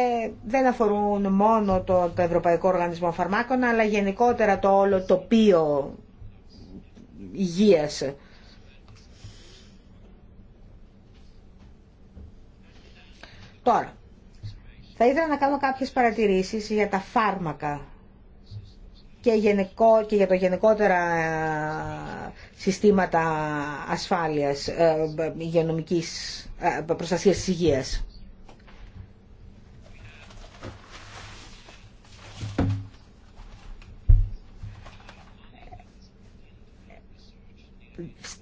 δεν αφορούν μόνο το, το Ευρωπαϊκό Οργανισμό Φαρμάκων, αλλά γενικότερα το όλο τοπίο υγείας. Τώρα, θα ήθελα να κάνω κάποιες παρατηρήσεις για τα φάρμακα και, γενικό, και για το γενικότερα ε, συστήματα ασφάλειας, ε, υγειονομικής ε, προστασίας της υγείας.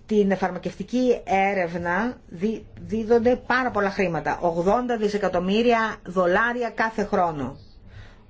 την φαρμακευτική έρευνα δίδονται πάρα πολλά χρήματα, 80 δισεκατομμύρια δολάρια κάθε χρόνο.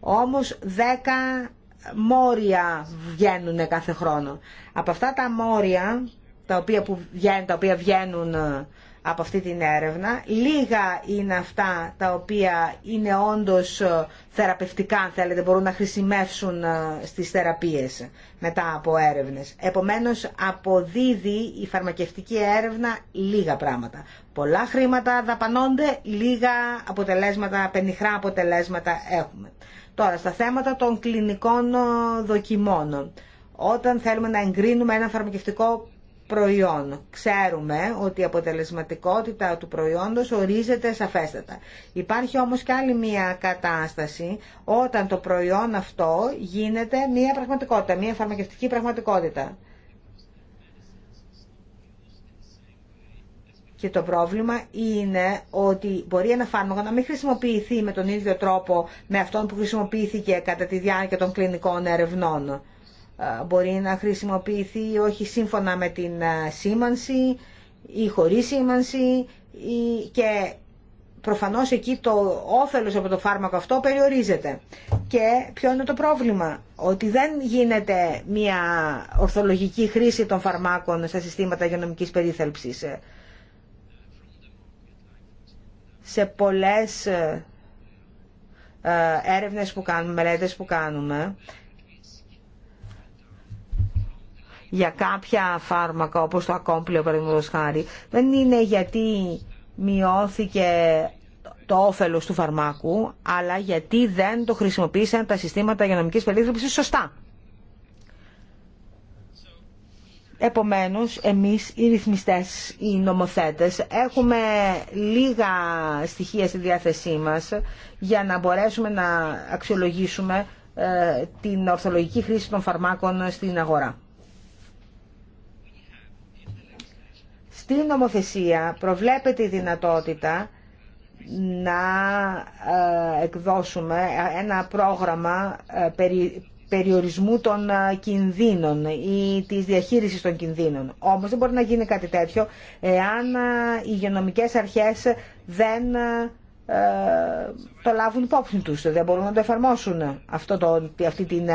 Όμως 10 μόρια βγαίνουν κάθε χρόνο. Από αυτά τα μόρια τα οποία, που βγαίνουν, τα οποία βγαίνουν ε, από αυτή την έρευνα. Λίγα είναι αυτά τα οποία είναι όντως ε, θεραπευτικά, αν θέλετε, μπορούν να χρησιμεύσουν ε, στις θεραπείες μετά από έρευνες. Επομένως, αποδίδει η φαρμακευτική έρευνα λίγα πράγματα. Πολλά χρήματα δαπανώνται, λίγα αποτελέσματα, πενιχρά αποτελέσματα έχουμε. Τώρα, στα θέματα των κλινικών ε, δοκιμών. Όταν θέλουμε να εγκρίνουμε ένα φαρμακευτικό προϊόν. Ξέρουμε ότι η αποτελεσματικότητα του προϊόντος ορίζεται σαφέστατα. Υπάρχει όμως και άλλη μια κατάσταση όταν το προϊόν αυτό γίνεται μια πραγματικότητα, μια φαρμακευτική πραγματικότητα. Και το πρόβλημα είναι ότι μπορεί ένα φάρμακο να μην χρησιμοποιηθεί με τον ίδιο τρόπο με αυτόν που χρησιμοποιήθηκε κατά τη διάρκεια των κλινικών ερευνών μπορεί να χρησιμοποιηθεί όχι σύμφωνα με την σήμανση ή χωρίς σήμανση και προφανώς εκεί το όφελος από το φάρμακο αυτό περιορίζεται. Και ποιο είναι το πρόβλημα, ότι δεν γίνεται μια ορθολογική χρήση των φαρμάκων στα συστήματα υγειονομικής περίθαλψης. Σε πολλές ε, ε, έρευνες που κάνουμε, μελέτες που κάνουμε, για κάποια φάρμακα όπως το ακόμπλιο παραδείγματος χάρη δεν είναι γιατί μειώθηκε το όφελος του φαρμάκου αλλά γιατί δεν το χρησιμοποίησαν τα συστήματα υγειονομικής περίθαλψης σωστά. Επομένως, εμείς οι ρυθμιστές, οι νομοθέτες, έχουμε λίγα στοιχεία στη διάθεσή μας για να μπορέσουμε να αξιολογήσουμε ε, την ορθολογική χρήση των φαρμάκων στην αγορά. στην νομοθεσία προβλέπεται η δυνατότητα να ε, εκδώσουμε ένα πρόγραμμα ε, περιορισμού των ε, κινδύνων ή της διαχείρισης των κινδύνων. Όμως δεν μπορεί να γίνει κάτι τέτοιο εάν οι υγειονομικές αρχές δεν το λάβουν υπόψη τους, δεν μπορούν να το εφαρμόσουν αυτό το, αυτή την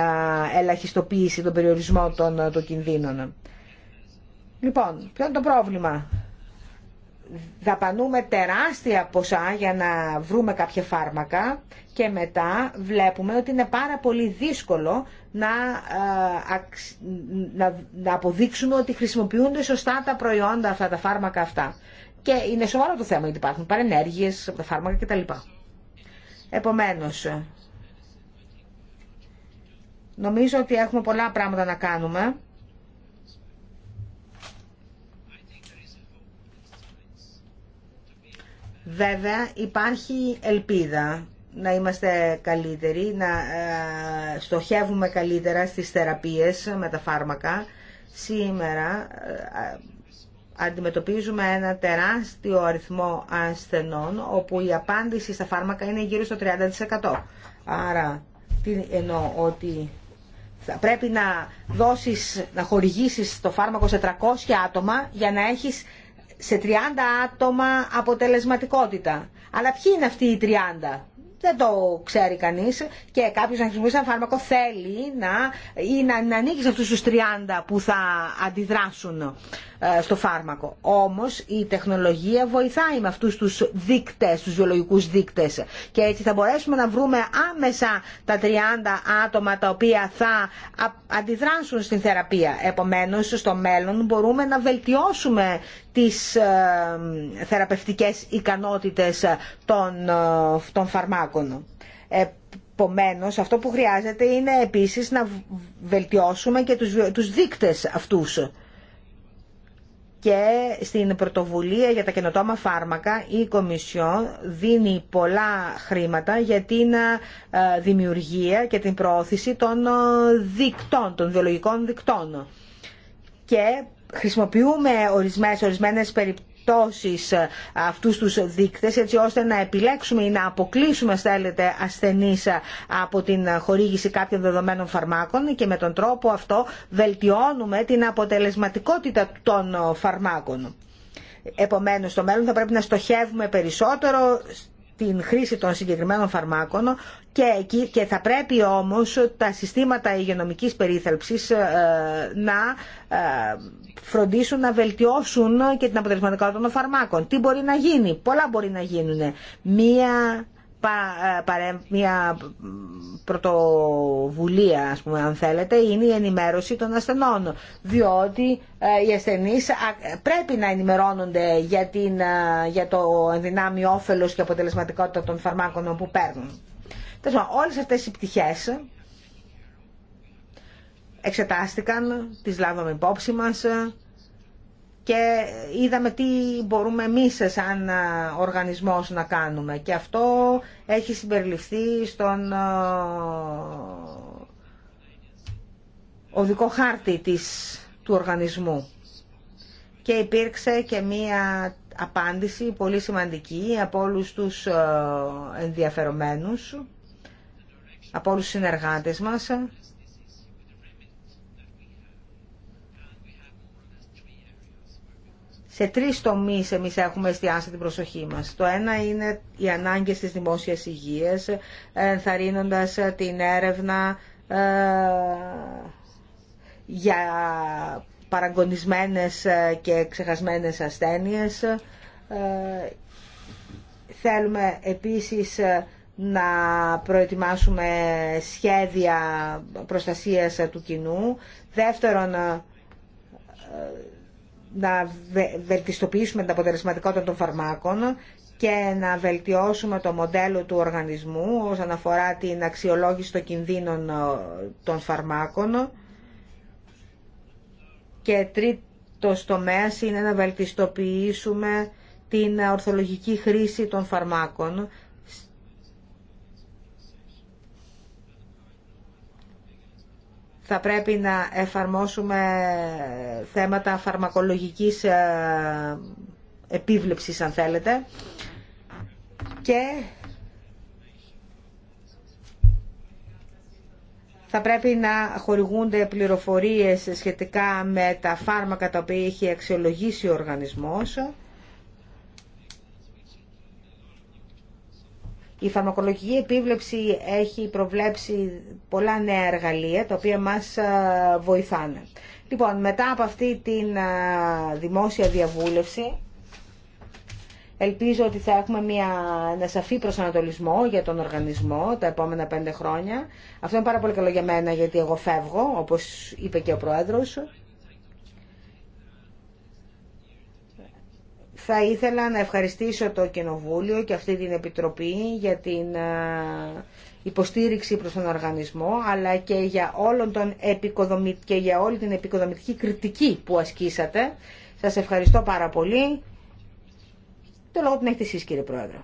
ελαχιστοποίηση, τον περιορισμό των, των κινδύνων. Λοιπόν, ποιο είναι το πρόβλημα. Δαπανούμε τεράστια ποσά για να βρούμε κάποια φάρμακα και μετά βλέπουμε ότι είναι πάρα πολύ δύσκολο να, ε, να, να αποδείξουμε ότι χρησιμοποιούνται σωστά τα προϊόντα αυτά, τα φάρμακα αυτά. Και είναι σοβαρό το θέμα γιατί υπάρχουν παρενέργειες από τα φάρμακα κτλ. Επομένως, νομίζω ότι έχουμε πολλά πράγματα να κάνουμε Βέβαια υπάρχει ελπίδα να είμαστε καλύτεροι, να ε, στοχεύουμε καλύτερα στις θεραπείες με τα φάρμακα. Σήμερα ε, αντιμετωπίζουμε ένα τεράστιο αριθμό ασθενών όπου η απάντηση στα φάρμακα είναι γύρω στο 30%. Άρα τι εννοώ ότι θα πρέπει να δώσεις, να χορηγήσεις το φάρμακο σε 300 άτομα για να έχεις σε 30 άτομα αποτελεσματικότητα. Αλλά ποιοι είναι αυτοί οι 30 δεν το ξέρει κανεί, και κάποιο να χρησιμοποιήσει ένα φάρμακο θέλει να, ή να, να ανήκει σε 30 που θα αντιδράσουν ε, στο φάρμακο. Όμω, η τεχνολογία βοηθάει με αυτού του δείκτε, του βιολογικού δείκτε. και έτσι θα μπορέσουμε να βρούμε άμεσα τα 30 άτομα τα οποία θα αντιδράσουν στην θεραπεία. Επομένω, στο μέλλον μπορούμε να βελτιώσουμε τις ε, θεραπευτικές ικανότητες των, ε, των φαρμάκων κλιμάκων. αυτό που χρειάζεται είναι επίσης να βελτιώσουμε και τους, τους δείκτες αυτούς. Και στην πρωτοβουλία για τα καινοτόμα φάρμακα η Κομισιό δίνει πολλά χρήματα για την ε, δημιουργία και την προώθηση των ε, δικτών, των βιολογικών δικτών. Και χρησιμοποιούμε ορισμένες, ορισμένες αυτού ε, αυτούς τους δείκτες έτσι ώστε να επιλέξουμε ή να αποκλείσουμε ας θέλετε ασθενείς ε, από την χορήγηση κάποιων δεδομένων φαρμάκων και με τον τρόπο αυτό βελτιώνουμε την αποτελεσματικότητα των φαρμάκων. Επομένως, στο μέλλον θα πρέπει να στοχεύουμε περισσότερο την χρήση των συγκεκριμένων φαρμάκων και, και θα πρέπει όμως τα συστήματα υγειονομικής περίθαλψης ε, να ε, φροντίσουν να βελτιώσουν και την αποτελεσματικότητα των φαρμάκων. Τι μπορεί να γίνει, πολλά μπορεί να γίνουν. Μία ε, μια πρωτοβουλία ας πούμε αν θέλετε είναι η ενημέρωση των ασθενών διότι ε, οι ασθενείς πρέπει να ενημερώνονται για, την, ε, για το ενδυνάμει όφελος και αποτελεσματικότητα των φαρμάκων που παίρνουν. Τέλος, όλες αυτές οι πτυχές εξετάστηκαν, τις λάβαμε υπόψη μας και είδαμε τι μπορούμε εμείς σαν ε, οργανισμός να κάνουμε και αυτό έχει συμπεριληφθεί στον ε, οδικό χάρτη της, του οργανισμού και υπήρξε και μία απάντηση πολύ σημαντική από όλους τους ε, ενδιαφερομένους από όλους τους συνεργάτες μας σε τρεις τομείς εμείς έχουμε εστιάσει την προσοχή μας. Το ένα είναι οι ανάγκες της δημόσιας υγείας, ενθαρρύνοντας την έρευνα ε, για παραγωνισμένες και ξεχασμένες ασθένειες. Ε, θέλουμε επίσης να προετοιμάσουμε σχέδια προστασίας του κοινού. Δεύτερον, ε, να βελτιστοποιήσουμε την αποτελεσματικότητα των φαρμάκων και να βελτιώσουμε το μοντέλο του οργανισμού όσον αφορά την αξιολόγηση των κινδύνων ε, των φαρμάκων. Και τρίτος τομέας είναι να βελτιστοποιήσουμε την ορθολογική χρήση των φαρμάκων θα πρέπει να εφαρμόσουμε θέματα φαρμακολογικής ε, επίβλεψης αν θέλετε και θα πρέπει να χορηγούνται πληροφορίες σχετικά με τα φάρμακα τα οποία έχει αξιολογήσει ο οργανισμός Η φαρμακολογική επίβλεψη έχει προβλέψει πολλά νέα εργαλεία τα οποία μας ε, βοηθάνε. Λοιπόν, μετά από αυτή την ε, δημόσια διαβούλευση, ελπίζω ότι θα έχουμε μια, ένα σαφή προσανατολισμό για τον οργανισμό τα επόμενα πέντε χρόνια. Αυτό είναι πάρα πολύ καλό για μένα γιατί εγώ φεύγω, όπως είπε και ο Πρόεδρος. Θα ήθελα να ευχαριστήσω το Κοινοβούλιο και αυτή την Επιτροπή για την ε, υποστήριξη προς τον οργανισμό, αλλά και για, όλον τον επικοδομη... και για όλη την επικοδομητική κριτική που ασκήσατε. Σας ευχαριστώ πάρα πολύ. Το λόγο την έχετε εσείς κύριε Πρόεδρε.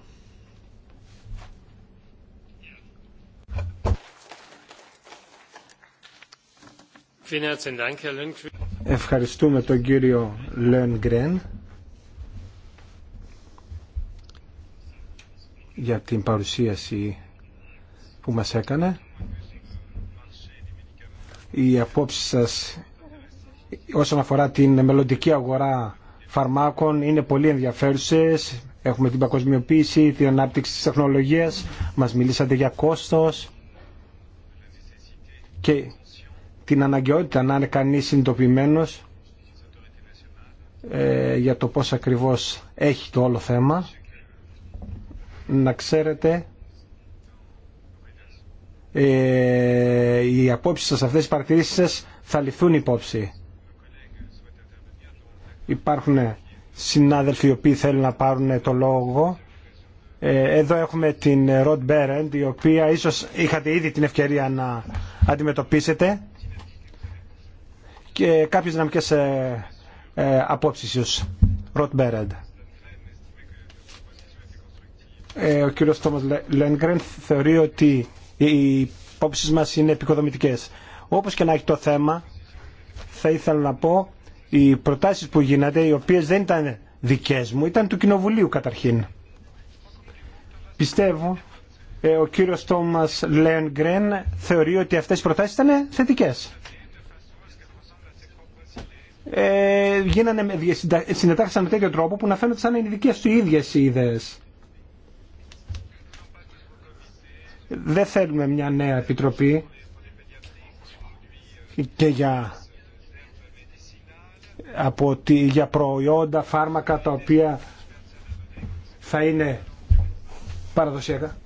Ευχαριστούμε τον κύριο Λένγκρεν. για την παρουσίαση που μας έκανε. Οι απόψει σας όσον αφορά την μελλοντική αγορά φαρμάκων είναι πολύ ενδιαφέρουσες. Έχουμε την παγκοσμιοποίηση, την ανάπτυξη της τεχνολογίας. Μας μιλήσατε για κόστος και την αναγκαιότητα να είναι κανείς συνειδητοποιημένος ε, για το πώς ακριβώς έχει το όλο θέμα να ξέρετε ε, οι απόψεις σας, αυτές οι παρατηρήσεις σας θα ληφθούν υπόψη. Υπάρχουν συνάδελφοι οι οποίοι θέλουν να πάρουν το λόγο. Ε, εδώ έχουμε την Ροντ Μπέρεντ, η οποία ίσως είχατε ήδη την ευκαιρία να αντιμετωπίσετε και κάποιες δυναμικές ε, ε, απόψεις ίσως. Ροντ Μπέρεντ. Ε, ο κύριος Τόμας Λένγκρεν θεωρεί ότι οι υπόψει μας είναι επικοδομητικές. Όπως και να έχει το θέμα, θα ήθελα να πω, οι προτάσεις που γίνατε, οι οποίες δεν ήταν δικές μου, ήταν του Κοινοβουλίου καταρχήν. Πιστεύω, ε, ο κύριος Τόμας Λένγκρεν θεωρεί ότι αυτές οι προτάσεις ήταν θετικέ. Ε, γίνανε, συνετάχθησαν με τέτοιο τρόπο που να φαίνονται σαν είναι δικέ του ίδιε οι ιδέε. δεν θέλουμε μια νέα επιτροπή και για, από τη, για προϊόντα, φάρμακα τα οποία θα είναι παραδοσιακά.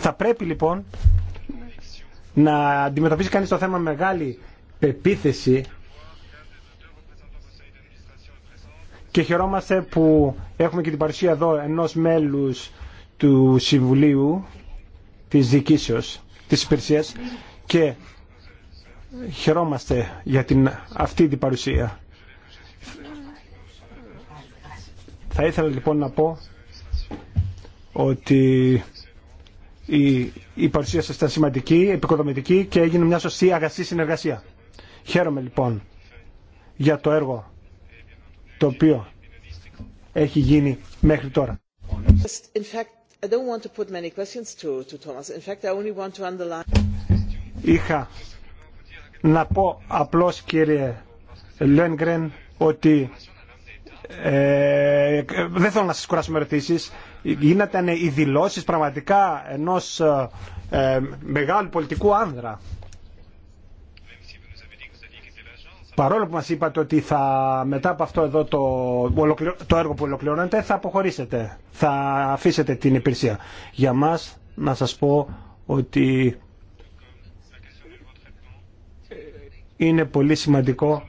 Θα πρέπει λοιπόν να αντιμετωπίσει κανείς το θέμα μεγάλη πεποίθηση και χαιρόμαστε που έχουμε και την παρουσία εδώ ενός μέλους του Συμβουλίου της Δικήσεως της Υπηρεσίας και χαιρόμαστε για την, αυτή την παρουσία. Θα ήθελα λοιπόν να πω ότι η, η παρουσία σας ήταν σημαντική, επικοδομητική και έγινε μια σωστή αγαστή συνεργασία. Χαίρομαι λοιπόν για το έργο το οποίο έχει γίνει μέχρι τώρα. I don't want to put many questions to, to Thomas. In fact, I only want to underline... Είχα να πω απλώς κύριε Λένγκρεν ότι ε, δεν θέλω να σας κουράσω με ερωτήσεις. Γίνατε οι δηλώσεις πραγματικά ενός ε, ε μεγάλου πολιτικού άνδρα. παρόλο που μας είπατε ότι θα, μετά από αυτό εδώ το, το έργο που ολοκληρώνεται θα αποχωρήσετε, θα αφήσετε την υπηρεσία. Για μας να σας πω ότι είναι πολύ σημαντικό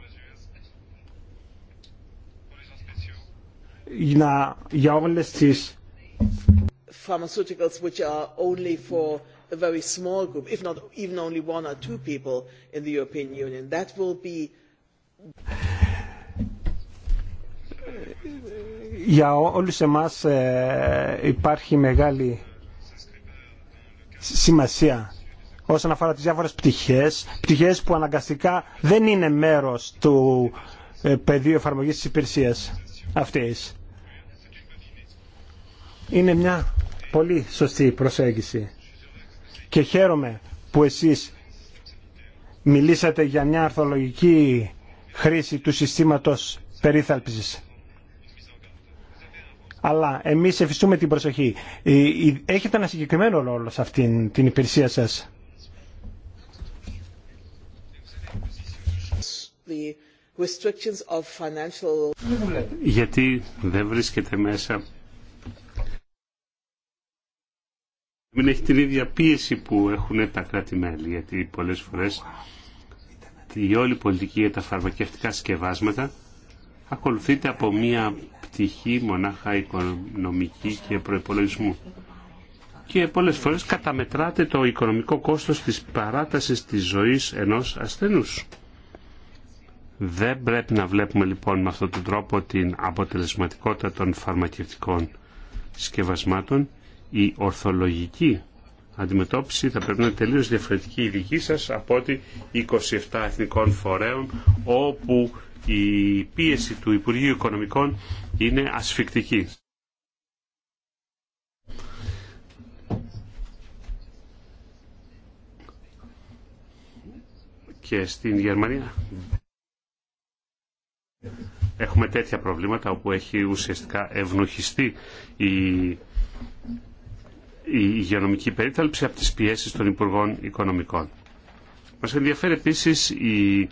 να, για όλες τις pharmaceuticals which are only for a very small group, if not even only one or two people in the European Union. That will be για όλους εμάς ε, υπάρχει μεγάλη σημασία όσον αφορά τις διάφορες πτυχές, πτυχές που αναγκαστικά δεν είναι μέρος του ε, πεδίου εφαρμογής της υπηρεσίας αυτής. Είναι μια πολύ σωστή προσέγγιση και χαίρομαι που εσείς μιλήσατε για μια αρθολογική χρήση του συστήματος περίθαλψης. Αλλά εμείς εφιστούμε την προσοχή. Ε, ε, έχετε ένα συγκεκριμένο ρόλο σε αυτήν την υπηρεσία σας. Γιατί δεν βρίσκεται μέσα. Μην έχει την ίδια πίεση που έχουν τα κράτη-μέλη, γιατί πολλές φορές η όλη πολιτική για τα φαρμακευτικά συσκευάσματα ακολουθείται από μία πτυχή μονάχα οικονομική και προϋπολογισμού. Και πολλές φορές καταμετράται το οικονομικό κόστος της παράτασης της ζωής ενός ασθενούς. Δεν πρέπει να βλέπουμε λοιπόν με αυτόν τον τρόπο την αποτελεσματικότητα των φαρμακευτικών συσκευασμάτων. Η ορθολογική αντιμετώπιση θα πρέπει να είναι τελείως διαφορετική η δική σας από ότι 27 εθνικών φορέων όπου η πίεση του Υπουργείου Οικονομικών είναι ασφικτική. Και στην Γερμανία έχουμε τέτοια προβλήματα όπου έχει ουσιαστικά ευνοχιστεί η η υγειονομική περίθαλψη από τις πιέσεις των Υπουργών Οικονομικών. Μας ενδιαφέρει επίσης η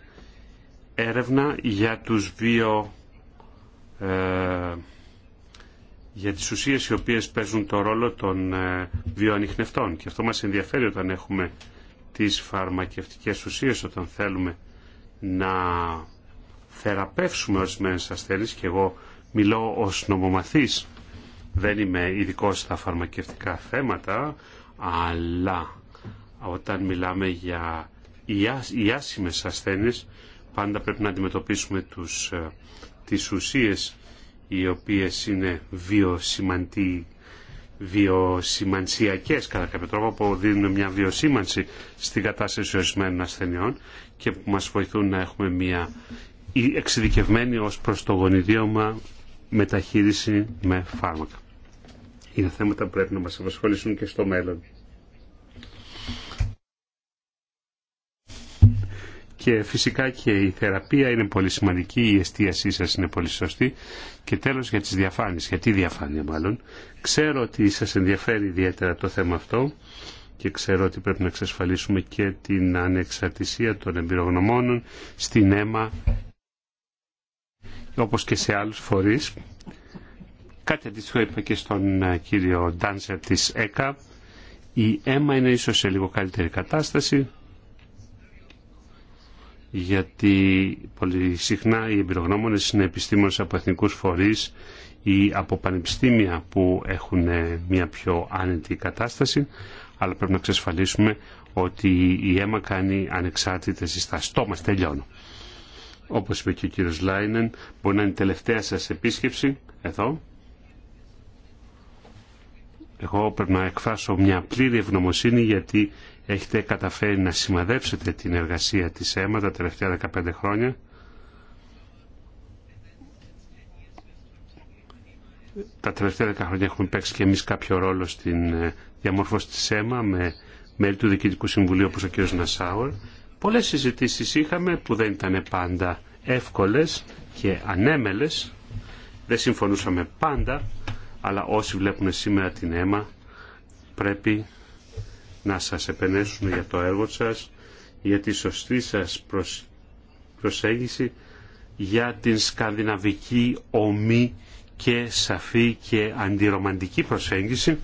έρευνα για τους βιο... Ε, για τις ουσίες οι οποίες παίζουν το ρόλο των ε, βιοανιχνευτών. Και αυτό μας ενδιαφέρει όταν έχουμε τις φαρμακευτικές ουσίες, όταν θέλουμε να θεραπεύσουμε ορισμένες ασθένειε και εγώ μιλώ ως νομομαθής δεν είμαι ειδικό στα φαρμακευτικά θέματα, αλλά όταν μιλάμε για οι άσημες ασθένειες, πάντα πρέπει να αντιμετωπίσουμε τους, ε, τις ουσίες οι οποίες είναι βιοσημανσιακές κατά κάποιο τρόπο που δίνουν μια βιοσήμανση στην κατάσταση ορισμένων ασθενειών και που μας βοηθούν να έχουμε μια εξειδικευμένη ως προς το γονιδίωμα μεταχείριση με φάρμακα είναι θέματα που πρέπει να μας απασχολήσουν και στο μέλλον. Και φυσικά και η θεραπεία είναι πολύ σημαντική, η εστίασή σας είναι πολύ σωστή. Και τέλος για τις διαφάνειες, Γιατί διαφάνεια μάλλον. Ξέρω ότι σας ενδιαφέρει ιδιαίτερα το θέμα αυτό και ξέρω ότι πρέπει να εξασφαλίσουμε και την ανεξαρτησία των εμπειρογνωμόνων στην αίμα όπως και σε άλλους φορείς Κάτι αντίστοιχο είπα και στον ε, κύριο Ντάνσερ της ΕΚΑ. Η αίμα είναι ίσως σε λίγο καλύτερη κατάσταση γιατί πολύ συχνά οι εμπειρογνώμονες είναι επιστήμονες από εθνικούς φορείς ή από πανεπιστήμια που έχουν ε, μια πιο άνετη κατάσταση αλλά πρέπει να εξασφαλίσουμε ότι η αίμα κάνει ανεξάρτητες συστάσεις. Το μας τελειώνω. Όπως είπε και ο κύριος Λάινεν, μπορεί να είναι η τελευταία σας επίσκεψη εδώ εγώ πρέπει να εκφράσω μια πλήρη ευγνωμοσύνη γιατί έχετε καταφέρει να σημαδέψετε την εργασία της ΕΜΑ τα τελευταία 15 χρόνια. Τα τελευταία 10 χρόνια έχουμε παίξει και εμείς κάποιο ρόλο στην ε, διαμόρφωση της ΕΜΑ με μέλη του Διοικητικού Συμβουλίου όπως ο κ. Νασάουρ. Πολλές συζητήσεις είχαμε που δεν ήταν πάντα εύκολες και ανέμελες. Δεν συμφωνούσαμε πάντα αλλά όσοι βλέπουν σήμερα την αίμα πρέπει να σας επενέσουν για το έργο σας, για τη σωστή σας προσέγγιση, για την σκανδιναβική ομή και σαφή και αντιρομαντική προσέγγιση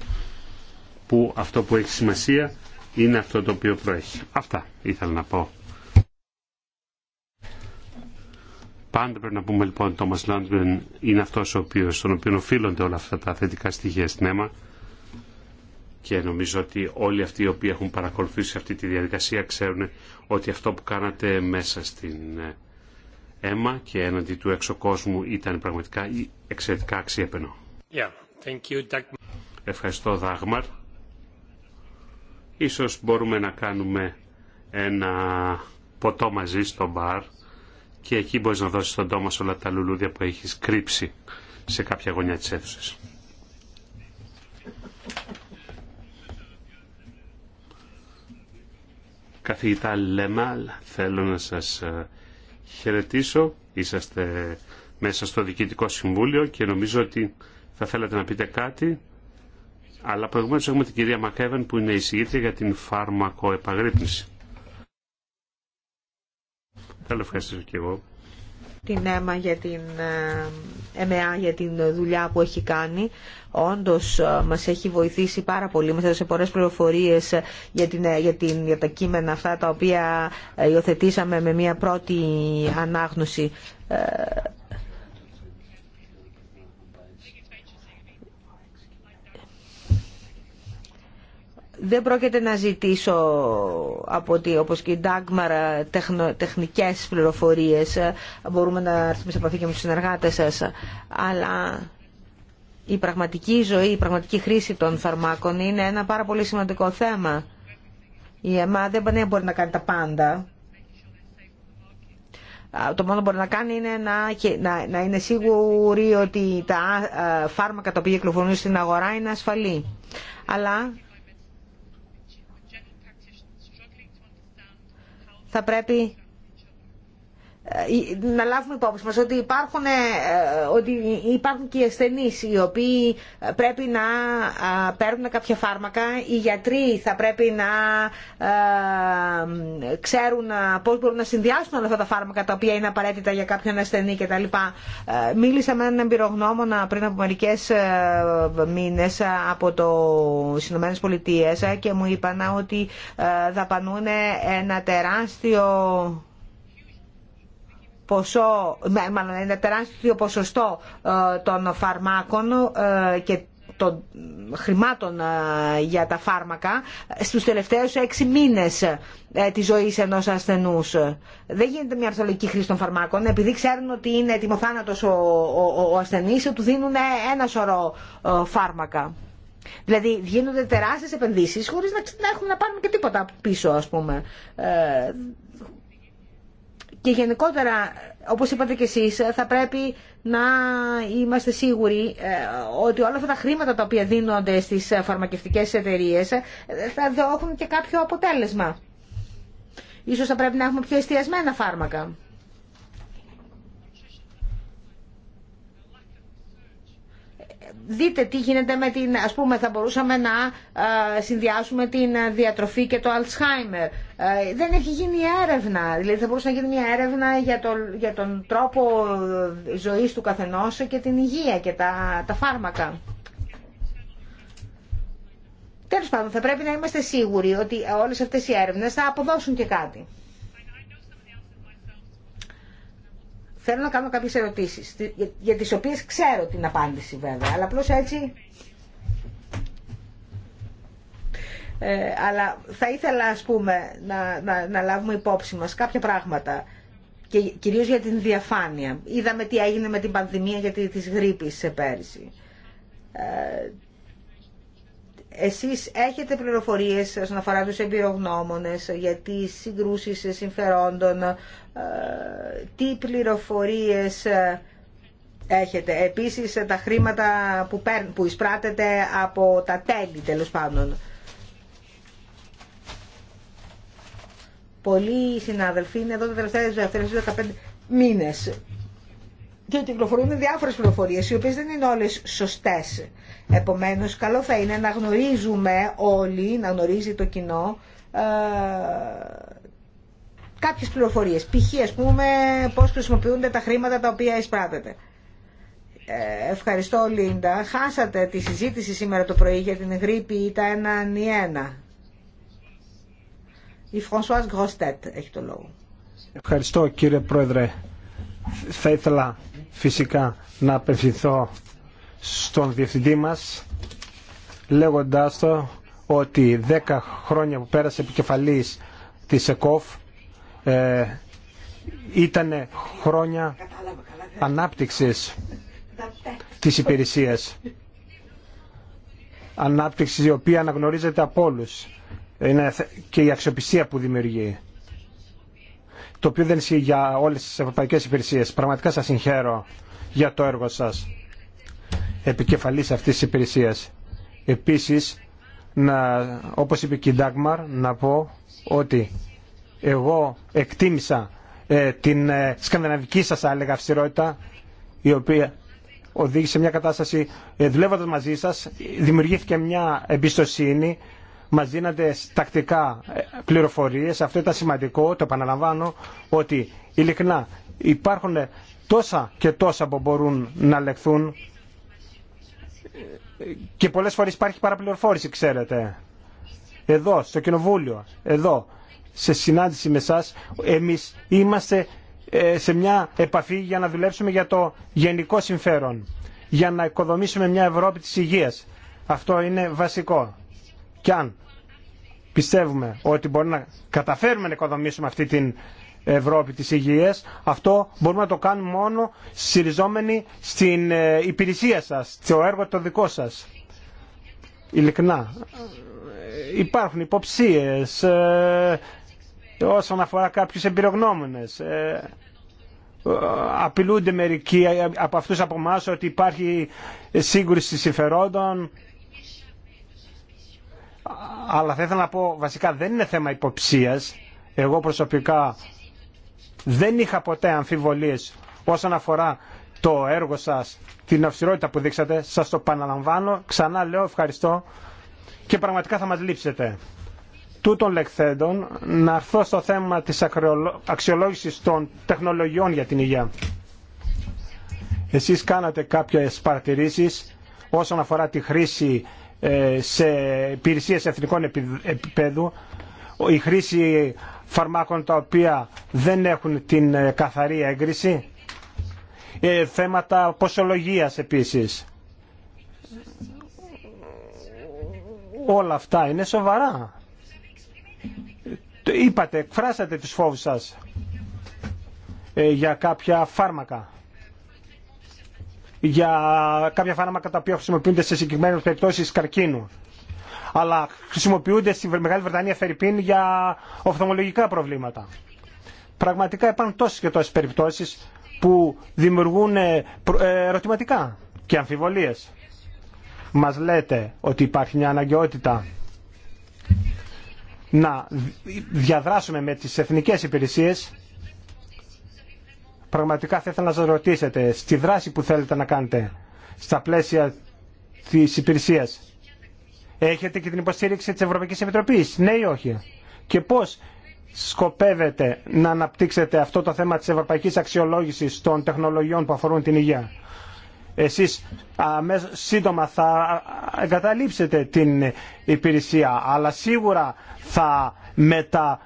που αυτό που έχει σημασία είναι αυτό το οποίο προέχει. Αυτά ήθελα να πω Πάντα πρέπει να πούμε λοιπόν ότι ο Τόμα Λάντμπεν είναι αυτός ο στον οποίο οφείλονται όλα αυτά τα θετικά στοιχεία στην αίμα και νομίζω ότι όλοι αυτοί οι οποίοι έχουν παρακολουθήσει αυτή τη διαδικασία ξέρουν ότι αυτό που κάνατε μέσα στην ε, αίμα και έναντι του έξω κόσμου ήταν πραγματικά εξαιρετικά αξιέπαινο. Yeah, Ευχαριστώ Δάγμαρ. Ίσως μπορούμε να κάνουμε ένα ποτό μαζί στο μπαρ και εκεί μπορείς να δώσεις στον τόμα όλα τα λουλούδια που έχεις κρύψει σε κάποια γωνιά της αίθουσας. Καθηγητά Λέμαλ, θέλω να σας ε, χαιρετήσω. Είσαστε μέσα στο Διοικητικό Συμβούλιο και νομίζω ότι θα θέλατε να πείτε κάτι. Αλλά προηγουμένως έχουμε την κυρία Μακέβεν που είναι εισηγήτρια για την φάρμακο επαγρύπνηση. Θέλω να ευχαριστήσω και εγώ. Την ΕΜΑ για την, ΕΜΑ για την δουλειά που έχει κάνει. Όντω ε, μας έχει βοηθήσει πάρα πολύ, μας έδωσε πολλέ πληροφορίε για, την, ε, για, την, για τα κείμενα αυτά τα οποία ε, υιοθετήσαμε με μια πρώτη ανάγνωση δεν πρόκειται να ζητήσω από ότι όπως και η Ντάγμαρα, τεχνο, τεχνικές πληροφορίες. Μπορούμε να έρθουμε σε επαφή και με τους συνεργάτες σας. Αλλά η πραγματική ζωή, η πραγματική χρήση των φαρμάκων είναι ένα πάρα πολύ σημαντικό θέμα. Η ΕΜΑ δεν μπορεί να κάνει τα πάντα. Το μόνο που μπορεί να κάνει είναι να, να είναι σίγουροι ότι τα φάρμακα τα οποία κυκλοφορούν στην αγορά είναι ασφαλή. Αλλά θα πρέπει ε, να λάβουμε υπόψη μας ότι υπάρχουν, ε, ότι υπάρχουν και οι ασθενείς οι οποίοι πρέπει να ε, παίρνουν κάποια φάρμακα, οι γιατροί θα πρέπει να ξέρουν πώς μπορούν να συνδυάσουν όλα αυτά τα φάρμακα τα οποία είναι απαραίτητα για κάποιον ασθενή κτλ. Μίλησα με έναν εμπειρογνώμονα πριν από μερικές μήνες από το Συνωμένες Πολιτείες και μου είπαν ότι δαπανούν ένα τεράστιο ποσό, μάλλον ένα τεράστιο ποσοστό ε, των φαρμάκων ε, και των χρημάτων ε, για τα φάρμακα στους τελευταίους έξι μήνες της ζωής ενός ασθενούς. Δεν γίνεται μια αρθολογική χρήση των φαρμάκων. Επειδή ξέρουν ότι είναι ετοιμοθάνατος ο, ο, ο ασθενής, του δίνουν ένα σωρό φάρμακα. Δηλαδή γίνονται τεράστιες επενδύσεις χωρίς να, να έχουν να πάρουν και τίποτα πίσω ας πούμε. Και γενικότερα, όπως είπατε και εσείς, θα πρέπει να είμαστε σίγουροι ε, ότι όλα αυτά τα χρήματα τα οποία δίνονται στις φαρμακευτικές εταιρείες ε, θα δόχουν και κάποιο αποτέλεσμα. Ίσως θα πρέπει να έχουμε πιο εστιασμένα φάρμακα. δείτε τι γίνεται με την, ας πούμε, θα μπορούσαμε να ε, συνδυάσουμε την διατροφή και το Alzheimer. Ε, δεν έχει γίνει έρευνα, δηλαδή θα μπορούσε να γίνει μια έρευνα για, το, για τον τρόπο ζωής του καθενός και την υγεία και τα, τα φάρμακα. Τέλος πάντων, θα πρέπει να είμαστε σίγουροι ότι όλες αυτές οι έρευνες θα αποδώσουν και κάτι. Θέλω να κάνω κάποιες ερωτήσεις, για τις οποίες ξέρω την απάντηση βέβαια, αλλά απλώς έτσι... Ε, αλλά θα ήθελα, ας πούμε, να, να, να λάβουμε υπόψη μας κάποια πράγματα και κυρίως για την διαφάνεια. Είδαμε τι έγινε με την πανδημία για τη, της σε πέρυσι. Ε, εσείς έχετε πληροφορίες όσον αφορά τους εμπειρογνώμονες για τις συγκρούσεις συμφερόντων, ε, τι πληροφορίες ε, έχετε. Επίσης τα χρήματα που, παίρν, που εισπράτετε από τα τέλη τέλος πάντων. Πολλοί συνάδελφοι είναι εδώ τα τελευταία 15 μήνες και κυκλοφορούν διάφορες πληροφορίες οι οποίες δεν είναι όλες σωστές. Επομένως, καλό θα είναι να γνωρίζουμε όλοι, να γνωρίζει το κοινό ε, κάποιες πληροφορίες. Π.χ. ας πούμε πώς χρησιμοποιούνται τα χρήματα τα οποία εισπράτεται. Ε, ευχαριστώ Λίντα. Χάσατε τη συζήτηση σήμερα το πρωί για την γρήπη ή τα έναν ή ένα. Η Φρανσουάς Γκροστέτ έχει το λόγο. Ευχαριστώ κύριε Πρόεδρε. Θα ήθελα φυσικά να απευθυνθώ στον διευθυντή μας λέγοντάς το ότι 10 χρόνια που πέρασε επικεφαλής της ΕΚΟΦ ε, ήταν χρόνια ανάπτυξης της υπηρεσίας. Ανάπτυξη η οποία αναγνωρίζεται από όλους. Είναι και η αξιοπιστία που δημιουργεί το οποίο δεν ισχύει για όλες τις ευρωπαϊκέ υπηρεσίε. Πραγματικά σας συγχαίρω για το έργο σας επικεφαλής αυτής της υπηρεσίας. Επίσης, να, όπως είπε και η Ντάγμαρ, να πω ότι εγώ εκτίμησα ε, την ε, σκανδιναβική σας έλεγα αυστηρότητα, η οποία οδήγησε μια κατάσταση, ε, μαζί σας, δημιουργήθηκε μια εμπιστοσύνη Μα δίνατε τακτικά ε, πληροφορίες. Αυτό ήταν σημαντικό, το επαναλαμβάνω, ότι ειλικρινά υπάρχουν τόσα και τόσα που μπορούν να λεχθούν και πολλέ φορές υπάρχει παραπληροφόρηση, ξέρετε. Εδώ, στο Κοινοβούλιο, εδώ, σε συνάντηση με εσά, εμείς είμαστε ε, σε μια επαφή για να δουλέψουμε για το γενικό συμφέρον, για να οικοδομήσουμε μια Ευρώπη της υγείας. Αυτό είναι βασικό. Και αν πιστεύουμε ότι μπορεί να καταφέρουμε να οικοδομήσουμε αυτή την Ευρώπη της υγείας, αυτό μπορούμε να το κάνουμε μόνο συριζόμενοι στην ε, υπηρεσία σας, στο έργο το δικό σας. Ειλικρινά. Ε, υπάρχουν υποψίες ε, όσον αφορά κάποιους εμπειρογνώμονες. Ε, απειλούνται μερικοί από αυτούς από εμά ότι υπάρχει σύγκρουση συμφερόντων αλλά θα ήθελα να πω βασικά δεν είναι θέμα υποψίας. Εγώ προσωπικά δεν είχα ποτέ αμφιβολίες όσον αφορά το έργο σας, την αυστηρότητα που δείξατε. Σας το παναλαμβάνω, ξανά λέω ευχαριστώ και πραγματικά θα μας λείψετε. Τούτων λεκθέντων να έρθω στο θέμα της αξιολόγησης των τεχνολογιών για την υγεία. Εσείς κάνατε κάποιες παρατηρήσεις όσον αφορά τη χρήση ε, σε υπηρεσίε εθνικών επίπεδου, η χρήση φαρμάκων τα οποία δεν έχουν την ε, καθαρή έγκριση, ε, θέματα ποσολογίας επίσης. Όλα αυτά είναι σοβαρά. Είπατε, εκφράσατε τους φόβους σας για κάποια φάρμακα για κάποια φάρμακα τα οποία χρησιμοποιούνται σε συγκεκριμένε περιπτώσει καρκίνου. Αλλά χρησιμοποιούνται στη Μεγάλη Βρετανία Φερρυπίν για οφθαλμολογικά προβλήματα. Πραγματικά υπάρχουν τόσε και τόσε περιπτώσει που δημιουργούν ε, ε, ερωτηματικά και αμφιβολίες. Μας λέτε ότι υπάρχει μια αναγκαιότητα να διαδράσουμε με τις εθνικές υπηρεσίες πραγματικά θα ήθελα να σα ρωτήσετε στη δράση που θέλετε να κάνετε στα πλαίσια τη υπηρεσία. Έχετε και την υποστήριξη τη Ευρωπαϊκή Επιτροπή. ναι ή όχι. Και πώς σκοπεύετε να αναπτύξετε αυτό το θέμα της ευρωπαϊκής αξιολόγησης των τεχνολογιών που αφορούν την υγεία. Εσείς σύντομα θα εγκαταλείψετε την υπηρεσία, αλλά σίγουρα θα μετα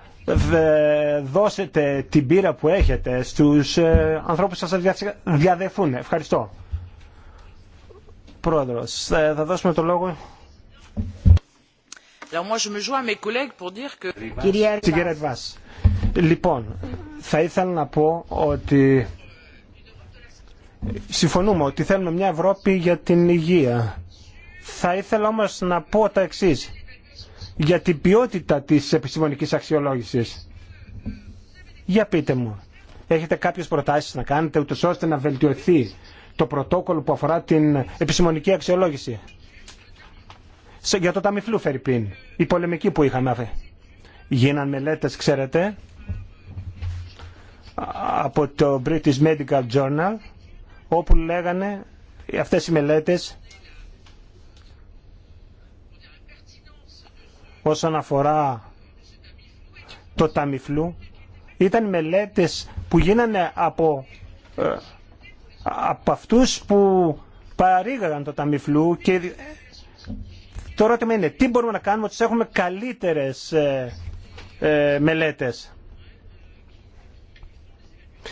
δώσετε την πείρα που έχετε στους ε, ανθρώπους που σας διαδεθούν. Ευχαριστώ. Πρόεδρος, ε, θα δώσουμε το λόγο. Κυρία Ριβάς, λοιπόν, θα ήθελα να πω ότι συμφωνούμε ότι θέλουμε μια Ευρώπη για την υγεία. Θα ήθελα όμως να πω τα εξής για την ποιότητα της επιστημονικής αξιολόγησης. Για πείτε μου, έχετε κάποιες προτάσεις να κάνετε ούτως ώστε να βελτιωθεί το πρωτόκολλο που αφορά την επιστημονική αξιολόγηση. Για το Ταμιφλού Φερρυπίν, η πολεμική που είχαμε. Γίναν μελέτες, ξέρετε, από το British Medical Journal, όπου λέγανε αυτές οι μελέτες όσον αφορά το ταμιφλού ήταν μελέτες που γίνανε από, ε, από αυτούς που παρήγαγαν το ταμιφλού και το ερώτημα είναι τι μπορούμε να κάνουμε ότι έχουμε καλύτερες ε, ε, μελέτες.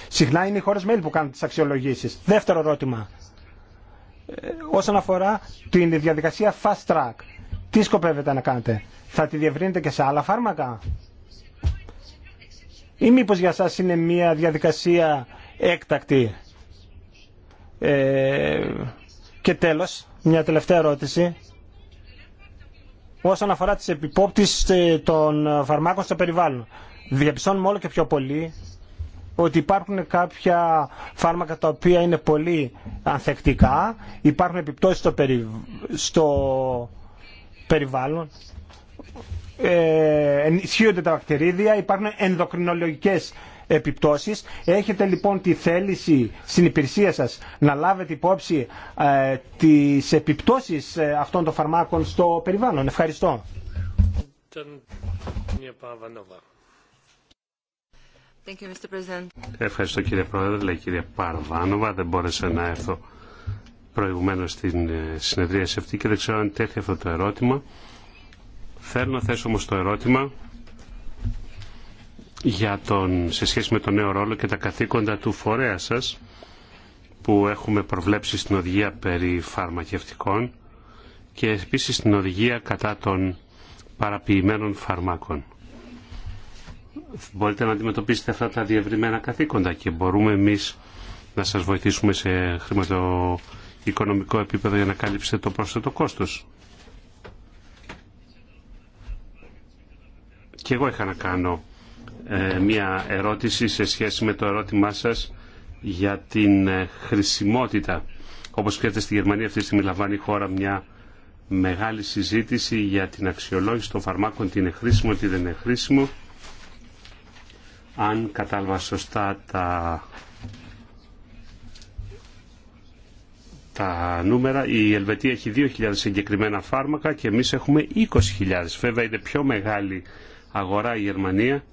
Συχνά είναι οι χώρες μέλη που κάνουν τις αξιολογήσεις. Δεύτερο ερώτημα. Όσον αφορά την διαδικασία fast track, τι σκοπεύετε να κάνετε θα τη διευρύνετε και σε άλλα φάρμακα ή μήπως για σας είναι μια διαδικασία έκτακτη. Ε, και τέλος, μια τελευταία ερώτηση. Όσον αφορά τις επιπόπτεις ε, των φαρμάκων στο περιβάλλον, διαπιστώνουμε όλο και πιο πολύ ότι υπάρχουν κάποια φάρμακα τα οποία είναι πολύ ανθεκτικά, υπάρχουν επιπτώσεις στο περιβάλλον ε, ενισχύονται τα βακτηρίδια, υπάρχουν ενδοκρινολογικές επιπτώσεις. Έχετε λοιπόν τη θέληση στην υπηρεσία σας να λάβετε υπόψη ε, τις επιπτώσεις ε, αυτών των φαρμάκων στο περιβάλλον. Ευχαριστώ. Ευχαριστώ κύριε Πρόεδρε, λέει κυρία Παρβάνοβα, δεν μπόρεσα να έρθω προηγουμένως στην ε, συνεδρία σε αυτή και δεν ξέρω αν τέτοιο αυτό το ερώτημα. Θέλω να θέσω όμως το ερώτημα για τον, σε σχέση με τον νέο ρόλο και τα καθήκοντα του φορέα σας που έχουμε προβλέψει στην οδηγία περί φαρμακευτικών και επίσης στην οδηγία κατά των παραποιημένων φαρμάκων. Μπορείτε να αντιμετωπίσετε αυτά τα διευρυμένα καθήκοντα και μπορούμε εμείς να σας βοηθήσουμε σε χρηματοοικονομικό επίπεδο για να καλύψετε το πρόσθετο κόστος. Και εγώ είχα να κάνω ε, μια ερώτηση σε σχέση με το ερώτημά σας για την ε, χρησιμότητα. Όπως ξέρετε στη Γερμανία αυτή τη στιγμή λαμβάνει η χώρα μια μεγάλη συζήτηση για την αξιολόγηση των φαρμάκων, τι είναι χρήσιμο, τι δεν είναι χρήσιμο. Αν κατάλαβα σωστά τα, τα νούμερα, η Ελβετία έχει 2.000 συγκεκριμένα φάρμακα και εμείς έχουμε 20.000. Βέβαια είναι πιο μεγάλη αγορά η Γερμανία,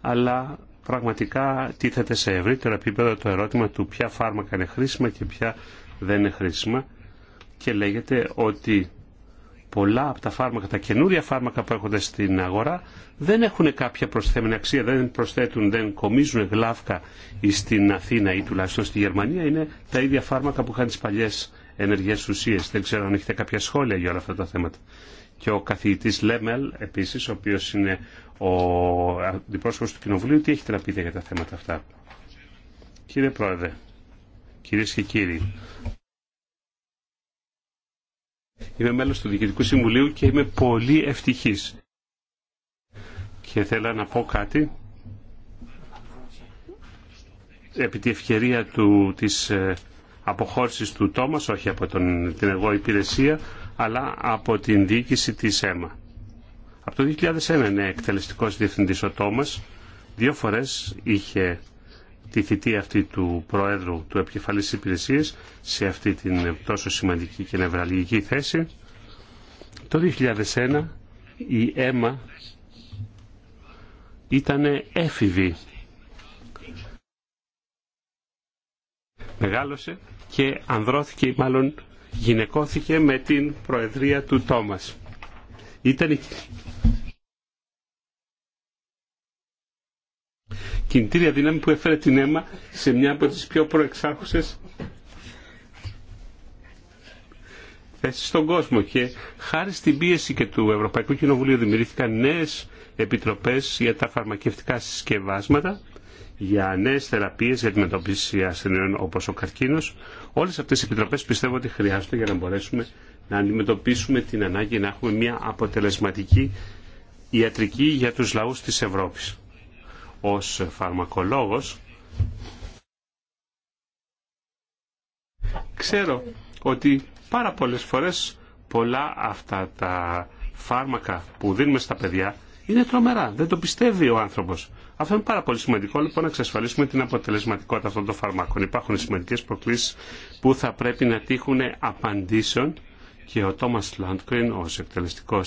αλλά πραγματικά τίθεται σε ευρύτερο επίπεδο το ερώτημα του ποια φάρμακα είναι χρήσιμα και ποια δεν είναι χρήσιμα και λέγεται ότι πολλά από τα φάρμακα, τα καινούρια φάρμακα που έχονται στην αγορά δεν έχουν κάποια προσθέμενη αξία, δεν προσθέτουν, δεν κομίζουν γλάφκα στην Αθήνα ή τουλάχιστον στη Γερμανία. Είναι τα ίδια φάρμακα που είχαν τι παλιέ ενεργέ ουσίες. Δεν ξέρω αν έχετε κάποια σχόλια για όλα αυτά τα θέματα και ο καθηγητή Λέμελ επίσης, ο οποίος είναι ο αντιπρόσωπο του Κοινοβουλίου, τι έχετε να πείτε για τα θέματα αυτά. Κύριε Πρόεδρε, κυρίες και κύριοι, είμαι μέλο του Διοικητικού Συμβουλίου και είμαι πολύ ευτυχή. Και θέλω να πω κάτι επί τη ευκαιρία του, της ε, αποχώρησης του Τόμας, όχι από τον, την εγώ υπηρεσία, αλλά από την διοίκηση της ΕΜΑ. Από το 2001 είναι εκτελεστικός διευθυντής ο Τόμας. Δύο φορές είχε τη θητεία αυτή του Προέδρου του Επικεφαλής Υπηρεσία σε αυτή την τόσο σημαντική και νευραλγική θέση. Το 2001 η ΕΜΑ ήταν έφηβη. Μεγάλωσε και ανδρώθηκε μάλλον γυναικώθηκε με την προεδρία του Τόμας. Ήταν η κινητήρια δύναμη που έφερε την αίμα σε μια από τις πιο προεξάρχουσες θέσεις στον κόσμο και χάρη στην πίεση και του Ευρωπαϊκού Κοινοβουλίου δημιουργήθηκαν νέες επιτροπές για τα φαρμακευτικά συσκευάσματα για νέε θεραπείε για την ασθενειών όπω ο καρκίνο. Όλε αυτέ οι επιτροπέ πιστεύω ότι χρειάζονται για να μπορέσουμε να αντιμετωπίσουμε την ανάγκη να έχουμε μια αποτελεσματική ιατρική για τους λαούς της Ευρώπης. Ως φαρμακολόγος ξέρω ότι πάρα πολλές φορές πολλά αυτά τα φάρμακα που δίνουμε στα παιδιά είναι τρομερά. Δεν το πιστεύει ο άνθρωπο. Αυτό είναι πάρα πολύ σημαντικό λοιπόν να εξασφαλίσουμε την αποτελεσματικότητα αυτών των φαρμάκων. Υπάρχουν σημαντικέ προκλήσει που θα πρέπει να τύχουν απαντήσεων και ο Τόμα Λάντκριν, ω εκτελεστικό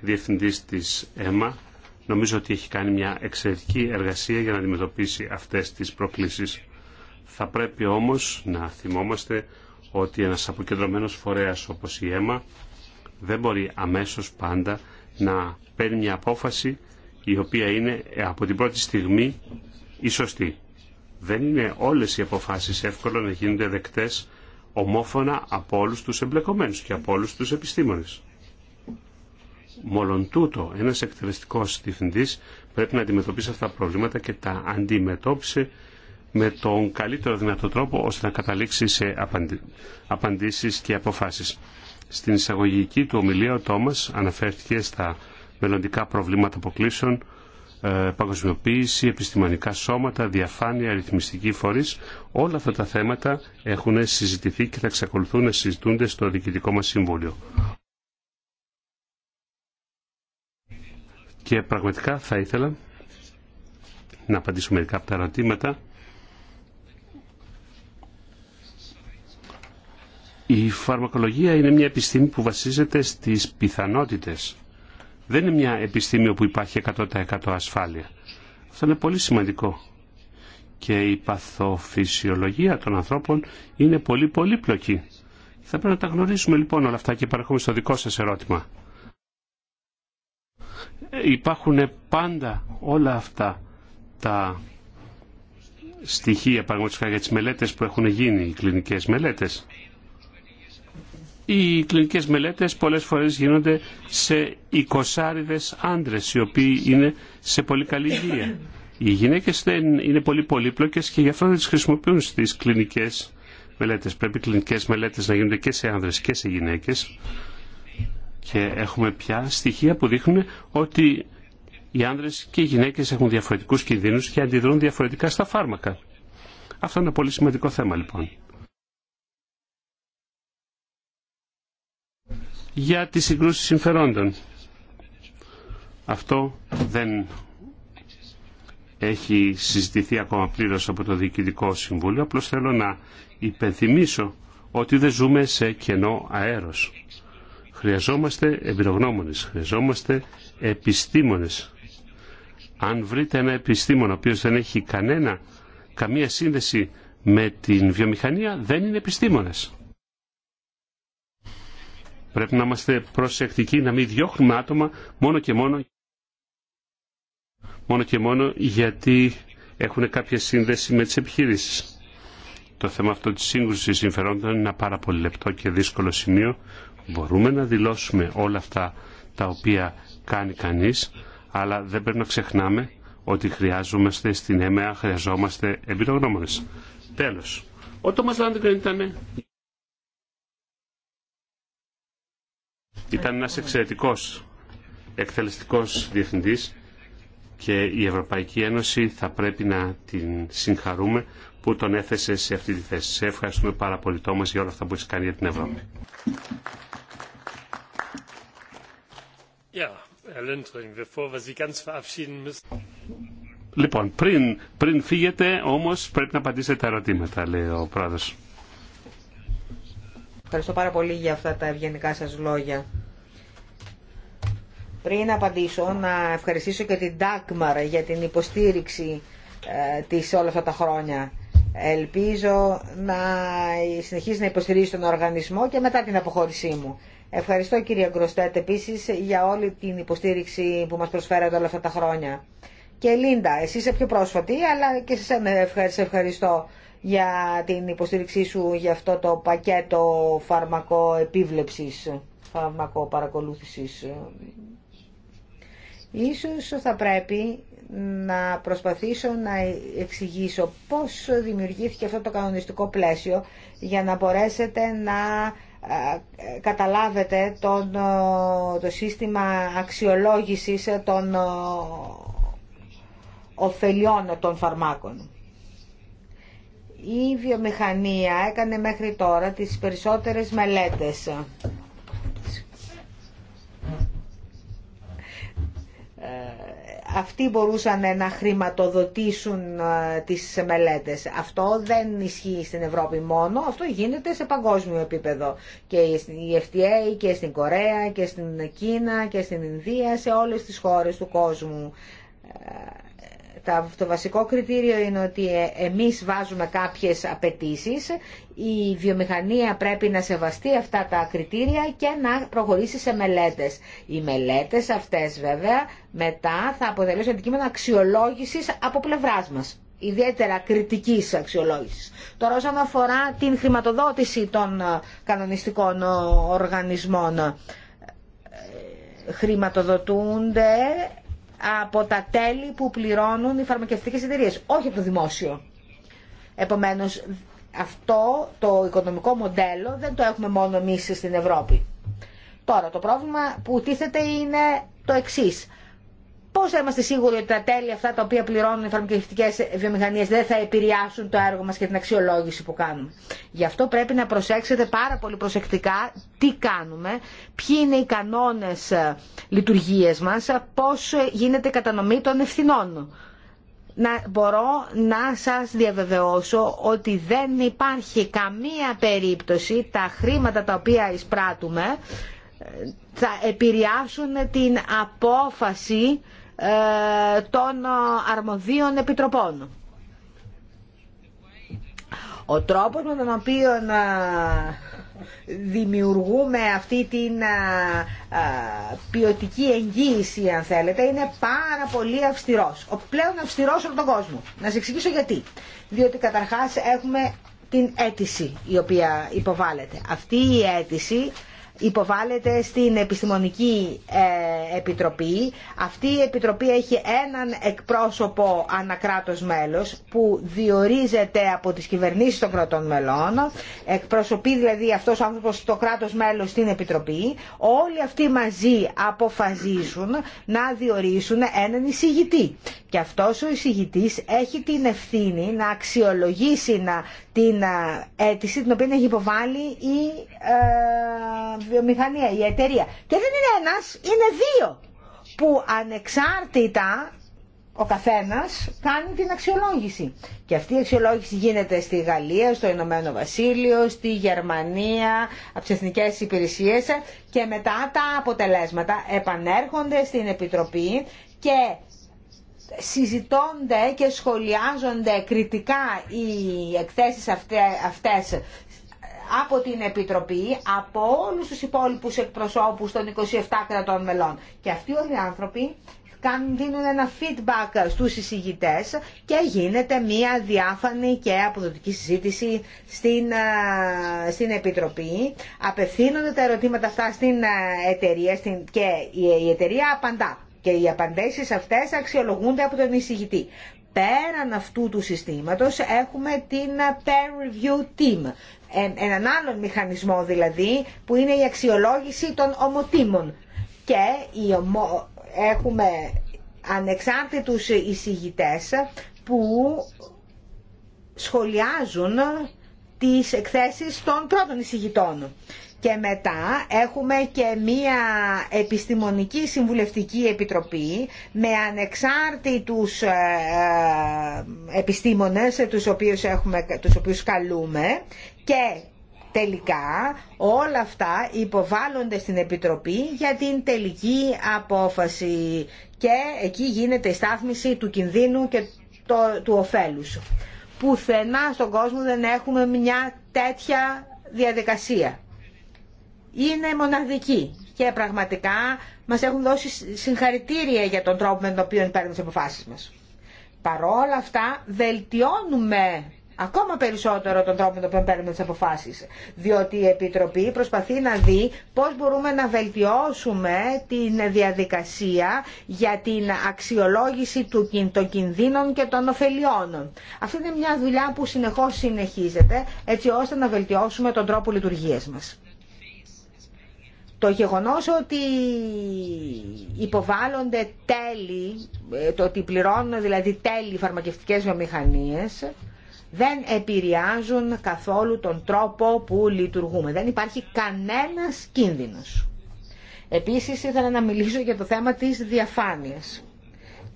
διευθυντή τη ΕΜΑ, νομίζω ότι έχει κάνει μια εξαιρετική εργασία για να αντιμετωπίσει αυτέ τι προκλήσει. Θα πρέπει όμω να θυμόμαστε ότι ένα αποκεντρωμένο φορέα όπω η ΕΜΑ δεν μπορεί αμέσω πάντα να παίρνει μια απόφαση η οποία είναι ε, από την πρώτη στιγμή η σωστή. Δεν είναι όλες οι αποφάσεις εύκολο να γίνονται δεκτές ομόφωνα από όλους τους εμπλεκομένους και από όλους τους επιστήμονες. Μόλον τούτο, ένας εκτελεστικός διευθυντής πρέπει να αντιμετωπίσει αυτά τα προβλήματα και τα αντιμετώπισε με τον καλύτερο δυνατό τρόπο ώστε να καταλήξει σε απαντήσεις και αποφάσεις. Στην εισαγωγική του ομιλία ο Τόμας αναφέρθηκε στα μελλοντικά προβλήματα αποκλήσεων, ε, παγκοσμιοποίηση, επιστημονικά σώματα, διαφάνεια, αριθμιστική φορείς. Όλα αυτά τα θέματα έχουν συζητηθεί και θα εξακολουθούν να συζητούνται στο Διοικητικό μας Συμβούλιο. Και πραγματικά θα ήθελα να απαντήσω μερικά από τα ερωτήματα Η φαρμακολογία είναι μια επιστήμη που βασίζεται στις πιθανότητες. Δεν είναι μια επιστήμη όπου υπάρχει 100% ασφάλεια. Αυτό είναι πολύ σημαντικό. Και η παθοφυσιολογία των ανθρώπων είναι πολύ πολύπλοκη. Θα πρέπει να τα γνωρίσουμε λοιπόν όλα αυτά και παρέχουμε στο δικό σας ερώτημα. Ε, υπάρχουν πάντα όλα αυτά τα στοιχεία, παραγωγικά για τις μελέτες που έχουν γίνει, οι κλινικές μελέτες. Οι κλινικές μελέτες πολλές φορές γίνονται σε εικοσάριδε άντρες, οι οποίοι είναι σε πολύ καλή υγεία. Οι γυναίκες είναι πολύ πολύπλοκες και γι' αυτό δεν τις χρησιμοποιούν στις κλινικές μελέτες. Πρέπει οι κλινικές μελέτες να γίνονται και σε άνδρες και σε γυναίκες. Και έχουμε πια στοιχεία που δείχνουν ότι οι άνδρες και οι γυναίκες έχουν διαφορετικούς κινδύνους και αντιδρούν διαφορετικά στα φάρμακα. Αυτό είναι ένα πολύ σημαντικό θέμα λοιπόν. για τις συγκρούσεις συμφερόντων. Αυτό δεν έχει συζητηθεί ακόμα πλήρως από το Διοικητικό Συμβούλιο, απλώς θέλω να υπενθυμίσω ότι δεν ζούμε σε κενό αέρος. Χρειαζόμαστε εμπειρογνώμονες, χρειαζόμαστε επιστήμονες. Αν βρείτε ένα επιστήμονα ο οποίος δεν έχει κανένα, καμία σύνδεση με την βιομηχανία, δεν είναι επιστήμονας. Πρέπει να είμαστε προσεκτικοί, να μην διώχνουμε άτομα μόνο και μόνο, μόνο, και μόνο γιατί έχουν κάποια σύνδεση με τις επιχειρήσεις. Το θέμα αυτό της σύγκρουσης συμφερόντων είναι ένα πάρα πολύ λεπτό και δύσκολο σημείο. Μπορούμε να δηλώσουμε όλα αυτά τα οποία κάνει κανείς, αλλά δεν πρέπει να ξεχνάμε ότι χρειάζομαστε στην ΕΜΕΑ, χρειαζόμαστε εμπειρογνώμονες. Τέλος. Ήταν ένας εξαιρετικός εκτελεστικός διευθυντής και η Ευρωπαϊκή Ένωση θα πρέπει να την συγχαρούμε που τον έθεσε σε αυτή τη θέση. Σε ευχαριστούμε πάρα πολύ Τόμας για όλα αυτά που έχει κάνει για την Ευρώπη. Λοιπόν, πριν, πριν φύγετε όμως πρέπει να απαντήσετε τα ερωτήματα, λέει ο πρόεδρος. Ευχαριστώ πάρα πολύ για αυτά τα ευγενικά σας λόγια. Πριν απαντήσω, να ευχαριστήσω και την Dagmar για την υποστήριξη ε, της όλα αυτά τα χρόνια. Ελπίζω να συνεχίσει να υποστηρίζει τον οργανισμό και μετά την αποχώρησή μου. Ευχαριστώ κύριε Γκροστέτ επίσης για όλη την υποστήριξη που μας προσφέρατε όλα αυτά τα χρόνια. Και Λίντα, εσύ είσαι πιο πρόσφατη, αλλά και σε ευχαριστώ για την υποστήριξή σου για αυτό το πακέτο φαρμακοεπίβλεψης, φαρμακοπαρακολούθησης. Ίσως θα πρέπει να προσπαθήσω να εξηγήσω πώς δημιουργήθηκε αυτό το κανονιστικό πλαίσιο για να μπορέσετε να καταλάβετε τον, το σύστημα αξιολόγησης των ωφελιών των φαρμάκων η βιομηχανία έκανε μέχρι τώρα τις περισσότερες μελέτες. Ε, αυτοί μπορούσαν να χρηματοδοτήσουν ε, τις μελέτες. Αυτό δεν ισχύει στην Ευρώπη μόνο, αυτό γίνεται σε παγκόσμιο επίπεδο. Και στην FTA και στην Κορέα και στην Κίνα και στην Ινδία, σε όλες τις χώρες του κόσμου ε, το βασικό κριτήριο είναι ότι ε, εμείς βάζουμε κάποιες απαιτήσει, η βιομηχανία πρέπει να σεβαστεί αυτά τα κριτήρια και να προχωρήσει σε μελέτες. Οι μελέτες αυτές βέβαια μετά θα αποτελέσουν αντικείμενο αξιολόγησης από πλευράς μας ιδιαίτερα κριτικής αξιολόγησης. Τώρα όσον αφορά την χρηματοδότηση των ε, κανονιστικών ε, οργανισμών χρηματοδοτούνται από τα τέλη που πληρώνουν οι φαρμακευτικές εταιρείες, όχι από το δημόσιο. Επομένως, αυτό το οικονομικό μοντέλο δεν το έχουμε μόνο εμείς στην Ευρώπη. Τώρα, το πρόβλημα που τίθεται είναι το εξής. Πώ θα είμαστε σίγουροι ότι τα τέλη αυτά τα οποία πληρώνουν οι φαρμακευτικέ βιομηχανίε δεν θα επηρεάσουν το έργο μα και την αξιολόγηση που κάνουμε. Γι' αυτό πρέπει να προσέξετε πάρα πολύ προσεκτικά τι κάνουμε, ποιοι είναι οι κανόνε λειτουργίε μα, πώ γίνεται η κατανομή των ευθυνών. Να μπορώ να σας διαβεβαιώσω ότι δεν υπάρχει καμία περίπτωση τα χρήματα τα οποία εισπράττουμε ε, θα επηρεάσουν την απόφαση ε, των αρμοδίων επιτροπών. Ο τρόπος με τον οποίο να δημιουργούμε αυτή την ε, ε, ποιοτική εγγύηση, αν θέλετε, είναι πάρα πολύ αυστηρός. Ο πλέον αυστηρός από τον κόσμο. Να σε εξηγήσω γιατί. Διότι καταρχάς έχουμε την αίτηση η οποία υποβάλλεται. Αυτή η αίτηση υποβάλλεται στην Επιστημονική ε, Επιτροπή. Αυτή η Επιτροπή έχει έναν εκπρόσωπο ανακράτος μέλος που διορίζεται από τις κυβερνήσεις των κρατών μελών. Εκπροσωπεί δηλαδή αυτός ο άνθρωπος το κράτος μέλος στην Επιτροπή. Όλοι αυτοί μαζί αποφασίζουν να διορίσουν έναν εισηγητή. Και αυτός ο εισηγητής έχει την ευθύνη να αξιολογήσει την ε, αίτηση την οποία έχει υποβάλει η ε, βιομηχανία, η εταιρεία. Και δεν είναι ένας, είναι δύο που ανεξάρτητα ο καθένας κάνει την αξιολόγηση. Και αυτή η αξιολόγηση γίνεται στη Γαλλία, στο Ηνωμένο Βασίλειο, στη Γερμανία, από τις εθνικές υπηρεσίες και μετά τα αποτελέσματα επανέρχονται στην Επιτροπή και συζητώνται και σχολιάζονται κριτικά οι εκθέσεις αυτές από την Επιτροπή, από όλους τους υπόλοιπους εκπροσώπους των 27 κρατών μελών. Και αυτοί όλοι οι άνθρωποι δίνουν ένα feedback στους εισηγητές και γίνεται μια διάφανη και αποδοτική συζήτηση στην, ε, στην Επιτροπή. Απευθύνονται τα ερωτήματα αυτά στην ε, εταιρεία στην, και η, εταιρεία απαντά. Και οι απαντήσεις αυτές αξιολογούνται από τον εισηγητή. Πέραν αυτού του συστήματος έχουμε την ε, peer review team έναν άλλον μηχανισμό δηλαδή που είναι η αξιολόγηση των ομοτήμων και η ομο... έχουμε ανεξάρτητους εισηγητές που σχολιάζουν τις εκθέσεις των πρώτων εισηγητών. Και μετά έχουμε και μία επιστημονική συμβουλευτική επιτροπή με ανεξάρτητους ε, ε, επιστήμονες τους οποίους, έχουμε, τους οποίους καλούμε και τελικά όλα αυτά υποβάλλονται στην Επιτροπή για την τελική απόφαση και εκεί γίνεται η στάθμιση του κινδύνου και του του ωφέλους. Πουθενά στον κόσμο δεν έχουμε μια τέτοια διαδικασία. Είναι μοναδική και πραγματικά μας έχουν δώσει συγχαρητήρια για τον τρόπο με τον οποίο παίρνουμε τις αποφάσεις μας. Παρόλα αυτά βελτιώνουμε ακόμα περισσότερο τον τρόπο με τον παίρνουμε τι αποφάσει. Διότι η Επιτροπή προσπαθεί να δει πώς μπορούμε να βελτιώσουμε την διαδικασία για την αξιολόγηση του, των κινδύνων και των ωφελιών. Αυτή είναι μια δουλειά που συνεχώς συνεχίζεται έτσι ώστε να βελτιώσουμε τον τρόπο λειτουργίας μας. Το γεγονός ότι υποβάλλονται τέλη, ε, το ότι πληρώνουν δηλαδή τέλη φαρμακευτικές βιομηχανίες, δεν επηρεάζουν καθόλου τον τρόπο που λειτουργούμε. Δεν υπάρχει κανένας κίνδυνος. Επίσης ήθελα να μιλήσω για το θέμα της διαφάνειας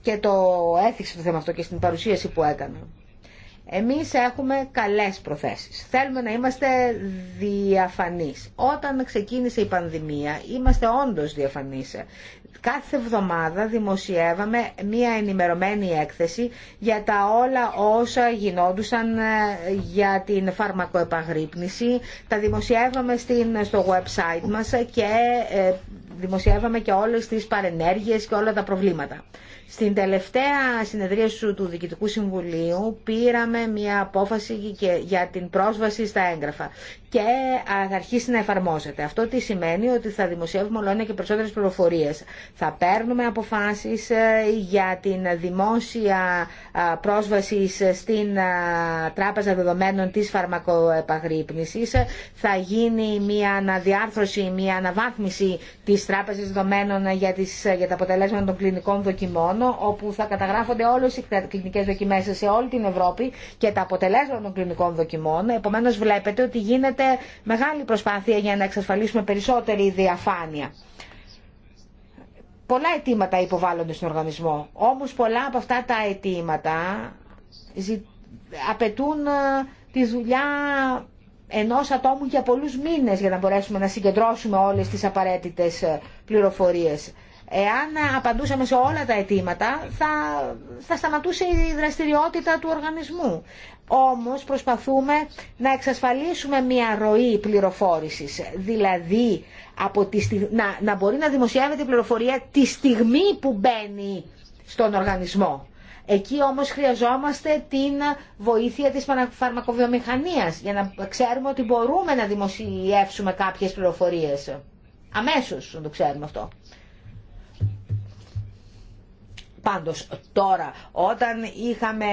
και το έθιξε το θέμα αυτό και στην παρουσίαση που έκανα. Εμείς έχουμε καλές προθέσεις. Θέλουμε να είμαστε διαφανείς. Όταν ξεκίνησε η πανδημία, είμαστε όντως διαφανείς. Κάθε εβδομάδα δημοσιεύαμε μία ενημερωμένη έκθεση για τα όλα όσα γινόντουσαν ε, για την φαρμακοεπαγρύπνηση. Τα δημοσιεύαμε στην, στο website μας και ε, δημοσιεύαμε και όλες τις παρενέργειες και όλα τα προβλήματα. Στην τελευταία συνεδρία του Διοικητικού Συμβουλίου πήραμε μια απόφαση και για την πρόσβαση στα έγγραφα και θα αρχίσει να εφαρμόζεται. Αυτό τι σημαίνει ότι θα δημοσιεύουμε όλο ένα και περισσότερες πληροφορίες. Θα παίρνουμε αποφάσεις ε, για την δημόσια πρόσβαση στην τράπεζα δεδομένων της φαρμακοεπαγρύπνησης. Θα γίνει μια αναδιάρθρωση, μια αναβάθμιση της τράπεζας δεδομένων για, τις, για τα αποτελέσματα των κλινικών δοκιμών, όπου θα καταγράφονται όλες οι κλινικές δοκιμές σε όλη την Ευρώπη και τα αποτελέσματα των κλινικών δοκιμών. Επομένως βλέπετε ότι γίνεται μεγάλη προσπάθεια για να εξασφαλίσουμε περισσότερη διαφάνεια. Πολλά αιτήματα υποβάλλονται στον οργανισμό, όμως πολλά από αυτά τα αιτήματα απαιτούν ε, τη δουλειά ενός ατόμου για πολλούς μήνες για να μπορέσουμε να συγκεντρώσουμε όλες τις απαραίτητες ε, πληροφορίες. Εάν απαντούσαμε σε όλα τα αιτήματα θα, θα σταματούσε η δραστηριότητα του οργανισμού όμως προσπαθούμε να εξασφαλίσουμε μια ροή πληροφόρησης, δηλαδή από να, μπορεί να δημοσιεύεται η πληροφορία τη στιγμή που μπαίνει στον οργανισμό. Εκεί όμως χρειαζόμαστε την βοήθεια της φαρμακοβιομηχανίας για να ξέρουμε ότι μπορούμε να δημοσιεύσουμε κάποιες πληροφορίες. Αμέσως να το ξέρουμε αυτό. Πάντως τώρα όταν είχαμε,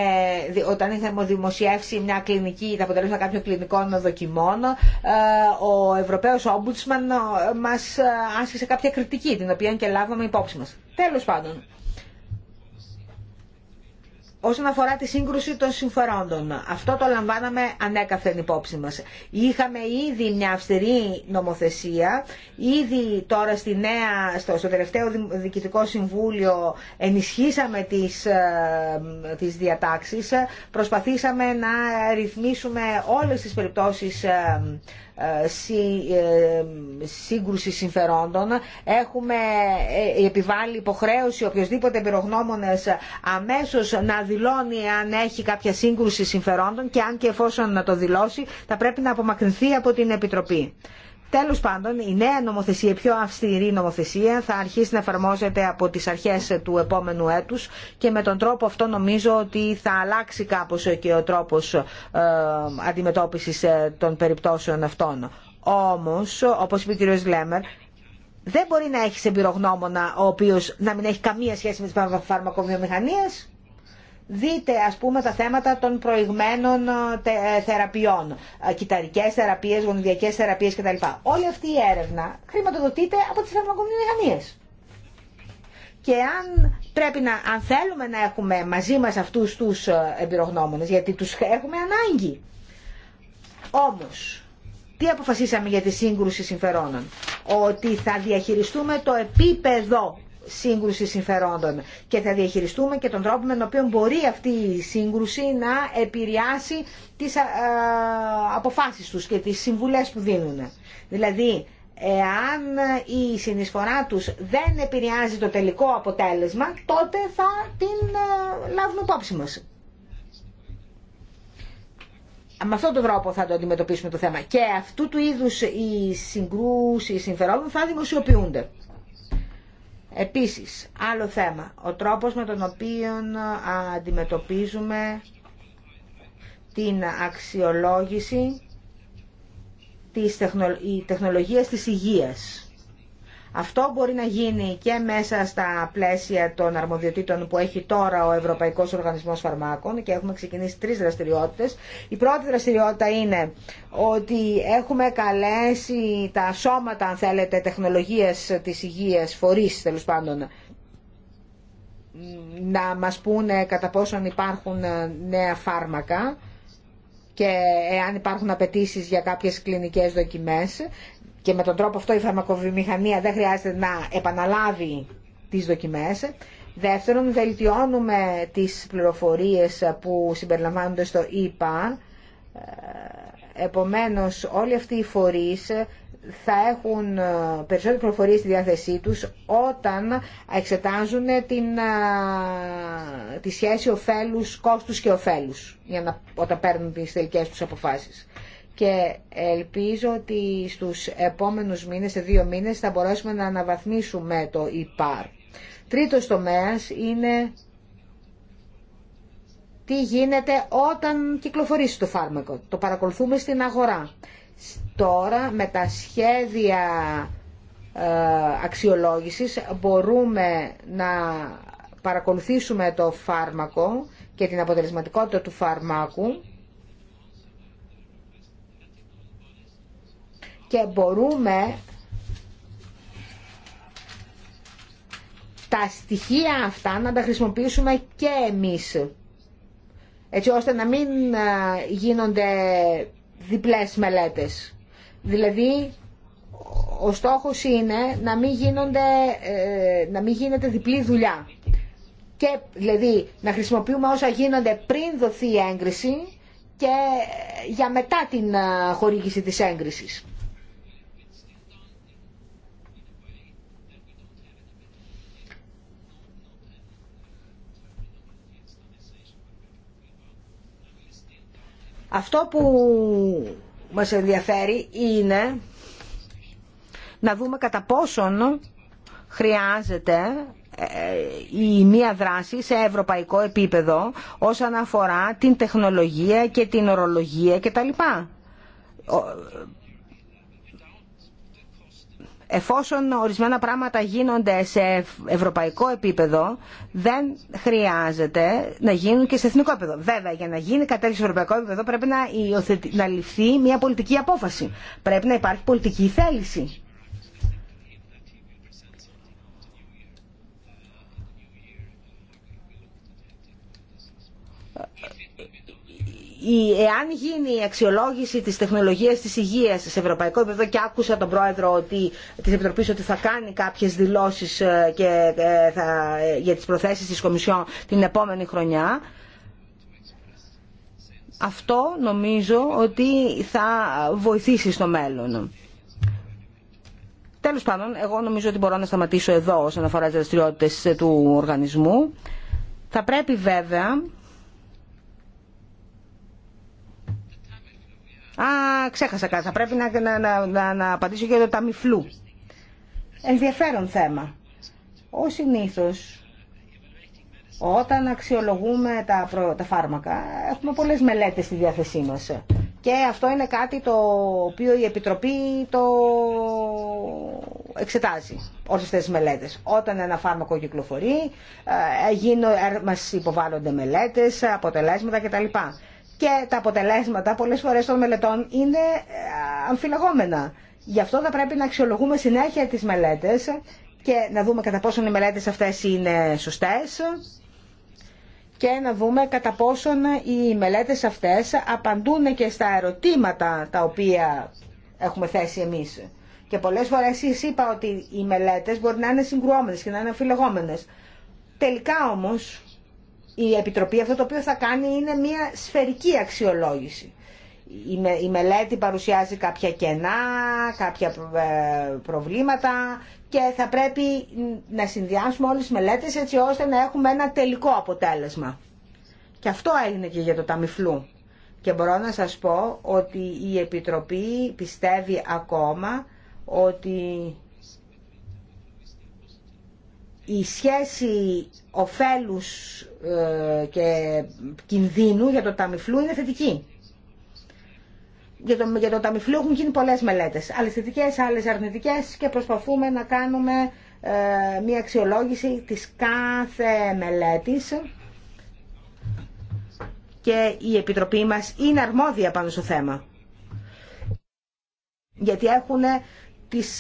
όταν είχαμε δημοσιεύσει μια κλινική, τα αποτελέσματα κάποιων κλινικών δοκιμών, ε, ο Ευρωπαίος Ομπούτσμαν ε, μας ε, άσκησε κάποια κριτική, την οποία και λάβαμε υπόψη μας. Τέλος πάντων, όσον αφορά τη σύγκρουση των συμφερόντων. Αυτό το λαμβάναμε ανέκαθεν υπόψη μας. Είχαμε ήδη μια αυστηρή νομοθεσία, ήδη τώρα στη νέα, στο, τελευταίο Διοικητικό Συμβούλιο ενισχύσαμε τις, ε, τις διατάξεις, προσπαθήσαμε να ρυθμίσουμε όλες τις περιπτώσεις ε, ε, σύγκρουση συμφερόντων. Έχουμε ε, επιβάλει υποχρέωση οποιοδήποτε πυρογνώμονες αμέσως να δηλώνει αν έχει κάποια σύγκρουση συμφερόντων και αν και εφόσον να το δηλώσει θα πρέπει να απομακρυνθεί από την Επιτροπή. Τέλο πάντων, η νέα νομοθεσία, η πιο αυστηρή νομοθεσία θα αρχίσει να εφαρμόζεται από τις αρχές του επόμενου έτους και με τον τρόπο αυτό νομίζω ότι θα αλλάξει κάπως και ο τρόπος ε, αντιμετώπισης ε, των περιπτώσεων αυτών. Όμως, όπως είπε ο κ. Λέμερ, δεν μπορεί να έχει εμπειρογνώμονα ο οποίος να μην έχει καμία σχέση με τις φαρμακοβιομηχανίες Δείτε ας πούμε τα θέματα των προηγμένων ε, ε, θεραπείων, ε, κυταρικές θεραπείες, γονιδιακές θεραπείες κτλ. Όλη αυτή η έρευνα χρηματοδοτείται από τις φαρμακοβιομηχανίες. Και αν, πρέπει να, αν θέλουμε να έχουμε μαζί μας αυτούς τους εμπειρογνώμονες, γιατί τους έχουμε ανάγκη. Όμως, τι αποφασίσαμε για τη σύγκρουση συμφερόνων. Ότι θα διαχειριστούμε το επίπεδο σύγκρουση συμφερόντων και θα διαχειριστούμε και τον τρόπο με τον οποίο μπορεί αυτή η σύγκρουση να επηρεάσει τις αποφάσεις τους και τις συμβουλές που δίνουν. Δηλαδή, εάν η συνεισφορά τους δεν επηρεάζει το τελικό αποτέλεσμα, τότε θα την λάβουμε υπόψη μας. Με αυτόν τον τρόπο θα το αντιμετωπίσουμε το θέμα. Και αυτού του είδους οι συγκρούσεις συμφερόντων θα δημοσιοποιούνται. Επίσης, άλλο θέμα, ο τρόπος με τον οποίο αντιμετωπίζουμε την αξιολόγηση της τεχνολογίας της υγείας. Αυτό μπορεί να γίνει και μέσα στα πλαίσια των αρμοδιοτήτων που έχει τώρα ο Ευρωπαϊκός Οργανισμός Φαρμάκων και έχουμε ξεκινήσει τρει δραστηριότητε. Η πρώτη δραστηριότητα είναι ότι έχουμε καλέσει τα σώματα, αν θέλετε, τεχνολογίες της υγείας, φορείς τέλο πάντων, να μας πούνε κατά πόσον υπάρχουν νέα φάρμακα και εάν υπάρχουν απαιτήσει για κάποιες κλινικές δοκιμές και με τον τρόπο αυτό η φαρμακοβιομηχανία δεν χρειάζεται να επαναλάβει τις δοκιμές. Δεύτερον, βελτιώνουμε τις πληροφορίες που συμπεριλαμβάνονται στο ΙΠΑ. Ε, επομένως, όλοι αυτοί οι φορείς θα έχουν ε, περισσότερες πληροφορίες στη διάθεσή τους όταν εξετάζουν την, ε, τη σχέση ωφέλους, κόστους και ωφέλους για να, όταν παίρνουν τις τελικές τους αποφάσεις και ελπίζω ότι στους επόμενους μήνες, σε δύο μήνες, θα μπορέσουμε να αναβαθμίσουμε το ΙΠΑΡ. Τρίτος τομέας είναι τι γίνεται όταν κυκλοφορήσει το φάρμακο. Το παρακολουθούμε στην αγορά. Τώρα με τα σχέδια ε, αξιολόγησης μπορούμε να παρακολουθήσουμε το φάρμακο και την αποτελεσματικότητα του φάρμακου και μπορούμε τα στοιχεία αυτά να τα χρησιμοποιήσουμε και εμείς έτσι ώστε να μην ε, γίνονται διπλές μελέτες. Δηλαδή ο στόχος είναι να μην, γίνονται, ε, να μην γίνεται διπλή δουλειά. Και δηλαδή να χρησιμοποιούμε όσα γίνονται πριν δοθεί η έγκριση και ε, για μετά την χορήγηση της έγκρισης. Αυτό που μας ενδιαφέρει είναι να δούμε κατά πόσον χρειάζεται ε, η μία δράση σε ευρωπαϊκό επίπεδο όσον αφορά την τεχνολογία και την ορολογία κτλ εφόσον ορισμένα πράγματα γίνονται σε ευρωπαϊκό επίπεδο, δεν χρειάζεται να γίνουν και σε εθνικό επίπεδο. Βέβαια, για να γίνει κατέληξη σε ευρωπαϊκό επίπεδο πρέπει να, υιοθετη... να ληφθεί μια πολιτική απόφαση. Πρέπει να υπάρχει πολιτική θέληση. εάν γίνει η αξιολόγηση της τεχνολογίας της υγείας σε ευρωπαϊκό επίπεδο και άκουσα τον πρόεδρο ότι, της Επιτροπής ότι θα κάνει κάποιες δηλώσεις ε, και, ε, ε, για τις προθέσεις της Κομισιόν την επόμενη χρονιά, αυτό νομίζω ότι θα βοηθήσει στο μέλλον. Τέλος πάντων, εγώ νομίζω ότι μπορώ να σταματήσω εδώ όσον αφορά τις δραστηριότητε του οργανισμού. Θα πρέπει βέβαια Α, ξέχασα κάτι. Θα πρέπει να, να, να, να απαντήσω για το ταμιφλού. Ενδιαφέρον θέμα. Ο συνήθως, όταν αξιολογούμε τα, τα φάρμακα, έχουμε πολλές μελέτες στη διάθεσή μας. Και αυτό είναι κάτι το οποίο η Επιτροπή το εξετάζει, όλε αυτές τις μελέτες. Όταν ένα φάρμακο κυκλοφορεί, μα ε, ε, μας υποβάλλονται μελέτες, αποτελέσματα κτλ και τα αποτελέσματα πολλές φορές των μελετών είναι ε, αμφιλεγόμενα. Γι' αυτό θα πρέπει να αξιολογούμε συνέχεια τις μελέτες και να δούμε κατά πόσον οι μελέτες αυτές είναι σωστές και να δούμε κατά πόσον οι μελέτες αυτές απαντούν και στα ερωτήματα τα οποία έχουμε θέσει εμείς. Και πολλές φορές είπα ότι οι μελέτες μπορεί να είναι συγκρουόμενες και να είναι αμφιλεγόμενες. Τελικά όμως η Επιτροπή αυτό το οποίο θα κάνει είναι μια σφαιρική αξιολόγηση. Η μελέτη παρουσιάζει κάποια κενά, κάποια ε, προβλήματα και θα πρέπει να συνδυάσουμε όλες τις μελέτες έτσι ώστε να έχουμε ένα τελικό αποτέλεσμα. Και αυτό έγινε και για το Ταμιφλού. Και μπορώ να σας πω ότι η Επιτροπή πιστεύει ακόμα ότι η σχέση ωφέλους ε, και κινδύνου για το ταμιφλού είναι θετική. Για το, για το ταμιφλού έχουν γίνει πολλές μελέτες, άλλες θετικές, άλλες αρνητικές και προσπαθούμε να κάνουμε ε, μια αξιολόγηση της κάθε μελέτης και η Επιτροπή μας είναι αρμόδια πάνω στο θέμα. Γιατί έχουν τις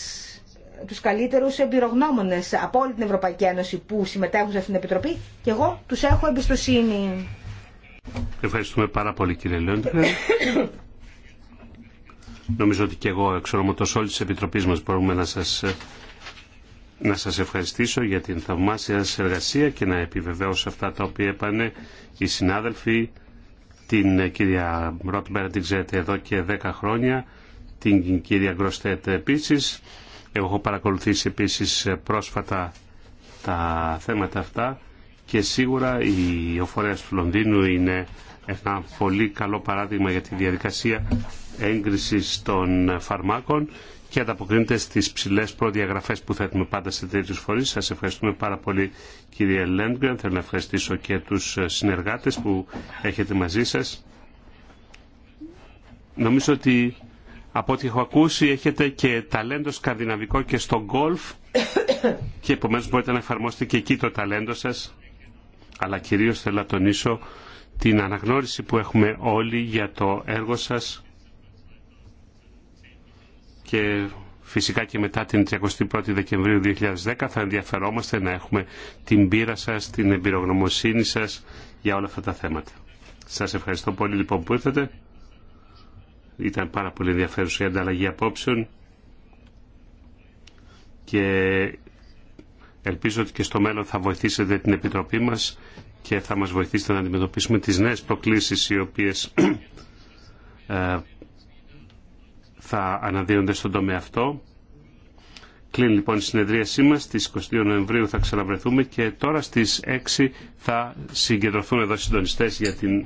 τους καλύτερους εμπειρογνώμονες από όλη την Ευρωπαϊκή Ένωση που συμμετέχουν σε αυτήν την Επιτροπή και εγώ τους έχω εμπιστοσύνη. Ευχαριστούμε πάρα πολύ κύριε Λέντρε. Νομίζω ότι και εγώ εξ ονόματος όλης της Επιτροπής μας μπορούμε να σας, ευχαριστήσω για την θαυμάσια σας εργασία και να επιβεβαίωσω αυτά τα οποία έπανε οι συνάδελφοι την κυρία Ρότμπερα την ξέρετε εδώ και 10 χρόνια την κυρία Γκροστέτ επίσης εγώ έχω παρακολουθήσει επίσης πρόσφατα τα θέματα αυτά και σίγουρα η οφορέας του Λονδίνου είναι ένα πολύ καλό παράδειγμα για τη διαδικασία έγκρισης των φαρμάκων και ανταποκρίνεται στις ψηλέ προδιαγραφές που θέτουμε πάντα σε τέτοιους φορείς. Σας ευχαριστούμε πάρα πολύ κύριε Λέντγκρεν. Θέλω να ευχαριστήσω και τους συνεργάτες που έχετε μαζί σας. Νομίζω ότι από ό,τι έχω ακούσει έχετε και ταλέντο σκανδιναβικό και στο γκολφ και επομένως μπορείτε να εφαρμόσετε και εκεί το ταλέντο σας. Αλλά κυρίως θέλω να τονίσω την αναγνώριση που έχουμε όλοι για το έργο σας και φυσικά και μετά την 31η Δεκεμβρίου 2010 θα ενδιαφερόμαστε να έχουμε την πείρα σας, την εμπειρογνωμοσύνη σας για όλα αυτά τα θέματα. Σας ευχαριστώ πολύ λοιπόν που ήρθατε. Ήταν πάρα πολύ ενδιαφέρουσα η ανταλλαγή απόψεων και ελπίζω ότι και στο μέλλον θα βοηθήσετε την Επιτροπή μας και θα μας βοηθήσετε να αντιμετωπίσουμε τις νέες προκλήσεις οι οποίες ε, θα αναδύονται στον τομέα αυτό. Κλείνει λοιπόν η συνεδρίασή μας, στις 22 Νοεμβρίου θα ξαναβρεθούμε και τώρα στις 6 θα συγκεντρωθούν εδώ συντονιστές για την